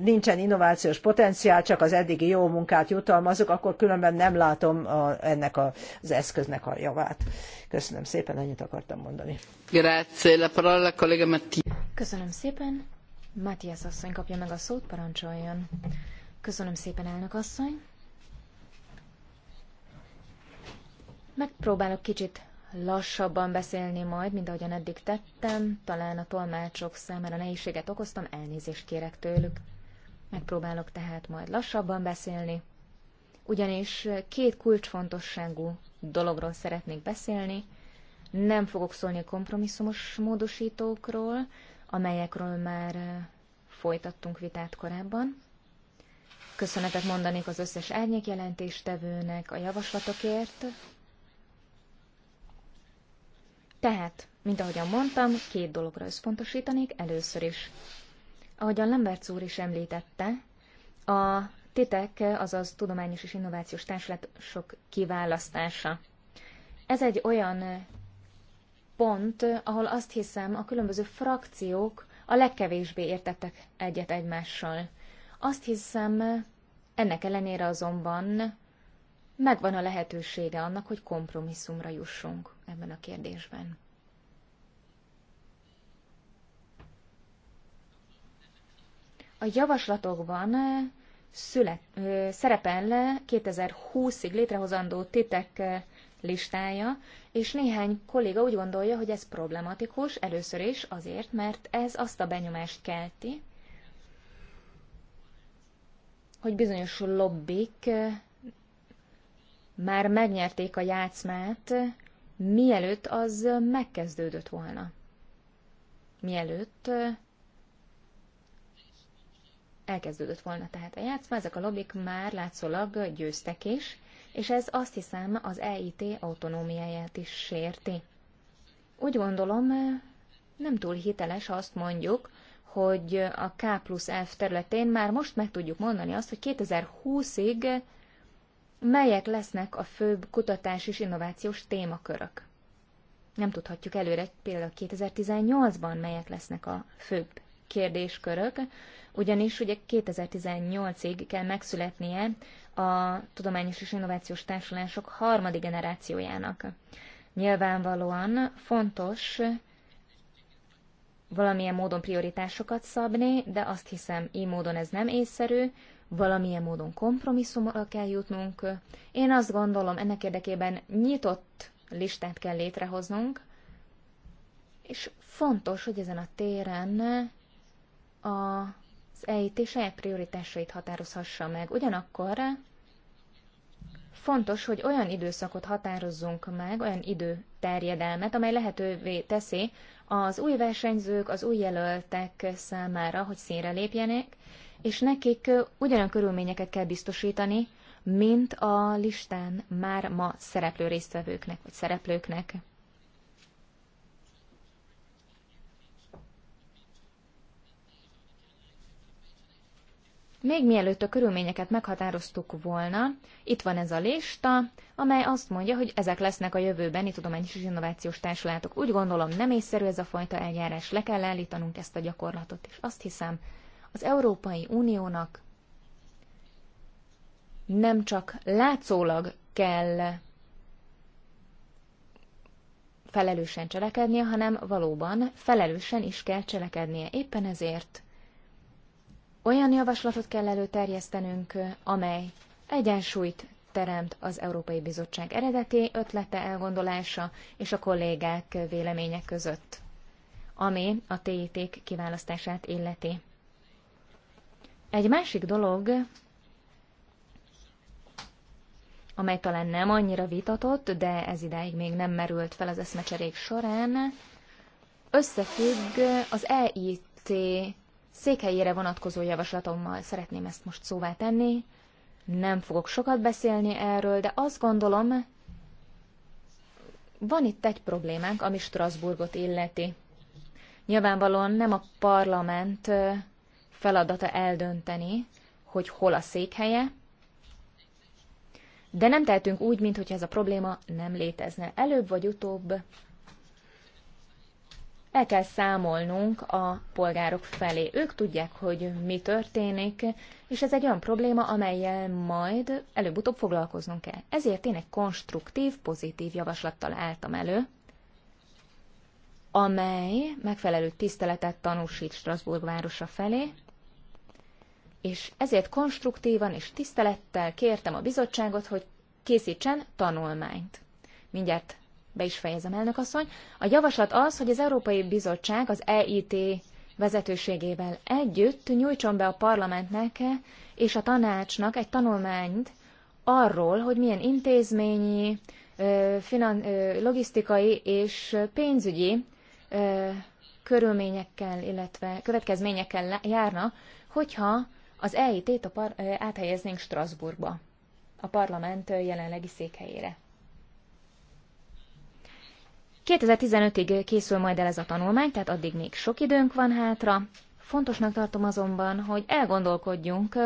nincsen innovációs potenciál, csak az eddigi jó munkát jutalmazok, akkor különben nem látom a, ennek a, az eszköznek a javát. Köszönöm szépen, ennyit akartam mondani. Grazie, la parola collega Matti. Köszönöm szépen. Matthias asszony kapja meg a szót, parancsoljon. Köszönöm szépen, elnök asszony. Megpróbálok kicsit lassabban beszélni majd, mint ahogyan eddig tettem. Talán a tolmácsok számára nehézséget okoztam, elnézést kérek tőlük. Megpróbálok tehát majd lassabban beszélni. Ugyanis két kulcsfontosságú dologról szeretnék beszélni. Nem fogok szólni a kompromisszumos módosítókról, amelyekről már eh, folytattunk vitát korábban. Köszönetet mondanék az összes árnyék jelentéstevőnek a javaslatokért, tehát, mint ahogyan mondtam, két dologra összpontosítanék először is. Ahogyan Lemberts úr is említette, a TITEK, azaz Tudományos és Innovációs Társulatok kiválasztása. Ez egy olyan pont, ahol azt hiszem a különböző frakciók a legkevésbé értettek egyet egymással. Azt hiszem, ennek ellenére azonban megvan a lehetősége annak, hogy kompromisszumra jussunk ebben a kérdésben. A javaslatokban szület, szerepel 2020-ig létrehozandó titek listája, és néhány kolléga úgy gondolja, hogy ez problematikus, először is azért, mert ez azt a benyomást kelti, hogy bizonyos lobbik már megnyerték a játszmát, mielőtt az megkezdődött volna. Mielőtt eh, elkezdődött volna tehát a játszma, ezek a lobbik már látszólag győztek is, és ez azt hiszem az EIT autonómiáját is sérti. Úgy gondolom, eh, nem túl hiteles, ha azt mondjuk, hogy a K plusz F területén már most meg tudjuk mondani azt, hogy 2020-ig melyek lesznek a főbb kutatás és innovációs témakörök. Nem tudhatjuk előre például 2018-ban, melyek lesznek a főbb kérdéskörök, ugyanis ugye 2018-ig kell megszületnie a Tudományos és Innovációs Társulások harmadik generációjának. Nyilvánvalóan fontos valamilyen módon prioritásokat szabni, de azt hiszem, így módon ez nem észszerű, valamilyen módon kompromisszumra kell jutnunk. Én azt gondolom, ennek érdekében nyitott listát kell létrehoznunk, és fontos, hogy ezen a téren az EIT saját prioritásait határozhassa meg. Ugyanakkor fontos, hogy olyan időszakot határozzunk meg, olyan időterjedelmet, amely lehetővé teszi az új versenyzők, az új jelöltek számára, hogy színre lépjenek, és nekik ugyanolyan körülményeket kell biztosítani, mint a listán már ma szereplő résztvevőknek, vagy szereplőknek. Még mielőtt a körülményeket meghatároztuk volna, itt van ez a lista, amely azt mondja, hogy ezek lesznek a jövőbeni tudományos és innovációs társulatok. Úgy gondolom, nem észszerű ez a fajta eljárás, le kell állítanunk ezt a gyakorlatot, és azt hiszem, az Európai Uniónak nem csak látszólag kell felelősen cselekednie, hanem valóban felelősen is kell cselekednie. Éppen ezért olyan javaslatot kell előterjesztenünk, amely egyensúlyt teremt az Európai Bizottság eredeti ötlete, elgondolása és a kollégák véleménye között, ami a TIT kiválasztását illeti. Egy másik dolog, amely talán nem annyira vitatott, de ez idáig még nem merült fel az eszmecserék során, összefügg az EIT székhelyére vonatkozó javaslatommal. Szeretném ezt most szóvá tenni. Nem fogok sokat beszélni erről, de azt gondolom, van itt egy problémánk, ami Strasbourgot illeti. Nyilvánvalóan nem a parlament feladata eldönteni, hogy hol a székhelye, de nem tehetünk úgy, mintha ez a probléma nem létezne. Előbb vagy utóbb el kell számolnunk a polgárok felé. Ők tudják, hogy mi történik, és ez egy olyan probléma, amelyel majd előbb-utóbb foglalkoznunk kell. Ezért én egy konstruktív, pozitív javaslattal álltam elő, amely megfelelő tiszteletet tanúsít Strasbourg városa felé, és ezért konstruktívan és tisztelettel kértem a bizottságot, hogy készítsen tanulmányt. Mindjárt be is fejezem, elnök asszony. A javaslat az, hogy az Európai Bizottság az EIT vezetőségével együtt nyújtson be a parlamentnek és a tanácsnak egy tanulmányt arról, hogy milyen intézményi, finan, logisztikai és pénzügyi körülményekkel, illetve következményekkel járna, hogyha az EIT-t par- áthelyeznénk Strasbourgba, a parlament jelenlegi székhelyére. 2015-ig készül majd el ez a tanulmány, tehát addig még sok időnk van hátra. Fontosnak tartom azonban, hogy elgondolkodjunk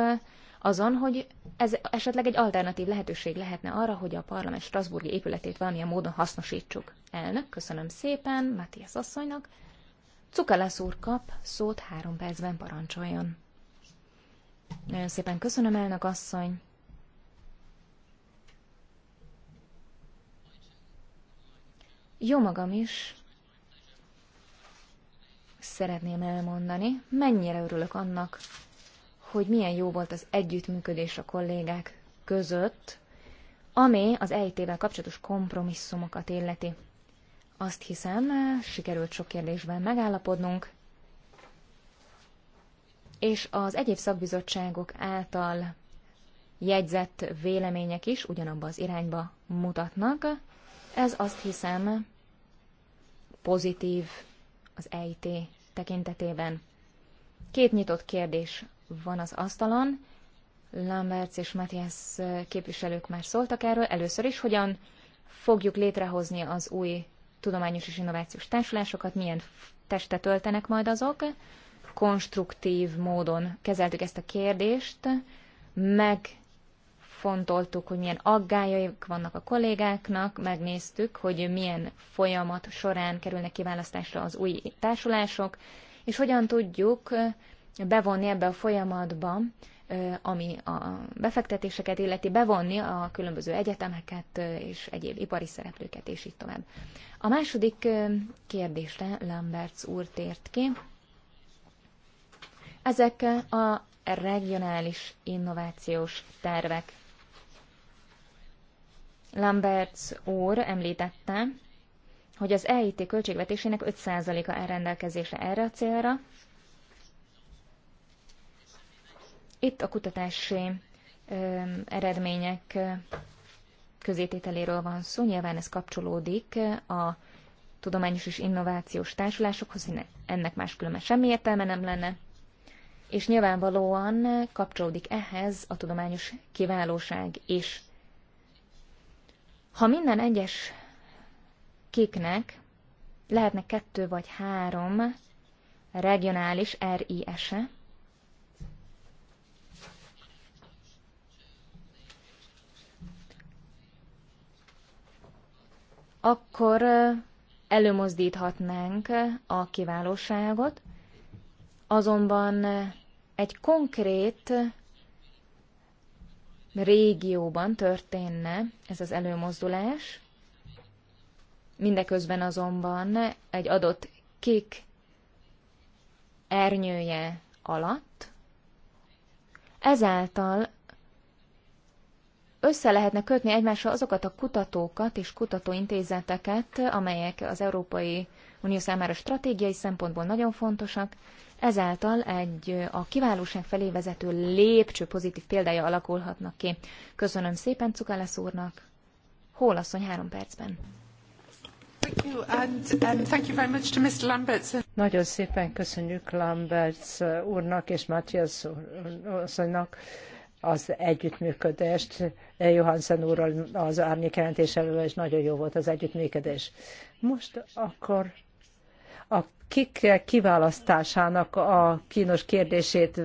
azon, hogy ez esetleg egy alternatív lehetőség lehetne arra, hogy a parlament Strasburgi épületét valamilyen módon hasznosítsuk. Elnök, köszönöm szépen Matthias asszonynak. Cukalász úr kap, szót három percben parancsoljon. Nagyon szépen köszönöm, elnök asszony. Jó magam is szeretném elmondani, mennyire örülök annak, hogy milyen jó volt az együttműködés a kollégák között, ami az EIT-vel kapcsolatos kompromisszumokat illeti. Azt hiszem, sikerült sok kérdésben megállapodnunk, és az egyéb szakbizottságok által jegyzett vélemények is ugyanabba az irányba mutatnak. Ez azt hiszem pozitív az EIT tekintetében. Két nyitott kérdés van az asztalon. Lamberts és Matthias képviselők már szóltak erről. Először is, hogyan fogjuk létrehozni az új tudományos és innovációs társulásokat, milyen testet töltenek majd azok konstruktív módon kezeltük ezt a kérdést, megfontoltuk, hogy milyen aggájaik vannak a kollégáknak, megnéztük, hogy milyen folyamat során kerülnek kiválasztásra az új társulások, és hogyan tudjuk bevonni ebbe a folyamatba, ami a befektetéseket illeti, bevonni a különböző egyetemeket és egyéb ipari szereplőket, és így tovább. A második kérdésre Lamberts úr tért ki ezek a regionális innovációs tervek. Lamberts úr említette, hogy az EIT költségvetésének 5%-a elrendelkezésre erre a célra. Itt a kutatási ö, eredmények közétételéről van szó, nyilván ez kapcsolódik a tudományos és innovációs társulásokhoz, ennek máskülönben semmi értelme nem lenne és nyilvánvalóan kapcsolódik ehhez a tudományos kiválóság is. Ha minden egyes kéknek lehetne kettő vagy három regionális RIS-e, akkor előmozdíthatnánk a kiválóságot, Azonban egy konkrét régióban történne ez az előmozdulás, mindeközben azonban egy adott kék ernyője alatt, ezáltal össze lehetne kötni egymással azokat a kutatókat és kutatóintézeteket, amelyek az Európai Unió számára stratégiai szempontból nagyon fontosak, Ezáltal egy a kiválóság felé vezető lépcső pozitív példája alakulhatnak ki. Köszönöm szépen Cukálesz úrnak. Hol asszony három percben? Nagyon szépen köszönjük Lamberts úrnak és Matthias asszonynak az együttműködést. Johansen úrral az árnyék jelentés elől is nagyon jó volt az együttműködés. Most akkor a kik kiválasztásának a kínos kérdését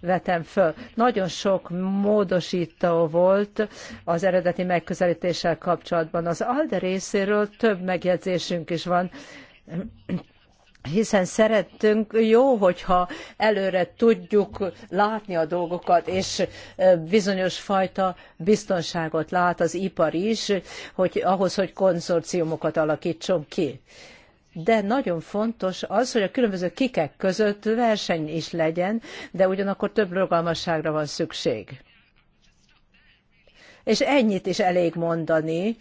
vetem föl. Nagyon sok módosító volt az eredeti megközelítéssel kapcsolatban. Az ALDE részéről több megjegyzésünk is van hiszen szerettünk jó, hogyha előre tudjuk látni a dolgokat, és bizonyos fajta biztonságot lát az ipar is, hogy ahhoz, hogy konzorciumokat alakítson ki de nagyon fontos az, hogy a különböző kikek között verseny is legyen, de ugyanakkor több rugalmasságra van szükség. És ennyit is elég mondani,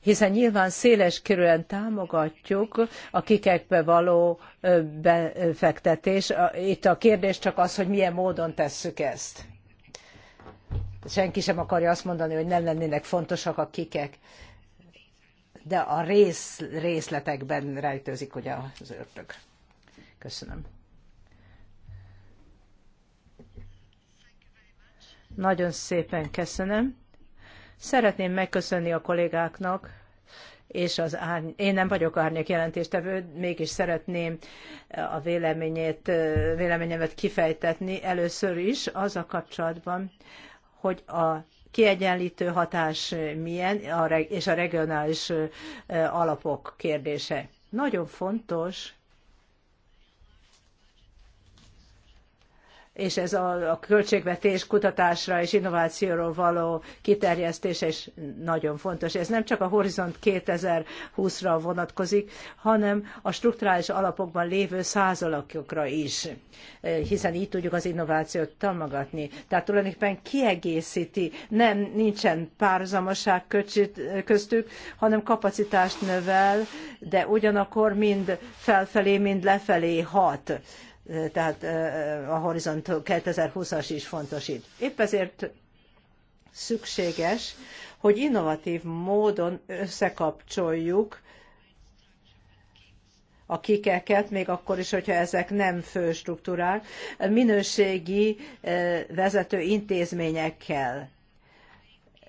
hiszen nyilván széles körülön támogatjuk a kikekbe való befektetés. Itt a kérdés csak az, hogy milyen módon tesszük ezt. Senki sem akarja azt mondani, hogy nem lennének fontosak a kikek de a rész, részletekben rejtőzik ugye az ördög. Köszönöm. Nagyon szépen köszönöm. Szeretném megköszönni a kollégáknak, és az árny... én nem vagyok árnyék jelentéstevő, mégis szeretném a véleményét, véleményemet kifejtetni először is az a kapcsolatban, hogy a kiegyenlítő hatás milyen, és a regionális alapok kérdése. Nagyon fontos, és ez a, a költségvetés kutatásra és innovációról való kiterjesztés is nagyon fontos. Ez nem csak a Horizont 2020-ra vonatkozik, hanem a strukturális alapokban lévő százalakokra is, hiszen így tudjuk az innovációt támogatni. Tehát tulajdonképpen kiegészíti, nem nincsen párzamaság köztük, hanem kapacitást növel, de ugyanakkor mind felfelé, mind lefelé hat tehát a Horizont 2020-as is fontos itt. Épp ezért szükséges, hogy innovatív módon összekapcsoljuk a kikeket, még akkor is, hogyha ezek nem fő struktúrák, minőségi vezető intézményekkel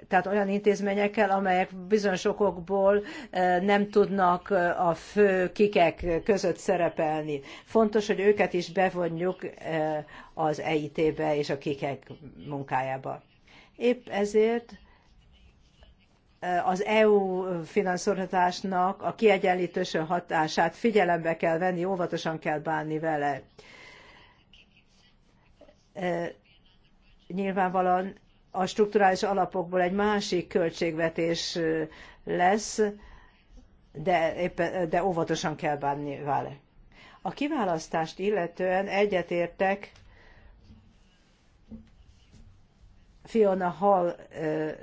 tehát olyan intézményekkel, amelyek bizonyos okokból eh, nem tudnak eh, a fő kikek között szerepelni. Fontos, hogy őket is bevonjuk eh, az EIT-be és a kikek munkájába. Épp ezért az EU finanszírozásnak a kiegyenlítőső hatását figyelembe kell venni, óvatosan kell bánni vele. Nyilvánvalóan a strukturális alapokból egy másik költségvetés lesz, de, éppen, de óvatosan kell bánni vele. A kiválasztást illetően egyetértek Fiona Hall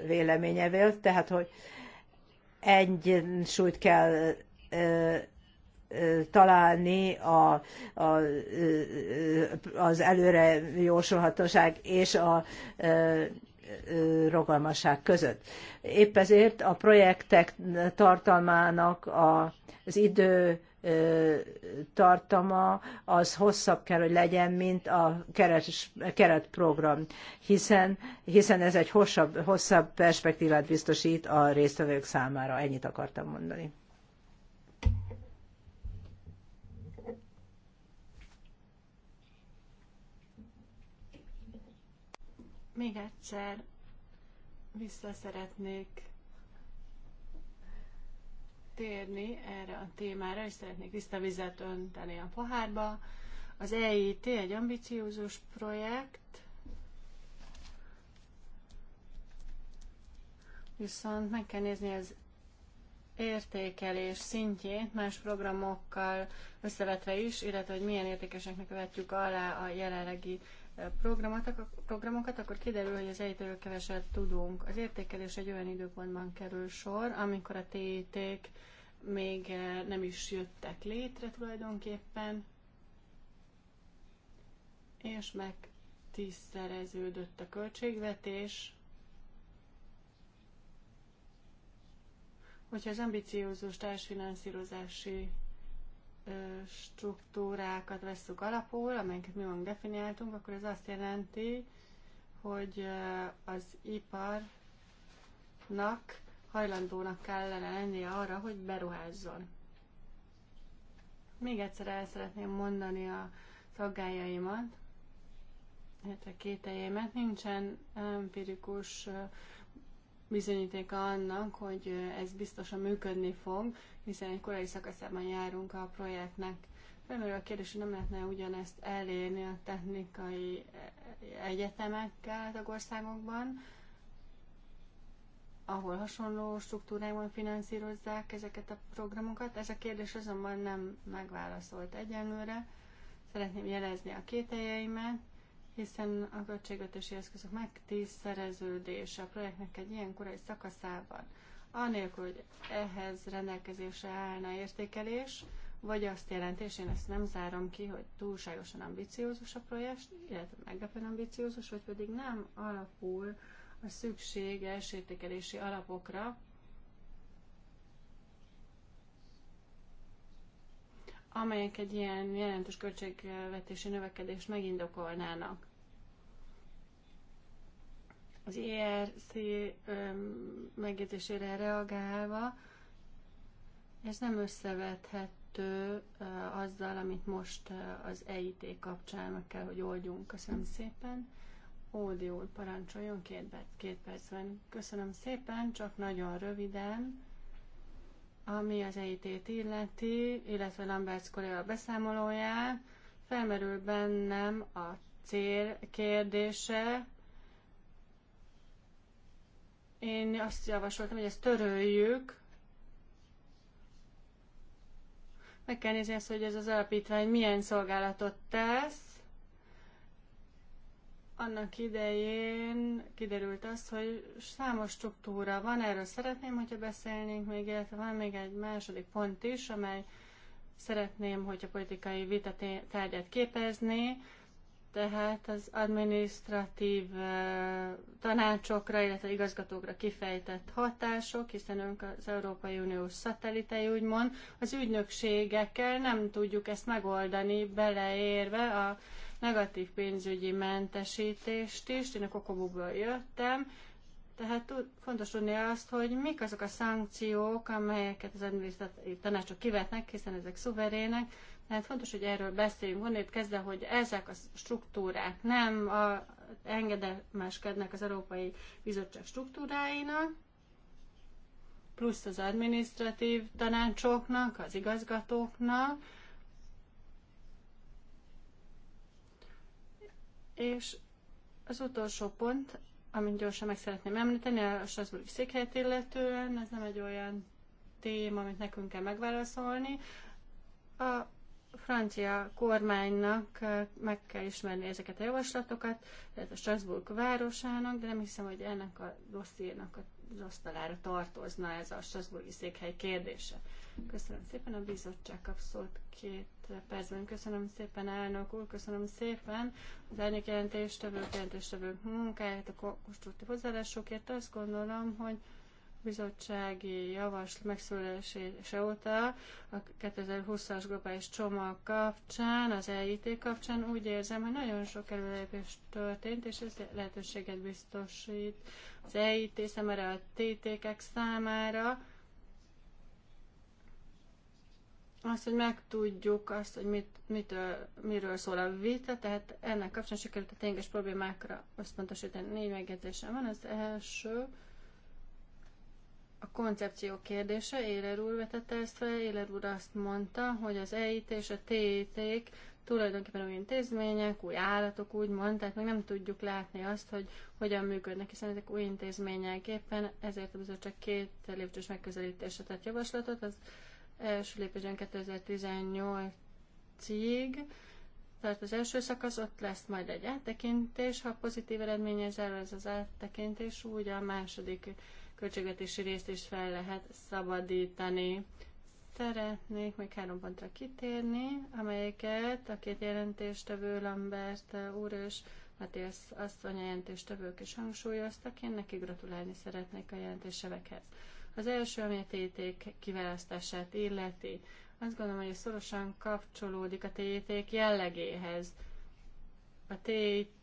véleményevel, tehát hogy súlyt kell találni a, a, az előre jósolhatóság és a, rugalmasság között. Épp ezért a projektek tartalmának az idő tartama az hosszabb kell, hogy legyen, mint a keret, keretprogram, hiszen, hiszen ez egy hosszabb, hosszabb perspektívát biztosít a résztvevők számára. Ennyit akartam mondani. Még egyszer vissza szeretnék térni erre a témára, és szeretnék tiszta vizet önteni a pohárba. Az EIT egy ambiciózus projekt, viszont meg kell nézni az értékelés szintjét más programokkal összevetve is, illetve hogy milyen értékeseknek vetjük alá a jelenlegi programokat, akkor kiderül, hogy az egyről keveset tudunk. Az értékelés egy olyan időpontban kerül sor, amikor a tit még eh, nem is jöttek létre tulajdonképpen, és meg tízszereződött a költségvetés. Hogyha az ambiciózus társfinanszírozási struktúrákat veszük alapul, amelyeket mi magunk definiáltunk, akkor ez azt jelenti, hogy az iparnak hajlandónak kellene lennie arra, hogy beruházzon. Még egyszer el szeretném mondani a aggájaimat, illetve kételjeimet. Nincsen empirikus bizonyítéka annak, hogy ez biztosan működni fog, hiszen egy korai szakaszában járunk a projektnek. Felmerül a kérdés, hogy nem lehetne ugyanezt elérni a technikai eh, egyetemekkel tagországokban, ahol hasonló struktúrában finanszírozzák ezeket a programokat. Ez a kérdés azonban nem megválaszolt egyenlőre. Szeretném jelezni a kételjeimet, hiszen a költségvetési eszközök megtízszereződése a projektnek egy ilyen korai szakaszában, anélkül, hogy ehhez rendelkezésre állna értékelés, vagy azt jelenti, és én ezt nem zárom ki, hogy túlságosan ambiciózus a projekt, illetve meglepően ambiciózus, vagy pedig nem alapul a szükséges értékelési alapokra, amelyek egy ilyen jelentős költségvetési növekedést megindokolnának. Az ERC megjegyzésére reagálva, ez nem összevethető azzal, amit most az EIT kapcsán meg kell, hogy oldjunk. Köszönöm szépen. Ódi úr, parancsoljon két, perc, két percben. Köszönöm szépen, csak nagyon röviden ami az EIT-t illeti, illetve Lambert kolléga beszámolóját, felmerül bennem a cél kérdése. Én azt javasoltam, hogy ezt töröljük. Meg kell nézni azt, hogy ez az alapítvány milyen szolgálatot tesz, annak idején kiderült az, hogy számos struktúra van, erről szeretném, hogyha beszélnénk még, illetve van még egy második pont is, amely szeretném, hogy a politikai vita tárgyát képezni, tehát az administratív tanácsokra, illetve igazgatókra kifejtett hatások, hiszen ők az Európai Unió szatellitei, úgymond, az ügynökségekkel nem tudjuk ezt megoldani, beleérve a negatív pénzügyi mentesítést is. Én a Kokobukból jöttem, tehát fontos tudni azt, hogy mik azok a szankciók, amelyeket az adminisztratív tanácsok kivetnek, hiszen ezek szuverének. Tehát fontos, hogy erről beszéljünk. Honnét kezdve, hogy ezek a struktúrák nem a, engedelmeskednek az Európai Bizottság struktúráinak, plusz az adminisztratív tanácsoknak, az igazgatóknak, És az utolsó pont, amit gyorsan meg szeretném említeni, a Strasbourg székhelyt illetően, ez nem egy olyan téma, amit nekünk kell megválaszolni. A francia kormánynak meg kell ismerni ezeket a javaslatokat, tehát a Strasbourg városának, de nem hiszem, hogy ennek a dossziénak az asztalára tartozna ez a Strasbourgi székhely kérdése. Köszönöm szépen, a bizottság kapszót két percben. Köszönöm szépen, elnök úr, köszönöm szépen az elnök jelentéstevők, jelentéstevők munkáját, a konstruktív hozzáállásokért. Azt gondolom, hogy bizottsági javaslat megszólalása óta a 2020-as globális csomag kapcsán, az EIT kapcsán úgy érzem, hogy nagyon sok előrelépés történt, és ez lehetőséget biztosít az EIT számára, a TTK-ek e számára, azt, hogy megtudjuk azt, hogy mit, mitől, miről szól a vita, tehát ennek kapcsán sikerült a tényleges problémákra összpontosítani. Négy megjegyzésem van. Az első, a koncepció kérdése, Éler úr vetette ezt fel, Éler úr azt mondta, hogy az EIT és a TIT-k tulajdonképpen új intézmények, új állatok, úgymond, tehát meg nem tudjuk látni azt, hogy hogyan működnek, hiszen ezek új intézmények. Éppen ezért a csak két lépcsős megközelítésre tett javaslatot, az első lépésben 2018-ig, tehát az első szakasz, ott lesz majd egy áttekintés, ha pozitív eredménye zárul ez az áttekintés, úgy a második költségvetési részt is fel lehet szabadítani. Szeretnék még három pontra kitérni, amelyeket a két jelentéstevő Lambert eh, úr és Matthias asszony a jelentéstevők is hangsúlyoztak. Én neki gratulálni szeretnék a jelentésevekhez. Az első, ami a TTK kiválasztását illeti, azt gondolom, hogy szorosan kapcsolódik a TTK jellegéhez. A TIT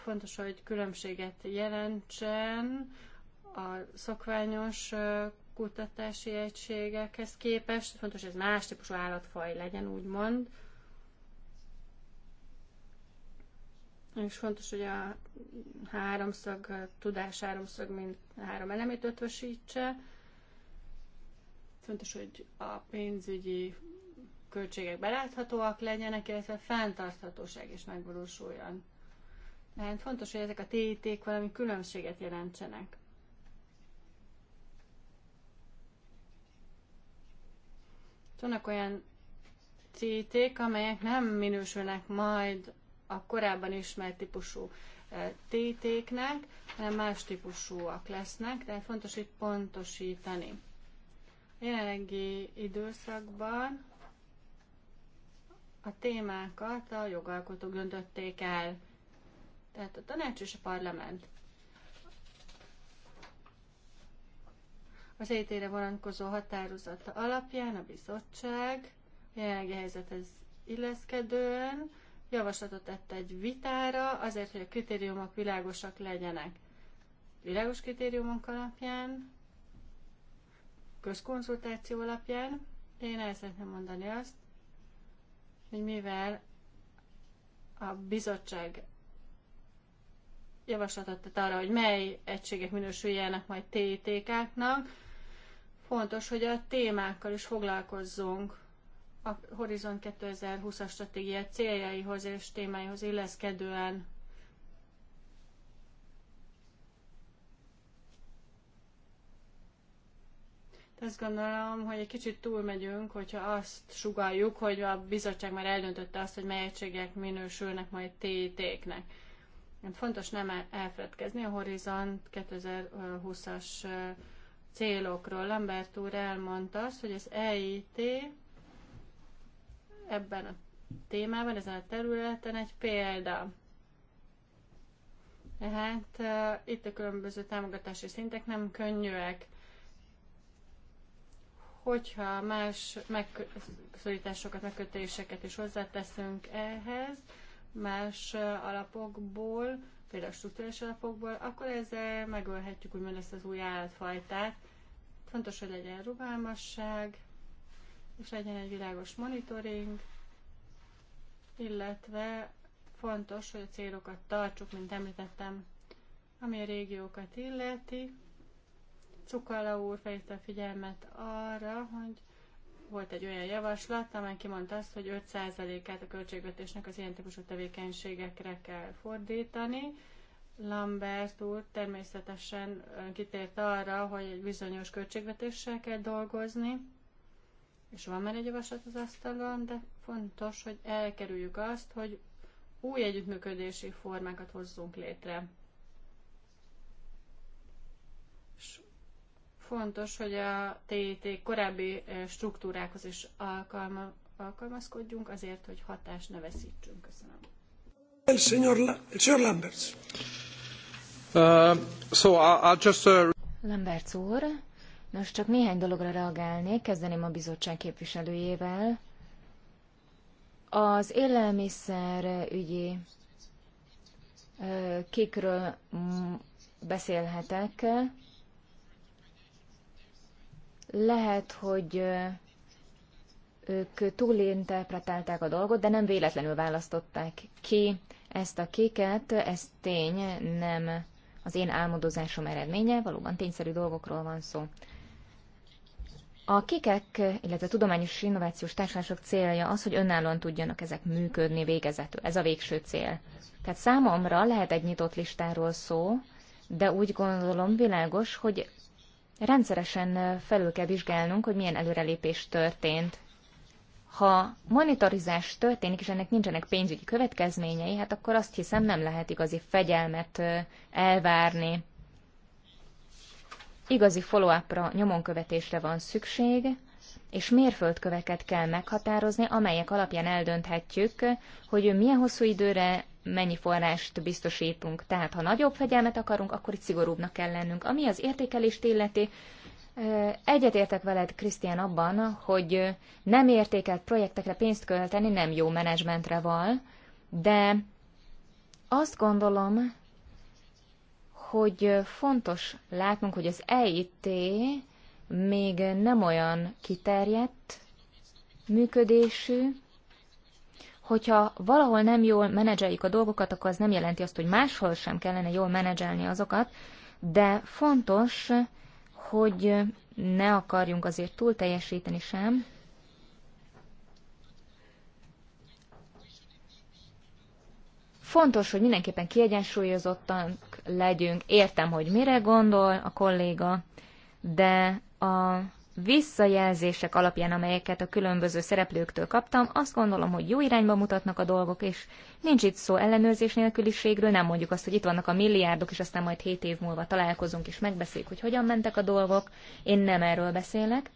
fontos, hogy különbséget jelentsen a szokványos kutatási egységekhez képest. Fontos, hogy ez más típusú állatfaj legyen, úgymond. És fontos, hogy a háromszög, a tudás háromszög mind három elemét ötvösítse. Fontos, hogy a pénzügyi költségek beláthatóak legyenek, illetve fenntarthatóság is megvalósuljon. Tehát fontos, hogy ezek a téték valami különbséget jelentsenek. Vannak olyan CT-k, amelyek nem minősülnek majd a korábban ismert típusú e, TTE-knek, hanem más típusúak lesznek, tehát fontos itt pontosítani. A jelenlegi időszakban a témákat a jogalkotók döntötték el, tehát a tanács és a parlament. Az étére e vonatkozó határozata alapján a bizottság jelenlegi helyzethez illeszkedően javaslatot tett egy vitára, azért, hogy a kritériumok világosak legyenek. Világos kritériumok alapján, közkonzultáció alapján, én el szeretném mondani azt, hogy mivel a bizottság javaslatot tett arra, hogy mely egységek minősüljenek majd ttk káknak fontos, hogy a témákkal is foglalkozzunk a Horizon 2020-as stratégia céljaihoz és témáihoz illeszkedően. Azt gondolom, hogy egy kicsit túlmegyünk, hogyha azt sugaljuk, hogy a bizottság már eldöntötte azt, hogy mely egységek minősülnek majd tétéknek. Fontos nem elfeledkezni a Horizont 2020-as célokról. Lambert úr elmondta azt, hogy az EIT ebben a témában, ezen a területen egy példa. Tehát uh, itt a különböző támogatási szintek nem könnyűek. Hogyha más megszorításokat, megkötéseket is hozzáteszünk ehhez, más uh, alapokból, például struktúrás alapokból, akkor ezzel megölhetjük úgymond ezt az új állatfajtát. Fontos, hogy legyen rugalmasság, és legyen egy világos monitoring, illetve fontos, hogy a célokat tartsuk, mint említettem, ami a régiókat illeti. Cukala úr felhívta a figyelmet arra, hogy volt egy olyan javaslat, amely kimondta azt, hogy 5%-át a költségvetésnek az ilyen típusú tevékenységekre kell fordítani. Lambert úr természetesen kitért arra, hogy egy bizonyos költségvetéssel kell dolgozni, és van már egy javaslat az asztalon, de fontos, hogy elkerüljük azt, hogy új együttműködési formákat hozzunk létre. fontos, hogy a TIT e korábbi struktúrákhoz is alkalma, alkalmazkodjunk, azért, hogy hatást ne veszítsünk. Köszönöm. El señor, el señor Lamberts. Uh, so I'll just, uh... Lamberts úr, nos csak néhány dologra reagálnék, kezdeném a bizottság képviselőjével. Az élelmiszer ügyi kikről beszélhetek. Lehet, hogy ők túlinterpretálták a dolgot, de nem véletlenül választották ki ezt a kéket, ez tény, nem az én álmodozásom eredménye, valóban tényszerű dolgokról van szó. A kikek, illetve tudományos innovációs társulások célja az, hogy önállóan tudjanak ezek működni végezetül. Ez a végső cél. Tehát számomra lehet egy nyitott listáról szó, de úgy gondolom világos, hogy rendszeresen felül kell vizsgálnunk, hogy milyen előrelépés történt. Ha monitorizás történik, és ennek nincsenek pénzügyi következményei, hát akkor azt hiszem nem lehet igazi fegyelmet elvárni. Igazi follow-upra, nyomonkövetésre van szükség, és mérföldköveket kell meghatározni, amelyek alapján eldönthetjük, hogy milyen hosszú időre mennyi forrást biztosítunk. Tehát, ha nagyobb fegyelmet akarunk, akkor itt szigorúbbnak kell lennünk. Ami az értékelést illeti, Egyetértek veled, Krisztián, abban, hogy nem értékelt projektekre pénzt költeni nem jó menedzsmentre val, de azt gondolom, hogy fontos látnunk, hogy az EIT még nem olyan kiterjedt működésű, hogyha valahol nem jól menedzseljük a dolgokat, akkor az nem jelenti azt, hogy máshol sem kellene jól menedzselni azokat, de fontos, hogy ne akarjunk azért túl teljesíteni sem. Fontos, hogy mindenképpen kiegyensúlyozottan legyünk. Értem, hogy mire gondol a kolléga, de a visszajelzések alapján, amelyeket a különböző szereplőktől kaptam, azt gondolom, hogy jó irányba mutatnak a dolgok, és nincs itt szó ellenőrzés nélküliségről, nem mondjuk azt, hogy itt vannak a milliárdok, és aztán majd hét év múlva találkozunk, és megbeszéljük, hogy hogyan mentek a dolgok. Én nem erről beszélek.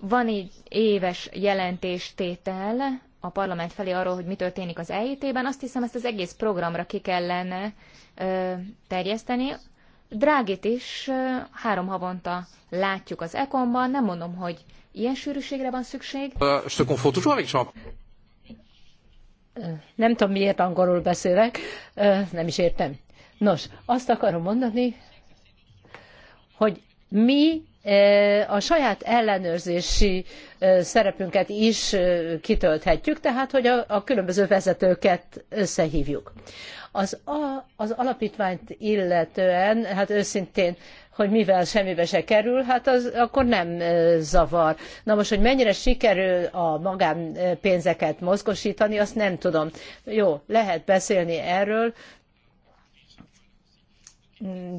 Van egy éves jelentéstétel a parlament felé arról, hogy mi történik az EIT-ben, azt hiszem ezt az egész programra ki kellene ö, terjeszteni, Drágit is három havonta látjuk az Ekonban, nem mondom, hogy ilyen sűrűségre van szükség. Nem tudom, miért angolul beszélek, nem is értem. Nos, azt akarom mondani, hogy mi a saját ellenőrzési szerepünket is kitölthetjük, tehát hogy a, a különböző vezetőket összehívjuk. Az, a, az alapítványt illetően, hát őszintén, hogy mivel semmibe se kerül, hát az akkor nem zavar. Na most, hogy mennyire sikerül a magánpénzeket mozgosítani, azt nem tudom. Jó, lehet beszélni erről,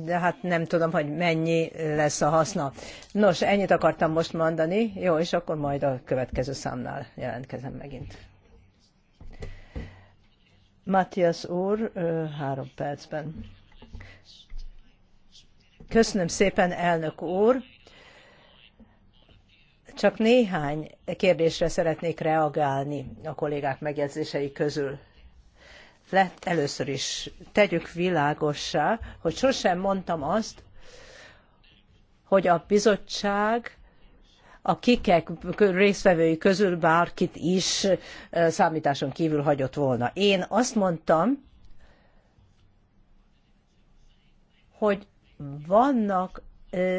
de hát nem tudom, hogy mennyi lesz a haszna. Nos, ennyit akartam most mondani. Jó, és akkor majd a következő számnál jelentkezem megint. Matthias úr, három percben. Köszönöm szépen, elnök úr. Csak néhány kérdésre szeretnék reagálni a kollégák megjegyzései közül. Lett először is tegyük világossá, hogy sosem mondtam azt, hogy a bizottság a kikek résztvevői közül bárkit is számításon kívül hagyott volna. Én azt mondtam, hogy vannak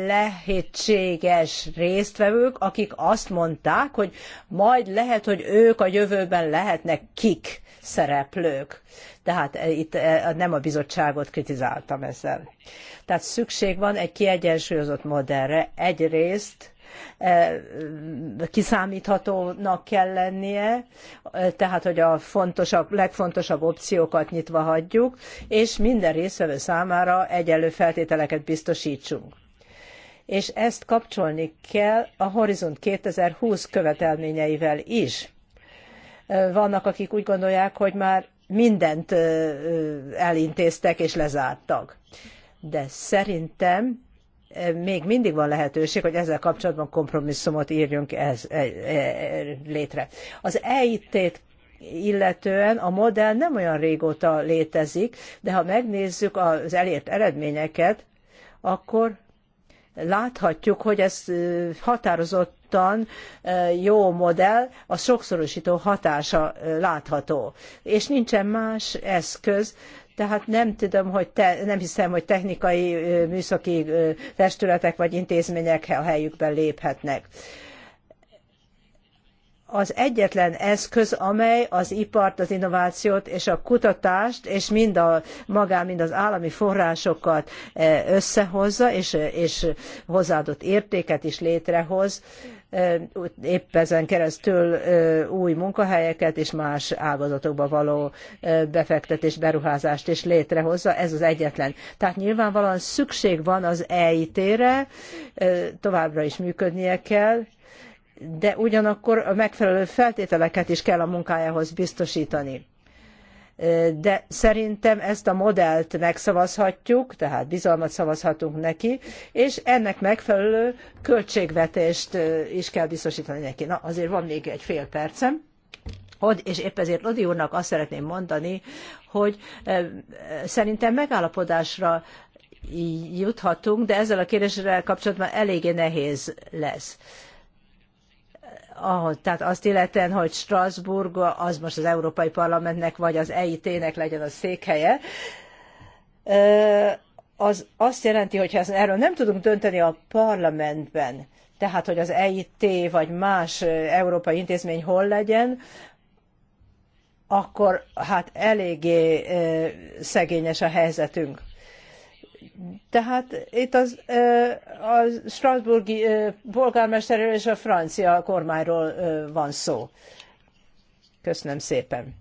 lehetséges résztvevők, akik azt mondták, hogy majd lehet, hogy ők a jövőben lehetnek kik szereplők. Tehát e, itt e, nem a bizottságot kritizáltam ezzel. Tehát szükség van egy kiegyensúlyozott modellre. Egyrészt E, kiszámíthatónak kell lennie, e, tehát hogy a fontosabb, legfontosabb opciókat nyitva hagyjuk, és minden részvevő számára egyenlő feltételeket biztosítsunk és ezt kapcsolni kell a Horizont 2020 követelményeivel is. E, vannak, akik úgy gondolják, hogy már mindent elintéztek és lezártak. De szerintem még mindig van lehetőség, hogy ezzel kapcsolatban kompromisszumot írjunk ez, e, e, létre. Az EIT-t illetően a modell nem olyan régóta létezik, de ha megnézzük az elért eredményeket, akkor láthatjuk, hogy ez határozottan jó modell, a sokszorosító hatása látható. És nincsen más eszköz, tehát nem tudom, hogy te, nem hiszem, hogy technikai műszaki testületek vagy intézmények a helyükben léphetnek. Az egyetlen eszköz, amely az ipart, az innovációt és a kutatást, és mind a magán, mind az állami forrásokat összehozza, és, és hozzáadott értéket is létrehoz, épp ezen keresztül új munkahelyeket és más ágazatokba való befektetés, beruházást is létrehozza. Ez az egyetlen. Tehát nyilvánvalóan szükség van az EIT-re, továbbra is működnie kell, de ugyanakkor a megfelelő feltételeket is kell a munkájához biztosítani de szerintem ezt a modellt megszavazhatjuk, tehát bizalmat szavazhatunk neki, és ennek megfelelő költségvetést is kell biztosítani neki. Na, azért van még egy fél percem. És épp ezért Lodi úrnak azt szeretném mondani, hogy szerintem megállapodásra juthatunk, de ezzel a kérdéssel kapcsolatban eléggé nehéz lesz ahhoz, tehát azt illetően, hogy Strasbourg az most az Európai Parlamentnek vagy az EIT-nek legyen a székhelye, az azt jelenti, hogy ha erről nem tudunk dönteni a parlamentben, tehát hogy az EIT vagy más európai intézmény hol legyen, akkor hát eléggé szegényes a helyzetünk. Tehát itt az, a Strasburgi polgármesterről és a francia kormányról van szó. Köszönöm szépen.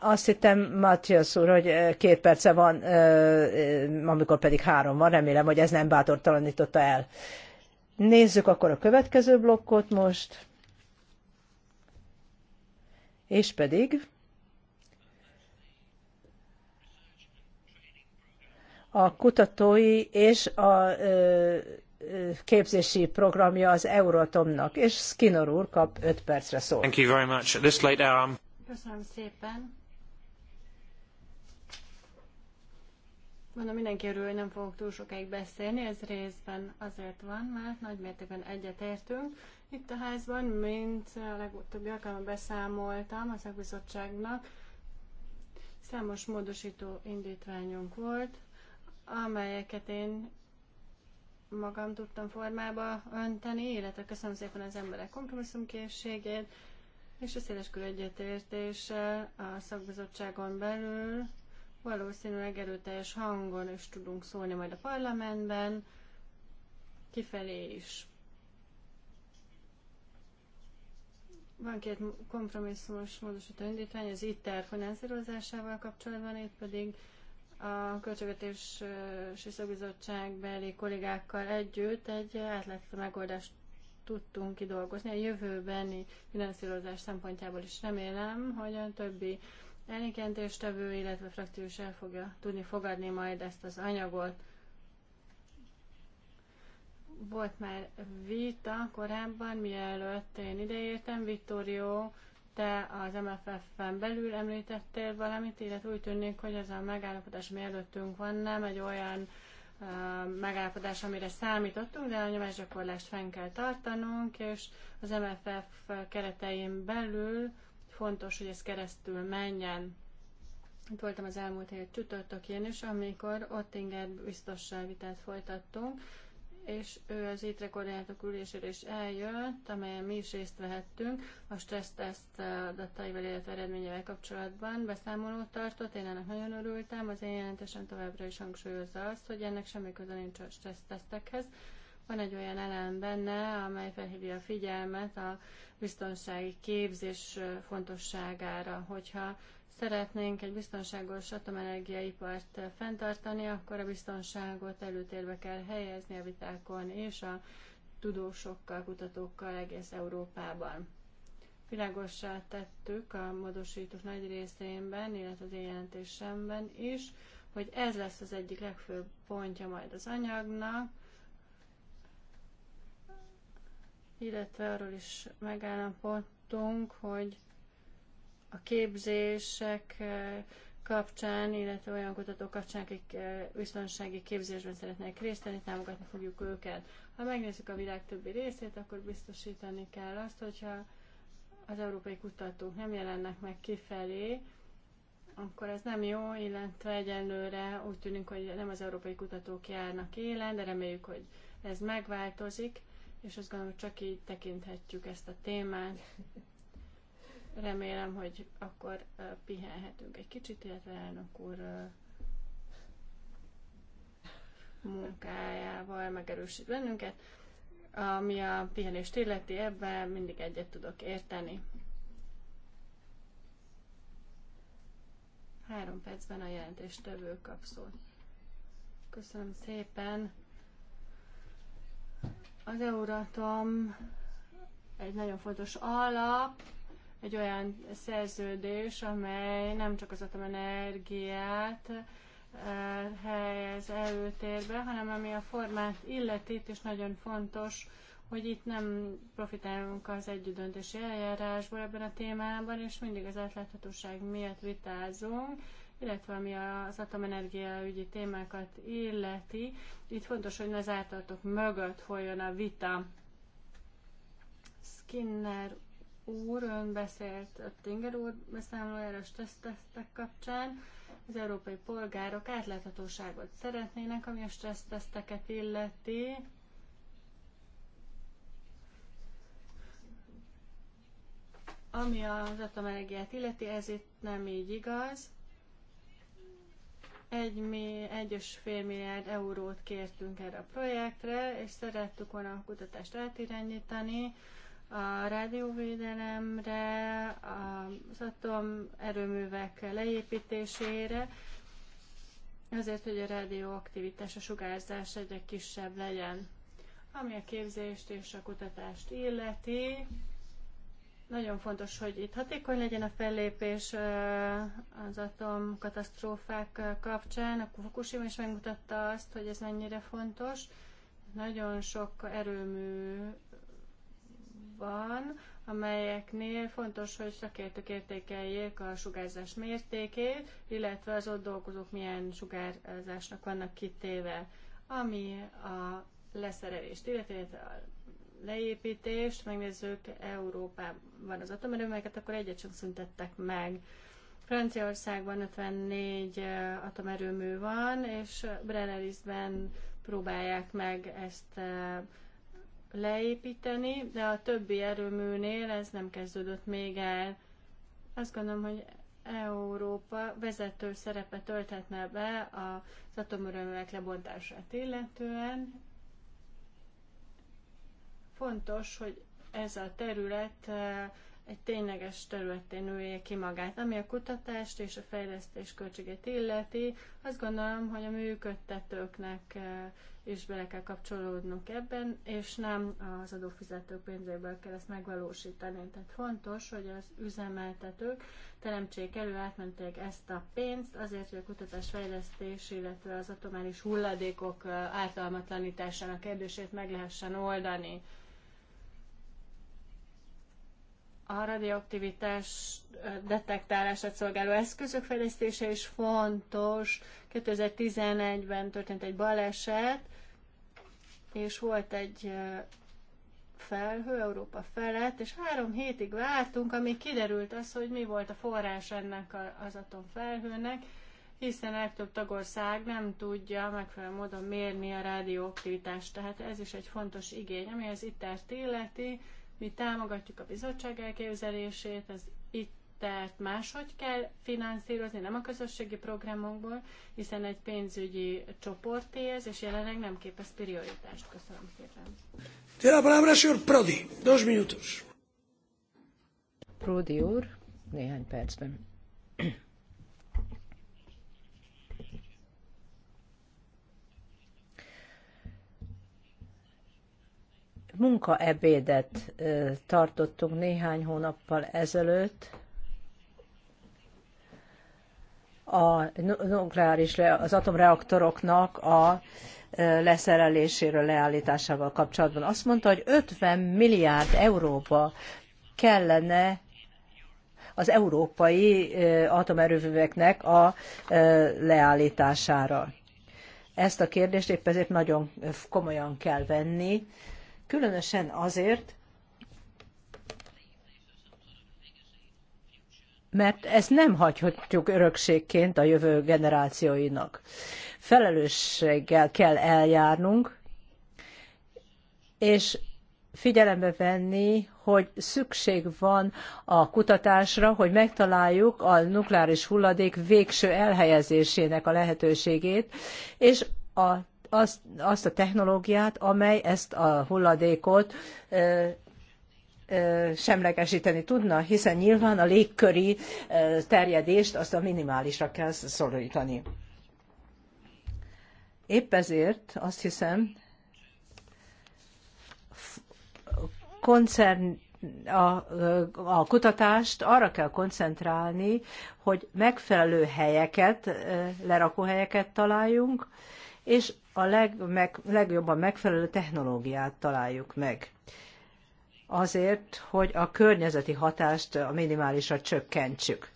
Azt hittem, Matthias úr, hogy két perce van, amikor pedig három van. Remélem, hogy ez nem bátortalanította el. Nézzük akkor a következő blokkot most. És pedig a kutatói és a képzési programja az Euratomnak, és Skinner úr kap 5 percre szót. Thank you very much. At this late hour, I'm... Köszönöm szépen. Mondom, mindenki örül, hogy nem fogok túl sokáig beszélni, ez részben azért van, mert nagymértékben egyetértünk. Itt a házban, mint a legutóbbi alkalommal beszámoltam a szakbizottságnak, számos módosító indítványunk volt, amelyeket én magam tudtam formába önteni, illetve köszönöm szépen az emberek kompromisszumkészségét, és a széleskörű egyetértéssel a szakbizottságon belül valószínűleg erőteljes hangon is tudunk szólni majd a parlamentben, kifelé is. Van két kompromisszumos módosító indítvány, az ITER finanszírozásával kapcsolatban, itt pedig a Költségvetési Szakbizottság beli kollégákkal együtt egy átlátható megoldást tudtunk kidolgozni. A jövőbeni finanszírozás szempontjából is remélem, hogy a többi elnyikentéstevő, illetve frakció is el fogja tudni fogadni majd ezt az anyagot. Volt már vita korábban, mielőtt én ideértem, Vittorio te az MFF-en belül említettél valamit, illetve úgy tűnik, hogy ez a megállapodás, mi előttünk van, nem egy olyan uh, megállapodás, amire számítottunk, de a nyomásgyakorlást fenn kell tartanunk, és az MFF keretein belül fontos, hogy ez keresztül menjen. Itt voltam az elmúlt hét csütörtökén is, amikor Ottinger biztossal vitát folytattunk, és ő az ITRE koordinátok ülésére is eljött, amelyen mi is részt vehettünk a stresszteszt adataival, illetve eredményevel kapcsolatban beszámolót tartott, én ennek nagyon örültem, az én jelentésem továbbra is hangsúlyozza azt, hogy ennek semmi köze nincs a stressztesztekhez, van egy olyan elem benne, amely felhívja a figyelmet a biztonsági képzés fontosságára, hogyha szeretnénk egy biztonságos atomenergiaipart fenntartani, akkor a biztonságot előtérbe kell helyezni a vitákon és a tudósokkal, kutatókkal egész Európában. Világossá tettük a módosítók nagy részénben, illetve az én jelentésemben is, hogy ez lesz az egyik legfőbb pontja majd az anyagnak, illetve arról is megállapodtunk, hogy a képzések eh, kapcsán, illetve olyan kutatók kapcsán, akik eh, biztonsági képzésben szeretnék részt venni, támogatni fogjuk őket. Ha megnézzük a világ többi részét, akkor biztosítani kell azt, hogyha az európai kutatók nem jelennek meg kifelé, akkor ez nem jó, illetve egyelőre úgy tűnik, hogy nem az európai kutatók járnak élen, de reméljük, hogy ez megváltozik, és azt gondolom, hogy csak így tekinthetjük ezt a témát. Remélem, hogy akkor pihenhetünk egy kicsit, illetve elnök úr munkájával megerősít bennünket. Ami a pihenést illeti, ebben mindig egyet tudok érteni. Három percben a jelentést kap szót. Köszönöm szépen. Az Euratom egy nagyon fontos alap, egy olyan szerződés, amely nem csak az atomenergiát eh, helyez előtérbe, hanem ami a formát illeti, és nagyon fontos, hogy itt nem profitálunk az együttdöntési eljárásból ebben a témában, és mindig az átláthatóság miatt vitázunk, illetve ami az atomenergia ügyi témákat illeti. Itt fontos, hogy az zártatok mögött folyjon a vita. Skinner úr, ön beszélt a Tinger úr beszámolójára a stressztesztek kapcsán. Az európai polgárok átláthatóságot szeretnének, ami a stressztesteket illeti. Ami az atomenergiát illeti, ez itt nem így igaz. Egy, mi, egyes fél milliárd eurót kértünk erre a projektre, és szerettük volna a kutatást átirányítani a rádióvédelemre, az atomerőművek leépítésére, azért, hogy a rádióaktivitás, a sugárzás egyre kisebb legyen. Ami a képzést és a kutatást illeti, nagyon fontos, hogy itt hatékony legyen a fellépés az atomkatasztrófák kapcsán. A Fukushima is megmutatta azt, hogy ez mennyire fontos. Nagyon sok erőmű országokban, amelyeknél fontos, hogy szakértők értékeljék a sugárzás mértékét, illetve az ott dolgozók milyen sugárzásnak vannak kitéve, ami a leszerelést, illetve a leépítést, megnézzük Európában az atomerőmeket, akkor egyet sem szüntettek meg. Franciaországban 54 atomerőmű van, és Brennerisben próbálják meg ezt leépíteni, de a többi erőműnél ez nem kezdődött még el. Azt gondolom, hogy Európa vezető szerepe tölthetne be az atomerőművek lebontását illetően. Fontos, hogy ez a terület eh, egy tényleges területén nője ki magát. Ami a kutatást és a fejlesztés költségét illeti, azt gondolom, hogy a működtetőknek eh, és bele kell kapcsolódnunk ebben, és nem az adófizetők pénzéből kell ezt megvalósítani. Tehát fontos, hogy az üzemeltetők teremtsék elő, átmenték ezt a pénzt, azért, hogy a kutatásfejlesztés, illetve az atomális hulladékok ártalmatlanításának kérdését meg lehessen oldani a radioaktivitás detektálását szolgáló eszközök fejlesztése is fontos. 2011-ben történt egy baleset, és volt egy felhő Európa felett, és három hétig vártunk, amíg kiderült az, hogy mi volt a forrás ennek az atomfelhőnek, hiszen legtöbb tagország nem tudja megfelelő módon mérni a rádióaktivitást. Tehát ez is egy fontos igény, ami az itt illeti, mi támogatjuk a bizottság elképzelését, az itt tehát máshogy kell finanszírozni, nem a közösségi programokból, hiszen egy pénzügyi csoport ez, és jelenleg nem képes prioritást. Köszönöm szépen. Tényleg la palabra, señor Prodi. Dos minutos. Prodi úr, néhány percben. munkaebédet tartottunk néhány hónappal ezelőtt a nukleáris, az atomreaktoroknak a leszereléséről, leállításával kapcsolatban. Azt mondta, hogy 50 milliárd euróba kellene az európai atomerőműveknek a leállítására. Ezt a kérdést épp ezért nagyon komolyan kell venni, Különösen azért, mert ezt nem hagyhatjuk örökségként a jövő generációinak. Felelősséggel kell eljárnunk, és figyelembe venni, hogy szükség van a kutatásra, hogy megtaláljuk a nukleáris hulladék végső elhelyezésének a lehetőségét, és a azt, azt a technológiát, amely ezt a hulladékot semlegesíteni tudna, hiszen nyilván a légköri terjedést azt a minimálisra kell szorítani. Épp ezért azt hiszem, koncern, a, a kutatást arra kell koncentrálni, hogy megfelelő helyeket, lerakóhelyeket találjunk, és a legmeg, legjobban megfelelő technológiát találjuk meg. Azért, hogy a környezeti hatást a minimálisra csökkentsük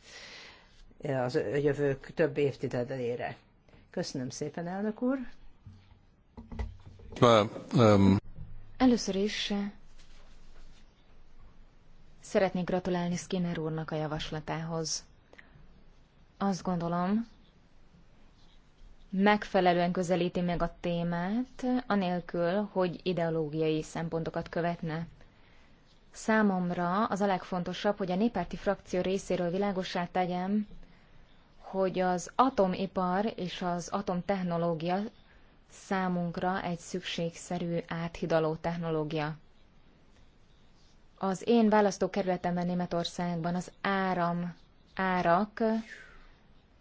az jövők több évtizedére. Köszönöm szépen, elnök úr! Um, Először is eh, szeretnék gratulálni Skinner úrnak a javaslatához. Azt gondolom, megfelelően közelíti meg a témát, anélkül, hogy ideológiai szempontokat követne. Számomra az a legfontosabb, hogy a néppárti frakció részéről világossá tegyem, hogy az atomipar és az atomtechnológia számunkra egy szükségszerű áthidaló technológia. Az én választókerületemben Németországban az áram, árak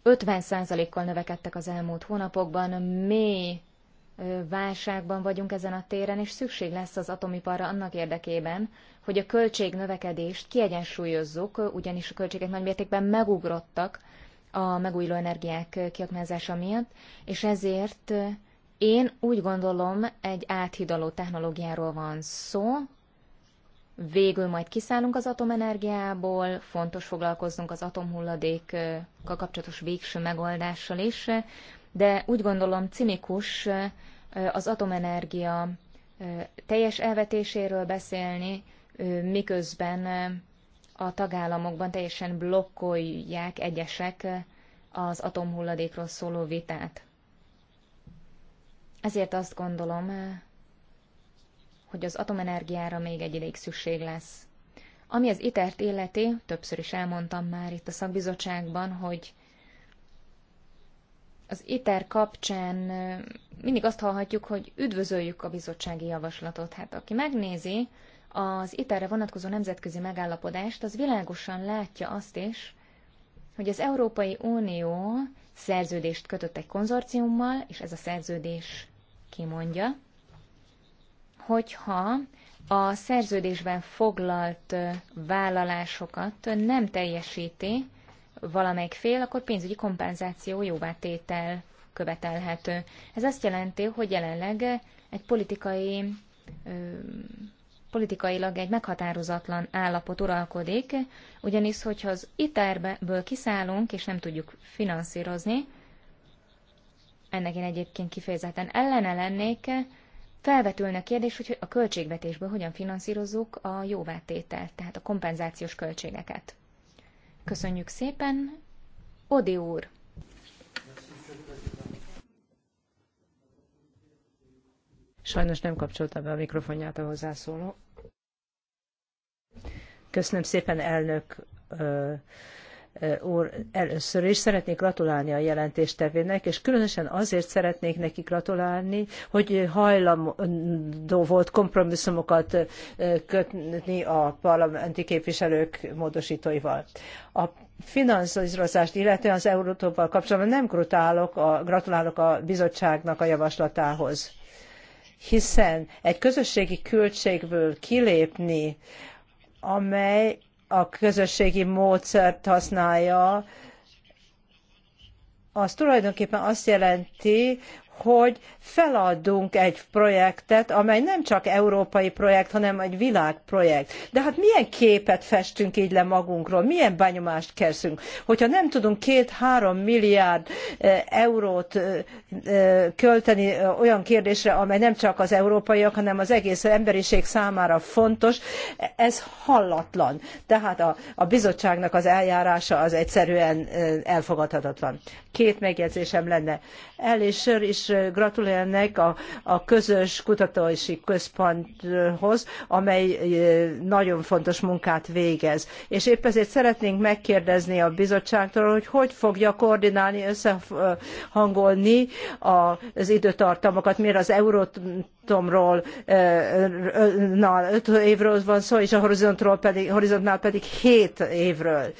50%-kal növekedtek az elmúlt hónapokban, mély válságban vagyunk ezen a téren, és szükség lesz az atomiparra annak érdekében, hogy a költség növekedést kiegyensúlyozzuk, ugyanis a költségek nagymértékben megugrottak a megújuló energiák kiaknázása miatt, és ezért én úgy gondolom, egy áthidaló technológiáról van szó, Végül majd kiszállunk az atomenergiából, fontos foglalkoznunk az atomhulladékkal kapcsolatos végső megoldással is, de úgy gondolom cinikus az atomenergia teljes elvetéséről beszélni, miközben a tagállamokban teljesen blokkolják egyesek az atomhulladékról szóló vitát. Ezért azt gondolom, hogy az atomenergiára még egy ideig szükség lesz. Ami az itert illeti, többször is elmondtam már itt a szakbizottságban, hogy az ITER kapcsán mindig azt hallhatjuk, hogy üdvözöljük a bizottsági javaslatot. Hát aki megnézi az ITER-re vonatkozó nemzetközi megállapodást, az világosan látja azt is, hogy az Európai Unió szerződést kötött egy konzorciummal, és ez a szerződés kimondja, hogyha a szerződésben foglalt vállalásokat nem teljesíti valamelyik fél, akkor pénzügyi kompenzáció jóvátétel követelhető. Ez azt jelenti, hogy jelenleg egy politikai politikailag egy meghatározatlan állapot uralkodik, ugyanis, hogyha az ITER-ből kiszállunk, és nem tudjuk finanszírozni, ennek én egyébként kifejezetten ellene lennék, felvetülne a kérdés, hogy a költségvetésből hogyan finanszírozzuk a jóvátételt, tehát a kompenzációs költségeket. Köszönjük szépen. Odi úr! Sajnos nem kapcsolta be a mikrofonját a hozzászóló. Köszönöm szépen, elnök úr, először is szeretnék gratulálni a jelentéstevőnek, és különösen azért szeretnék neki gratulálni, hogy hajlandó volt kompromisszumokat kötni a parlamenti képviselők módosítóival. A finanszírozást illetően az Európával kapcsolatban nem gratulálok a, gratulálok a bizottságnak a javaslatához hiszen egy közösségi költségből kilépni, amely a közösségi módszert használja, az tulajdonképpen azt jelenti, hogy feladunk egy projektet, amely nem csak európai projekt, hanem egy világprojekt. De hát milyen képet festünk így le magunkról, milyen benyomást keszünk, hogyha nem tudunk két-három milliárd eh, eurót eh, eh, költeni olyan kérdésre, amely nem csak az európaiak, hanem az egész emberiség számára fontos, ez hallatlan. Tehát a, a bizottságnak az eljárása az egyszerűen elfogadhatatlan. Két megjegyzésem lenne. Először is Gratulálnék a, a közös kutatási központhoz, amely eh, nagyon fontos munkát végez. És épp ezért szeretnénk megkérdezni a bizottságtól, hogy hogy fogja koordinálni, összehangolni az időtartamokat, miért az Eurotomról 5 eh, évről van szó, és a horizontról pedig, horizontnál pedig 7 évről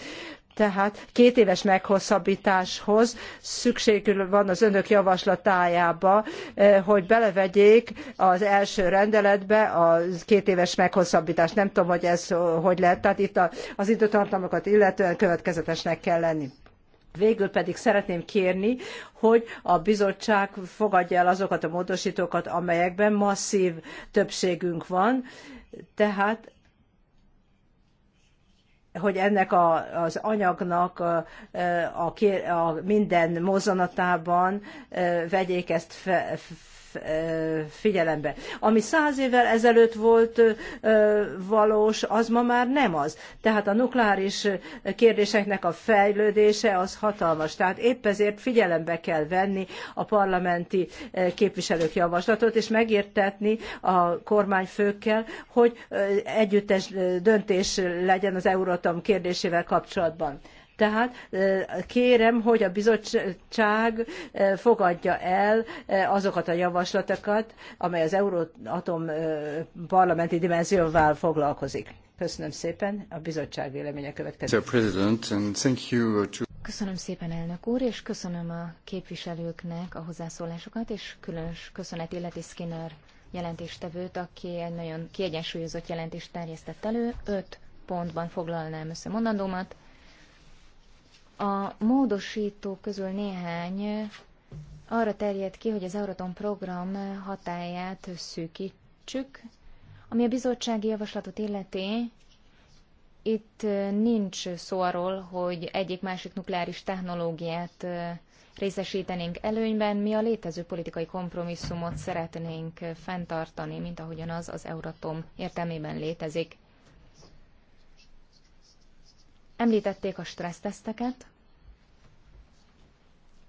tehát két éves meghosszabbításhoz szükség van az önök javaslatájába, eh, hogy belevegyék az első rendeletbe a két éves meghosszabbítást. Nem tudom, hogy ez eh, hogy lehet. Tehát itt az időtartamokat illetően következetesnek kell lenni. Végül pedig szeretném kérni, hogy a bizottság fogadja el azokat a módosítókat, amelyekben masszív többségünk van, tehát hogy ennek a, az anyagnak a, a, a minden mozanatában vegyék ezt fe, Eh, figyelembe. Ami száz évvel ezelőtt volt eh, valós, az ma már nem az. Tehát a nukleáris kérdéseknek a fejlődése az hatalmas. Tehát épp ezért figyelembe kell venni a parlamenti eh, képviselők javaslatot, és megértetni a kormányfőkkel, hogy együttes döntés legyen az Euratom kérdésével kapcsolatban. Tehát kérem, hogy a bizottság fogadja el azokat a javaslatokat, amely az Euróatom parlamenti dimenzióval foglalkozik. Köszönöm szépen. A bizottság véleménye következik. Köszönöm szépen, elnök úr, és köszönöm a képviselőknek a hozzászólásokat, és különös köszönet illeti Skinner jelentéstevőt, aki egy nagyon kiegyensúlyozott jelentést terjesztett elő. Öt pontban foglalnám össze mondandómat. A módosítók közül néhány arra terjed ki, hogy az Euratom program hatáját szűkítsük, ami a bizottsági javaslatot illeti, itt nincs szó arról, hogy egyik-másik nukleáris technológiát részesítenénk előnyben, mi a létező politikai kompromisszumot szeretnénk fenntartani, mint ahogyan az az Euratom értelmében létezik. Említették a stresszteszteket.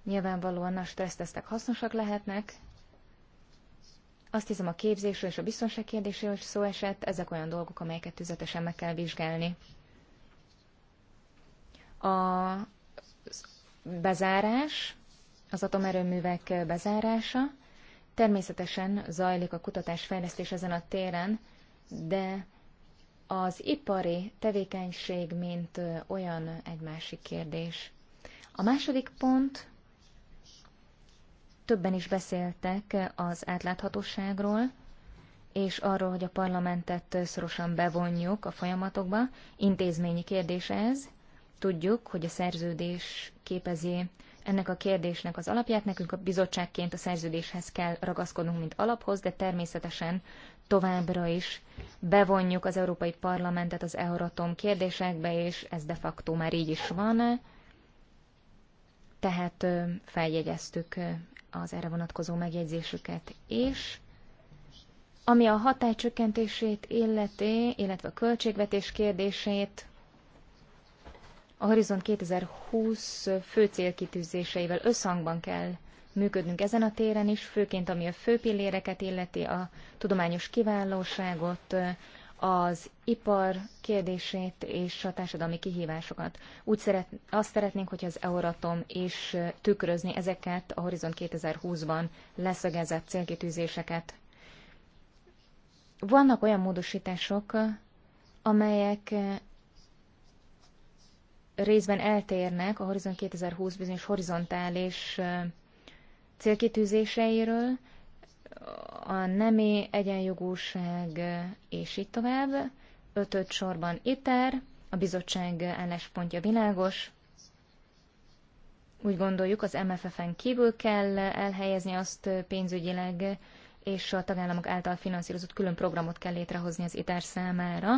Nyilvánvalóan a stressztesztek hasznosak lehetnek. Azt hiszem a képzésről és a biztonság kérdéséről is szó esett, ezek olyan dolgok, amelyeket tüzetesen meg kell vizsgálni. A bezárás, az atomerőművek bezárása, természetesen zajlik a kutatás fejlesztés ezen a téren, de az ipari tevékenység, mint olyan egy másik kérdés. A második pont, többen is beszéltek az átláthatóságról, és arról, hogy a parlamentet szorosan bevonjuk a folyamatokba. Intézményi kérdés ez. Tudjuk, hogy a szerződés képezi ennek a kérdésnek az alapját. Nekünk a bizottságként a szerződéshez kell ragaszkodnunk, mint alaphoz, de természetesen továbbra is bevonjuk az Európai Parlamentet az Euratom kérdésekbe, és ez de facto már így is van. Tehát feljegyeztük az erre vonatkozó megjegyzésüket, és ami a hatálycsökkentését illeti, illetve a költségvetés kérdését, a Horizont 2020 fő célkitűzéseivel összhangban kell működnünk ezen a téren is, főként ami a főpilléreket illeti, a tudományos kiválóságot, az ipar kérdését és a társadalmi kihívásokat. Úgy szeret, azt szeretnénk, hogy az Euratom is tükrözni ezeket a Horizon 2020-ban leszögezett célkitűzéseket. Vannak olyan módosítások, amelyek részben eltérnek a Horizon 2020 bizonyos horizontális célkitűzéseiről, a nemi egyenjogúság és így tovább. Ötöt sorban ITER, a bizottság álláspontja világos. Úgy gondoljuk, az MFF-en kívül kell elhelyezni azt pénzügyileg, és a tagállamok által finanszírozott külön programot kell létrehozni az ITER számára.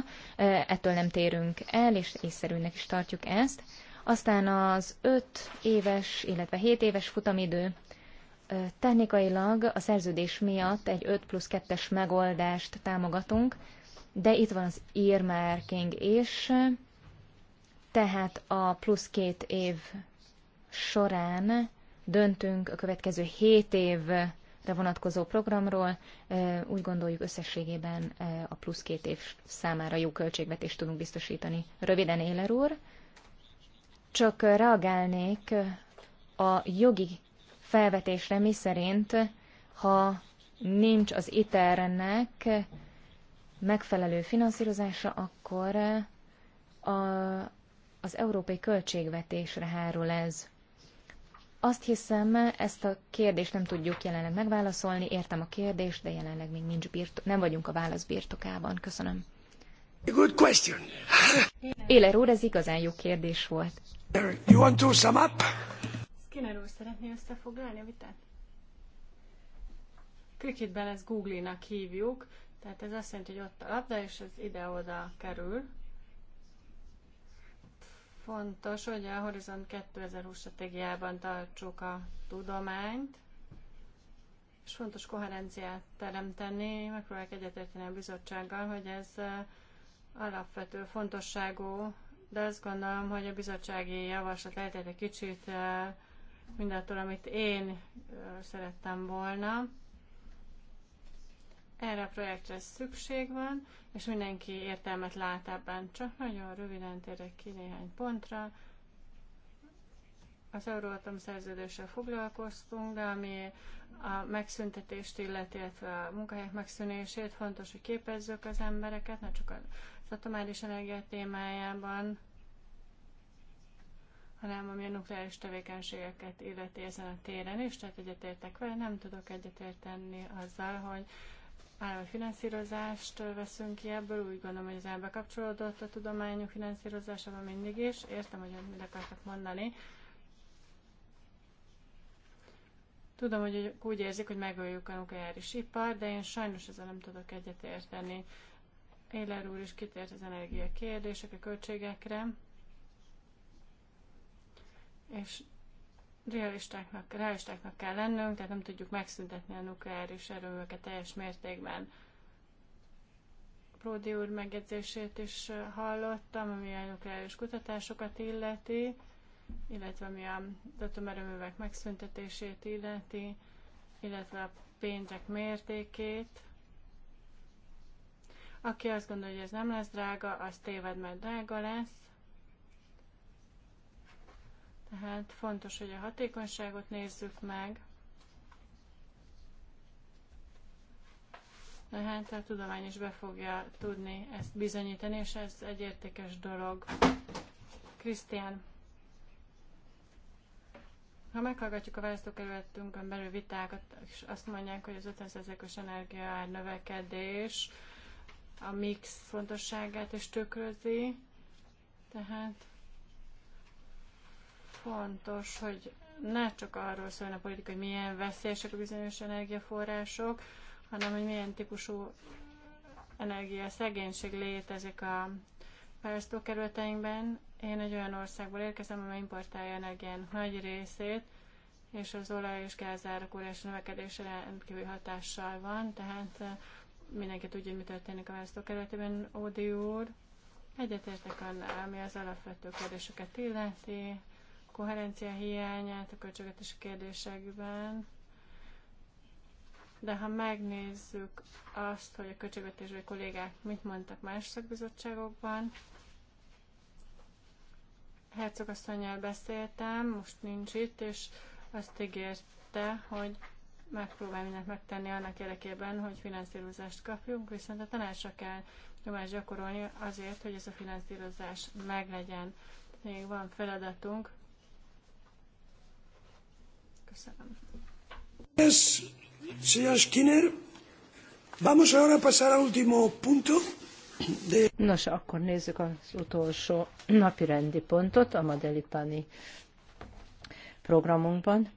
Ettől nem térünk el, és észszerűnek is tartjuk ezt. Aztán az 5 éves, illetve 7 éves futamidő technikailag a szerződés miatt egy 5 plusz 2-es megoldást támogatunk, de itt van az earmarking is, tehát a plusz két év során döntünk a következő 7 év vonatkozó programról. Úgy gondoljuk összességében a plusz két év számára jó költségvetést tudunk biztosítani. Röviden, Éler úr, csak reagálnék a jogi felvetésre, mi szerint, ha nincs az ITER-nek megfelelő finanszírozása, akkor a, az európai költségvetésre hárul ez. Azt hiszem, ezt a kérdést nem tudjuk jelenleg megválaszolni. Értem a kérdést, de jelenleg még nincs birtok, nem vagyunk a válasz birtokában. Köszönöm. Good question. Éler úr, ez igazán jó kérdés volt. You want to sum up? Skinner úr, szeretné összefoglalni a vitát? Cricketben ezt Google-nak hívjuk, tehát ez azt jelenti, hogy ott a labda, és ez ide-oda kerül. Fontos, hogy a Horizont 2020 stratégiában tartsuk a tudományt, és fontos koherenciát teremteni, megpróbálok egyetérteni a bizottsággal, hogy ez alapvető fontosságú, de azt gondolom, hogy a bizottsági javaslat eltért egy kicsit mindattól, amit én szerettem volna. Erre a projektre szükség van, és mindenki értelmet lát ebben. Csak nagyon röviden térek ki néhány pontra. Az Euróatom szerződéssel foglalkoztunk, de ami a megszüntetést illeti, illetve a munkahelyek megszűnését, fontos, hogy képezzük az embereket, nem csak az atomális energia témájában, hanem ami a nukleáris tevékenységeket illeti ezen a téren is, tehát egyetértek vele, nem tudok egyetérteni azzal, hogy állami finanszírozást veszünk ki ebből, úgy gondolom, hogy az elbe kapcsolódott a tudományok finanszírozásában mindig is. Értem, hogy mit akartak mondani. Tudom, hogy úgy érzik, hogy megöljük a nukleáris ipar, de én sajnos ezzel nem tudok egyetérteni. Éler úr is kitért az energia kérdések, a költségekre. És realistáknak, realistáknak kell lennünk, tehát nem tudjuk megszüntetni a nukleáris erőműveket teljes mértékben. Pródi úr megjegyzését is hallottam, ami a nukleáris kutatásokat illeti, illetve ami a atomerőművek megszüntetését illeti, illetve a pénzek mértékét. Aki azt gondolja, hogy ez nem lesz drága, az téved, mert drága lesz tehát fontos, hogy a hatékonyságot nézzük meg. tehát a tudomány is be fogja tudni ezt bizonyítani, és ez egy értékes dolog. Krisztián, ha meghallgatjuk a választókerületünkön belül vitákat, és azt mondják, hogy az 50%-os energiaár növekedés a mix fontosságát is tükrözi, tehát fontos, hogy ne csak arról szóljon a politika, hogy milyen veszélyesek a bizonyos energiaforrások, hanem hogy milyen típusú energia szegénység létezik a kerületeinkben. Én egy olyan országból érkezem, amely importálja energián nagy részét, és az olaj és gázárak óriási növekedése rendkívül hatással van, tehát eh, mindenki tudja, hogy mi történik a kerületében, Ódi úr. Egyetértek annál, ami az alapvető kérdéseket illeti, koherencia hiányát a költségvetési kérdésekben, de ha megnézzük azt, hogy a költségvetési kollégák mit mondtak más szakbizottságokban, Herzog asszonynal beszéltem, most nincs itt, és azt ígérte, hogy megpróbál mindent megtenni annak érdekében, hogy finanszírozást kapjunk, viszont a tanácsra kell nyomást gyakorolni azért, hogy ez a finanszírozás meglegyen. Még van feladatunk, Köszönöm. Yes, señor Skinner. Vamos ahora a pasar al último punto. De... Nos, akkor nézzük az utolsó napi rendi pontot a Madelipani programunkban.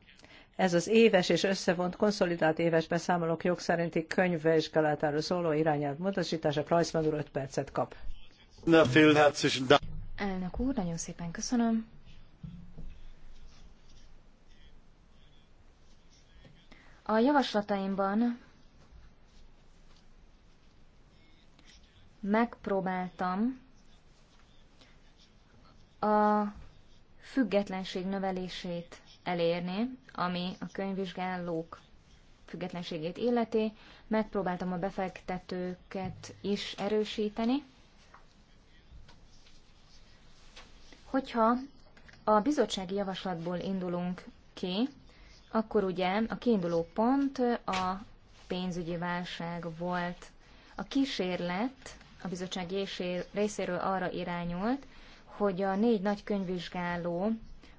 Ez az éves és összevont konszolidált éves beszámolók jog szerinti könyvvizsgálatáról szóló irányelv módosítása. Kreuzmann úr 5 percet kap. Na, Elnök úr, nagyon szépen köszönöm. A javaslataimban megpróbáltam a függetlenség növelését elérni, ami a könyvvizsgálók függetlenségét illeti, megpróbáltam a befektetőket is erősíteni. Hogyha a bizottsági javaslatból indulunk ki, akkor ugye a kiinduló pont a pénzügyi válság volt. A kísérlet a bizottság részéről arra irányult, hogy a négy nagy könyvvizsgáló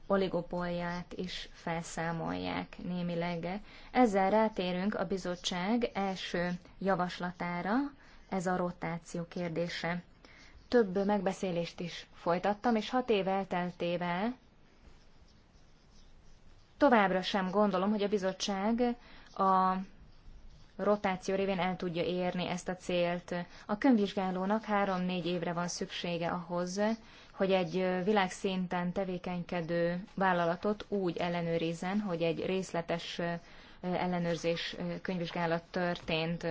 oligopolját is felszámolják némileg. Ezzel rátérünk a bizottság első javaslatára, ez a rotáció kérdése. Több megbeszélést is folytattam, és hat év elteltével Továbbra sem gondolom, hogy a bizottság a rotáció révén el tudja érni ezt a célt. A könyvvizsgálónak három-négy évre van szüksége ahhoz, hogy egy világszinten tevékenykedő vállalatot úgy ellenőrizzen, hogy egy részletes ellenőrzés könyvvizsgálat történt.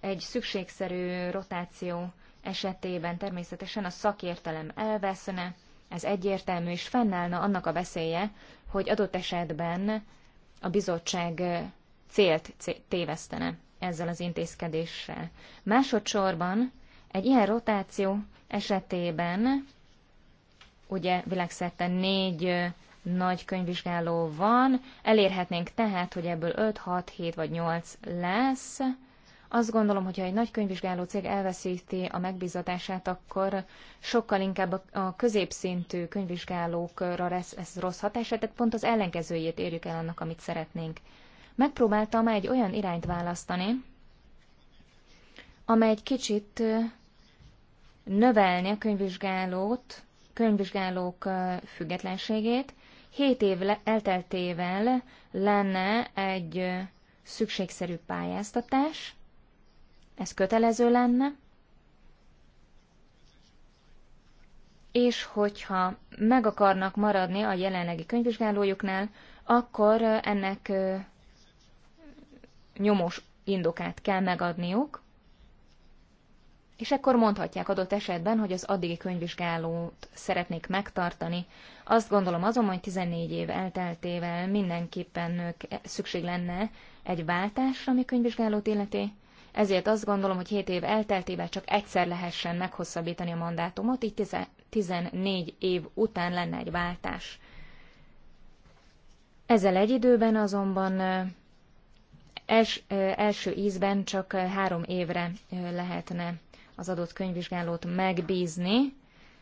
Egy szükségszerű rotáció esetében természetesen a szakértelem elveszne, ez egyértelmű, és fennállna annak a veszélye, hogy adott esetben a bizottság célt tévesztene ezzel az intézkedéssel. Másodszorban egy ilyen rotáció esetében ugye világszerte négy nagy könyvvizsgáló van, elérhetnénk tehát, hogy ebből 5, 6, 7 vagy 8 lesz, azt gondolom, hogyha egy nagy könyvvizsgáló cég elveszíti a megbízatását, akkor sokkal inkább a középszintű könyvvizsgálókra lesz ez rossz hatása, tehát pont az ellenkezőjét érjük el annak, amit szeretnénk. Megpróbáltam egy olyan irányt választani, amely egy kicsit növelni a könyvvizsgálót, könyvvizsgálók függetlenségét. Hét év elteltével lenne egy szükségszerű pályáztatás, ez kötelező lenne, és hogyha meg akarnak maradni a jelenlegi könyvvizsgálójuknál, akkor ennek nyomos indokát kell megadniuk, és ekkor mondhatják adott esetben, hogy az addigi könyvvizsgálót szeretnék megtartani. Azt gondolom azonban, hogy 14 év elteltével mindenképpen szükség lenne egy váltásra, ami könyvvizsgálót illeti, ezért azt gondolom, hogy 7 év elteltével csak egyszer lehessen meghosszabbítani a mandátumot, így 14 év után lenne egy váltás. Ezzel egy időben azonban els, első ízben csak három évre lehetne az adott könyvvizsgálót megbízni.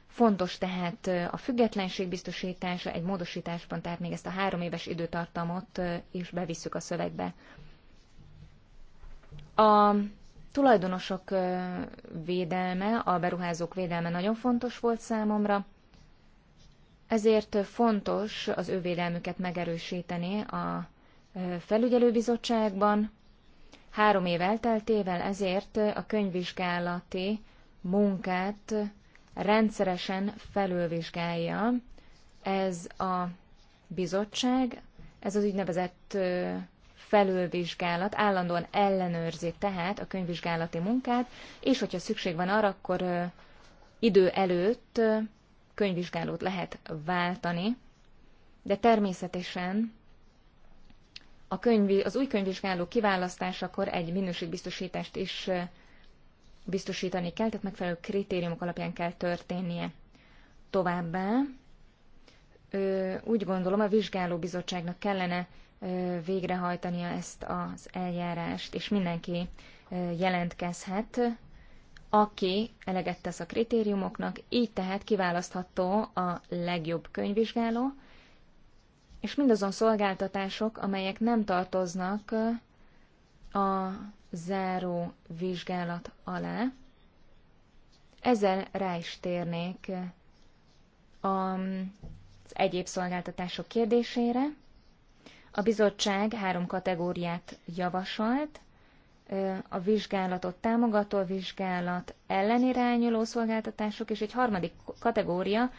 Fontos tehát a függetlenség biztosítása egy módosításban, tehát még ezt a három éves időtartamot is bevisszük a szövegbe. A tulajdonosok védelme, a beruházók védelme nagyon fontos volt számomra, ezért fontos az ő védelmüket megerősíteni a felügyelőbizottságban. Három év elteltével ezért a könyvvizsgálati munkát rendszeresen felülvizsgálja ez a bizottság, ez az úgynevezett felülvizsgálat állandóan ellenőrzi tehát a könyvvizsgálati munkát, és hogyha szükség van arra, akkor idő előtt könyvvizsgálót lehet váltani, de természetesen a könyv az új könyvvizsgáló kiválasztásakor egy minőségbiztosítást is biztosítani kell, tehát megfelelő kritériumok alapján kell történnie. Továbbá úgy gondolom a vizsgálóbizottságnak kellene végrehajtania ezt az eljárást, és mindenki jelentkezhet, aki eleget tesz a kritériumoknak, így tehát kiválasztható a legjobb könyvvizsgáló, és mindazon szolgáltatások, amelyek nem tartoznak a záró vizsgálat alá. Ezzel rá is térnék az egyéb szolgáltatások kérdésére. A bizottság három kategóriát javasolt, a vizsgálatot támogató, vizsgálat ellenirányuló szolgáltatások, és egy harmadik kategória,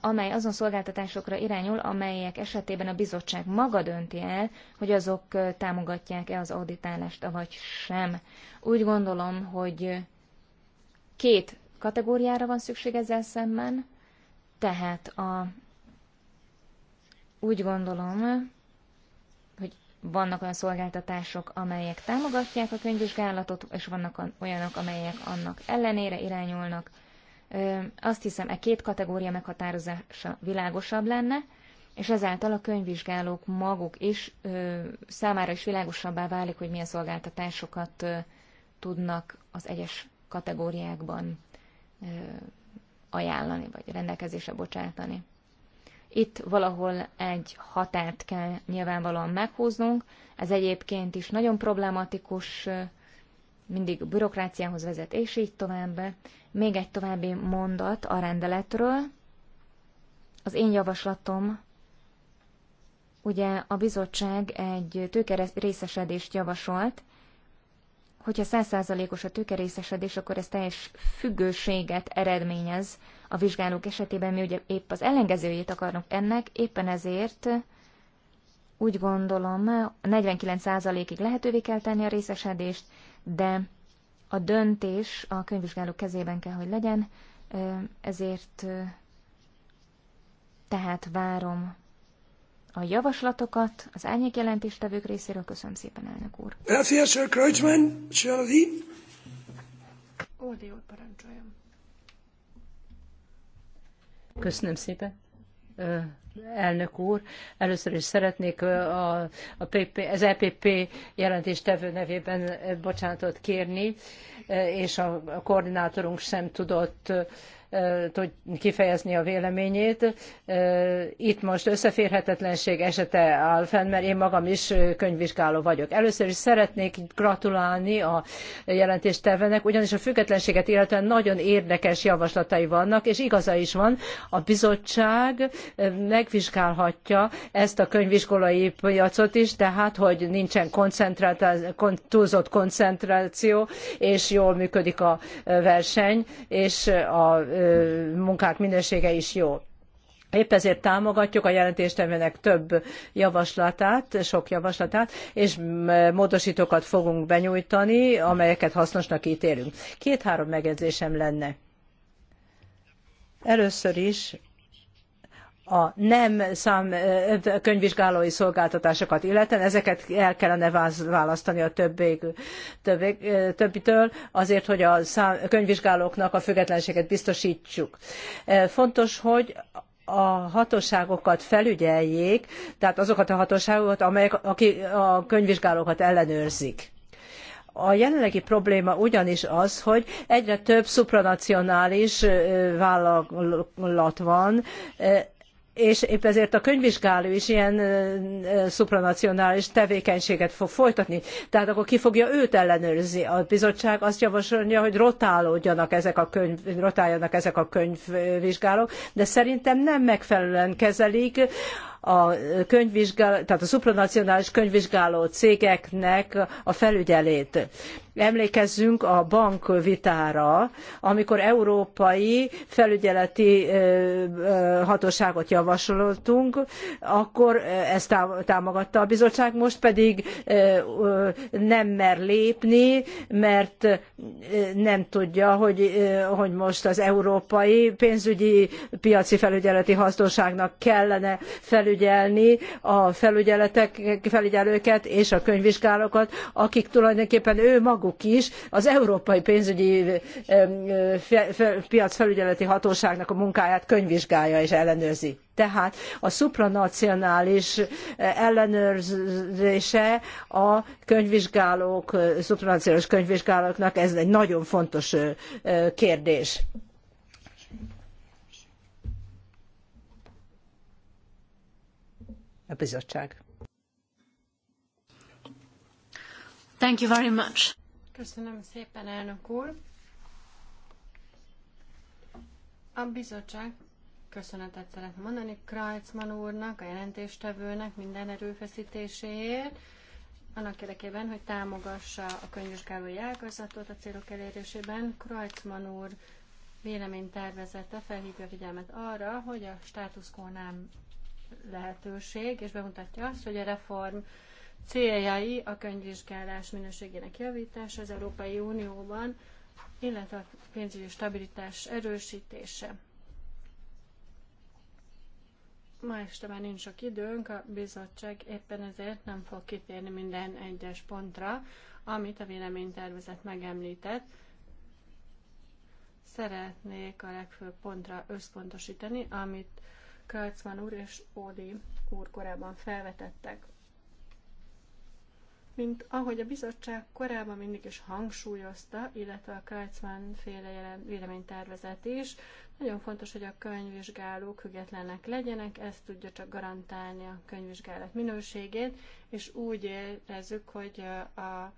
amely azon szolgáltatásokra irányul, amelyek esetében a bizottság maga dönti el, hogy azok támogatják-e az auditálást, vagy sem. Úgy gondolom, hogy két kategóriára van szükség ezzel szemben, tehát a, úgy gondolom, vannak olyan szolgáltatások, amelyek támogatják a könyvvizsgálatot, és vannak olyanok, amelyek annak ellenére irányulnak. Azt hiszem, e két kategória meghatározása világosabb lenne, és ezáltal a könyvvizsgálók maguk is ö, számára is világosabbá válik, hogy milyen szolgáltatásokat ö, tudnak az egyes kategóriákban ö, ajánlani, vagy rendelkezésre bocsátani. Itt valahol egy határt kell nyilvánvalóan meghúznunk. Ez egyébként is nagyon problematikus, mindig bürokráciához vezet, és így tovább. Még egy további mondat a rendeletről. Az én javaslatom, ugye a bizottság egy tőkerészesedést javasolt, hogyha százszázalékos a tőkerészesedés, akkor ez teljes függőséget eredményez a vizsgálók esetében, mi ugye épp az ellengezőjét akarnak ennek, éppen ezért úgy gondolom, 49%-ig lehetővé kell tenni a részesedést, de a döntés a könyvvizsgálók kezében kell, hogy legyen, ezért tehát várom a javaslatokat az árnyék jelentéstevők részéről. Köszönöm szépen, elnök úr. Sir Köszönöm szépen. Elnök úr, először is szeretnék a, a PP, az EPP jelentéstevő nevében bocsánatot kérni, és a koordinátorunk sem tudott tud kifejezni a véleményét. Itt most összeférhetetlenség esete áll fenn, mert én magam is könyvvizsgáló vagyok. Először is szeretnék gratulálni a jelentéstevőnek, ugyanis a függetlenséget illetően nagyon érdekes javaslatai vannak, és igaza is van, a bizottság megvizsgálhatja ezt a könyvvizsgolai piacot is, tehát hogy nincsen túlzott koncentráció, és jól működik a verseny, és a munkák minősége is jó. Épp ezért támogatjuk a jelentéstevőnek több javaslatát, sok javaslatát, és módosítókat fogunk benyújtani, amelyeket hasznosnak ítélünk. Két-három megjegyzésem lenne. Először is a nem szám könyvvizsgálói szolgáltatásokat illetően, ezeket el kellene választani a többé, többé, többitől, azért, hogy a szám, könyvvizsgálóknak a függetlenséget biztosítsuk. Fontos, hogy a hatóságokat felügyeljék, tehát azokat a hatóságokat, amelyek akik a könyvvizsgálókat ellenőrzik. A jelenlegi probléma ugyanis az, hogy egyre több szupranacionális vállalat van, és épp ezért a könyvvizsgáló is ilyen szupranacionális tevékenységet fog folytatni. Tehát akkor ki fogja őt ellenőrizni? A bizottság azt javasolja, hogy rotálódjanak ezek a könyv, rotáljanak ezek a könyvvizsgálók, de szerintem nem megfelelően kezelik a könyvvizsgáló, tehát a szupranacionális könyvvizsgáló cégeknek a felügyelét. Emlékezzünk a bankvitára, amikor európai felügyeleti hatóságot javasoltunk, akkor ezt támogatta a bizottság, most pedig nem mer lépni, mert nem tudja, hogy, hogy most az európai pénzügyi piaci felügyeleti hatóságnak kellene felügyelni, felügyelni a felügyeletek, felügyelőket és a könyvvizsgálókat, akik tulajdonképpen ő maguk is az Európai Pénzügyi piac felügyeleti Hatóságnak a munkáját könyvvizsgálja és ellenőrzi. Tehát a szupranacionális eh, ellenőrzése a könyvvizsgálók, eh, szupranacionális könyvvizsgálóknak ez egy nagyon fontos eh, kérdés. a bizottság. Thank you very much. Köszönöm szépen, elnök úr. A bizottság köszönetet szeretne mondani Krajcman úrnak, a jelentéstevőnek minden erőfeszítéséért, annak érdekében, hogy támogassa a könyvvizsgálói ágazatot a célok elérésében. Krajcman úr véleménytervezete felhívja a figyelmet arra, hogy a státuszkó nem lehetőség, és bemutatja azt, hogy a reform céljai a könyvvizsgálás minőségének javítása az Európai Unióban, illetve a pénzügyi stabilitás erősítése. Ma este már nincs sok időnk, a bizottság éppen ezért nem fog kitérni minden egyes pontra, amit a véleménytervezet megemlített. Szeretnék a legfőbb pontra összpontosítani, amit Kálcman úr és Ódi úr korábban felvetettek. Mint ahogy a bizottság korábban mindig is hangsúlyozta, illetve a Kreitzmann féle véleménytervezet is, nagyon fontos, hogy a könyvvizsgálók függetlenek legyenek, ez tudja csak garantálni a könyvvizsgálat minőségét, és úgy érezzük, hogy a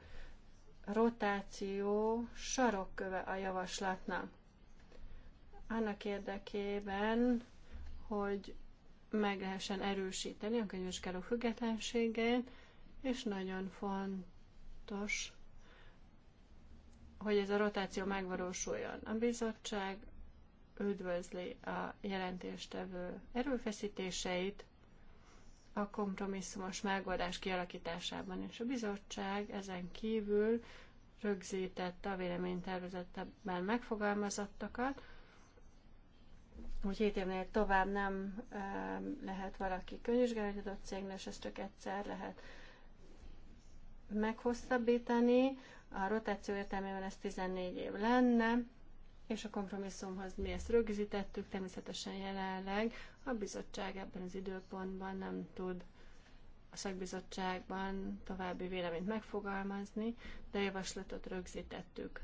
rotáció sarokköve a javaslatnak. Annak érdekében, hogy meg lehessen erősíteni a könyvvizsgáló függetlenségét, és nagyon fontos, hogy ez a rotáció megvalósuljon. A bizottság üdvözli a jelentéstevő erőfeszítéseit a kompromisszumos megoldás kialakításában, és a bizottság ezen kívül rögzítette a véleménytervezetben megfogalmazottakat, hogy hét évnél tovább nem lehet valaki könyvizsgálat adott cégnél, és ezt csak egyszer lehet meghosszabbítani. A rotáció értelmében ez 14 év lenne, és a kompromisszumhoz mi ezt rögzítettük, természetesen jelenleg a bizottság ebben az időpontban nem tud a szakbizottságban további véleményt megfogalmazni, de javaslatot rögzítettük.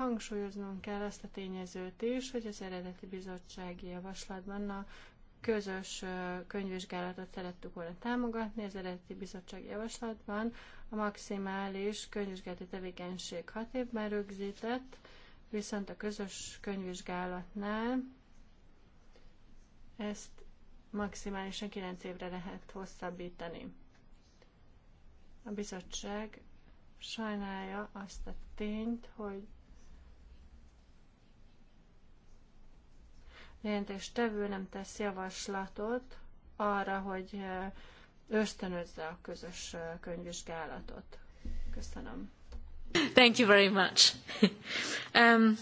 Hangsúlyoznom kell azt a tényezőt is, hogy az eredeti bizottsági javaslatban a közös könyvvizsgálatot szerettük volna támogatni. Az eredeti bizottsági javaslatban a maximális könyvvizsgálati tevékenység hat évben rögzített, viszont a közös könyvvizsgálatnál ezt maximálisan 9 évre lehet hosszabbítani. A bizottság sajnálja azt a tényt, hogy tevő nem tesz javaslatot arra, hogy ösztönözze a közös könyvvizsgálatot. Köszönöm. Thank you very much. *laughs* um,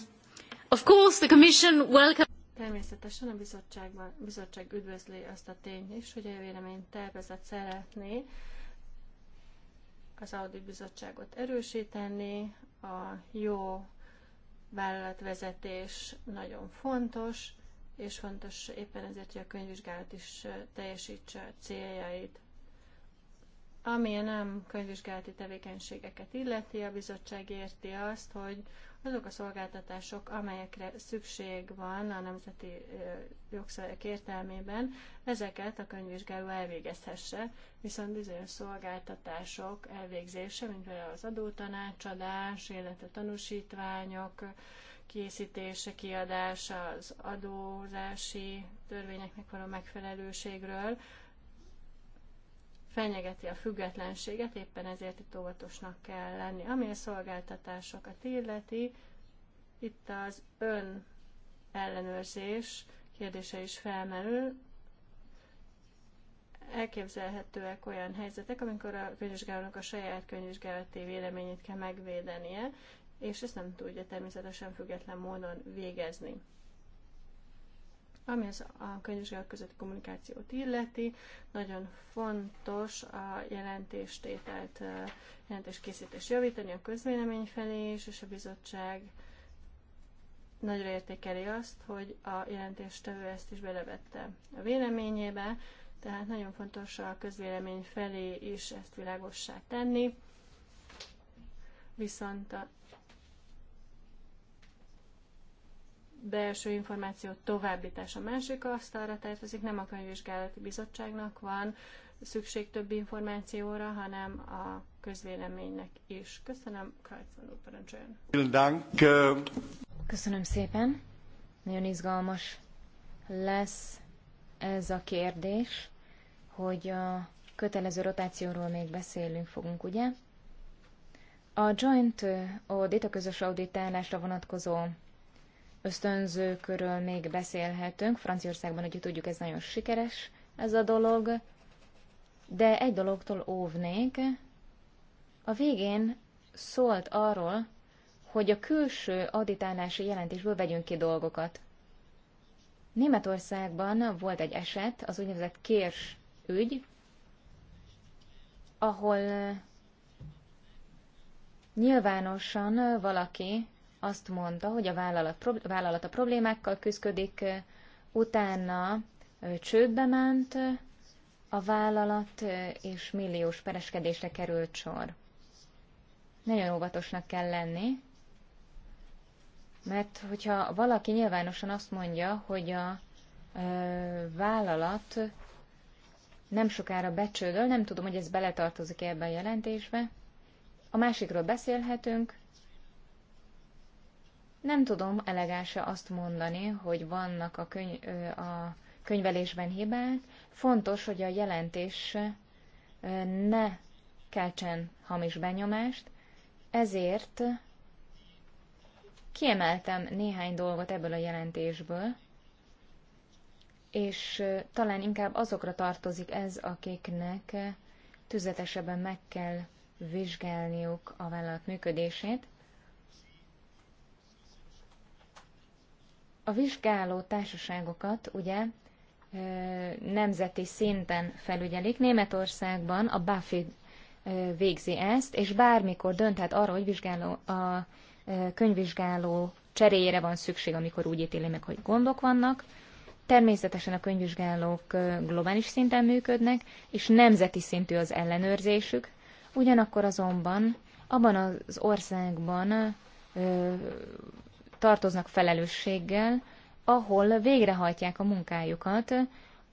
of course, the Commission welcomes. Természetesen a bizottságban, bizottság üdvözli azt a tény is, hogy a vélemény tervezet szeretné az Audit Bizottságot erősíteni, a jó vállalatvezetés nagyon fontos, és fontos éppen ezért, hogy a könyvvizsgálat is teljesítse a céljait. Ami a nem könyvvizsgálati tevékenységeket illeti, a bizottság érti azt, hogy azok a szolgáltatások, amelyekre szükség van a nemzeti jogszabályok értelmében, ezeket a könyvvizsgáló elvégezhesse, viszont bizonyos szolgáltatások elvégzése, mint például az adótanácsadás, illetve tanúsítványok, készítése, kiadása, az adózási törvényeknek való megfelelőségről fenyegeti a függetlenséget, éppen ezért itt óvatosnak kell lenni. Ami a szolgáltatásokat illeti, itt az ön ellenőrzés kérdése is felmerül. Elképzelhetőek olyan helyzetek, amikor a könyvvizsgálónak a saját könyvvizsgálati véleményét kell megvédenie, és ezt nem tudja természetesen független módon végezni. Ami az a könyvvizsgálat közötti kommunikációt illeti, nagyon fontos a jelentéstételt, jelentéskészítés javítani a közvélemény felé is, és a bizottság nagyra értékeli azt, hogy a jelentéstevő ezt is belevette a véleményébe, tehát nagyon fontos a közvélemény felé is ezt világossá tenni, viszont a belső információ továbbítás a másik asztalra tartozik, nem a könyvvizsgálati bizottságnak van szükség több információra, hanem a közvéleménynek is. Köszönöm, Krajcmanó parancsoljon. Köszönöm szépen. Nagyon izgalmas lesz ez a kérdés, hogy a kötelező rotációról még beszélünk fogunk, ugye? A joint audit, a közös auditálásra vonatkozó ösztönzőkről még beszélhetünk. Franciaországban, hogy tudjuk, ez nagyon sikeres ez a dolog. De egy dologtól óvnék. A végén szólt arról, hogy a külső auditálási jelentésből vegyünk ki dolgokat. Németországban volt egy eset, az úgynevezett Kérs ügy, ahol nyilvánosan valaki azt mondta, hogy a vállalat, vállalat a problémákkal küzdik, utána csődbe ment a vállalat, és milliós pereskedésre került sor. Nagyon óvatosnak kell lenni, mert hogyha valaki nyilvánosan azt mondja, hogy a ö, vállalat nem sokára becsődöl, nem tudom, hogy ez beletartozik -e ebbe a jelentésbe. A másikról beszélhetünk, nem tudom elegása azt mondani, hogy vannak a, köny- a könyvelésben hibák. Fontos, hogy a jelentés ne keltsen hamis benyomást, ezért kiemeltem néhány dolgot ebből a jelentésből, és talán inkább azokra tartozik ez, akiknek tüzetesebben meg kell vizsgálniuk a vállalat működését. A vizsgáló társaságokat ugye nemzeti szinten felügyelik. Németországban a BAFI végzi ezt, és bármikor dönthet arról, hogy vizsgáló, a könyvvizsgáló cseréjére van szükség, amikor úgy ítéli meg, hogy gondok vannak. Természetesen a könyvvizsgálók globális szinten működnek, és nemzeti szintű az ellenőrzésük. Ugyanakkor azonban abban az országban tartoznak felelősséggel, ahol végrehajtják a munkájukat.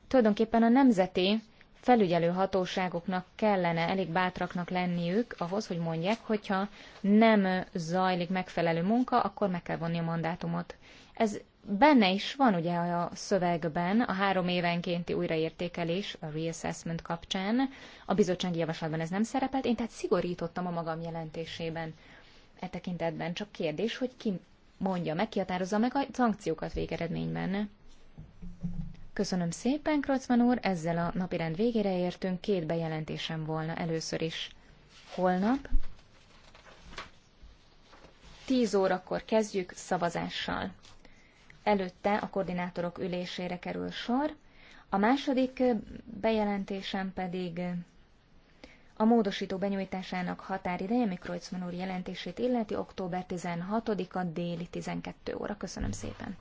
Tulajdonképpen a nemzeti felügyelő hatóságoknak kellene elég bátraknak lenniük ahhoz, hogy mondják, hogyha nem zajlik megfelelő munka, akkor meg kell vonni a mandátumot. Ez benne is van ugye a szövegben, a három évenkénti újraértékelés a reassessment kapcsán. A bizottsági javaslatban ez nem szerepelt, én tehát szigorítottam a magam jelentésében e tekintetben. Csak kérdés, hogy ki mondja meg, kihatározza meg a szankciókat végeredményben. Köszönöm szépen, Krocman úr, ezzel a napirend végére értünk, két bejelentésem volna először is. Holnap 10 órakor kezdjük szavazással. Előtte a koordinátorok ülésére kerül sor, a második bejelentésem pedig a módosító benyújtásának határideje Mikrojcman úr jelentését illeti október 16-a déli 12 óra. Köszönöm szépen!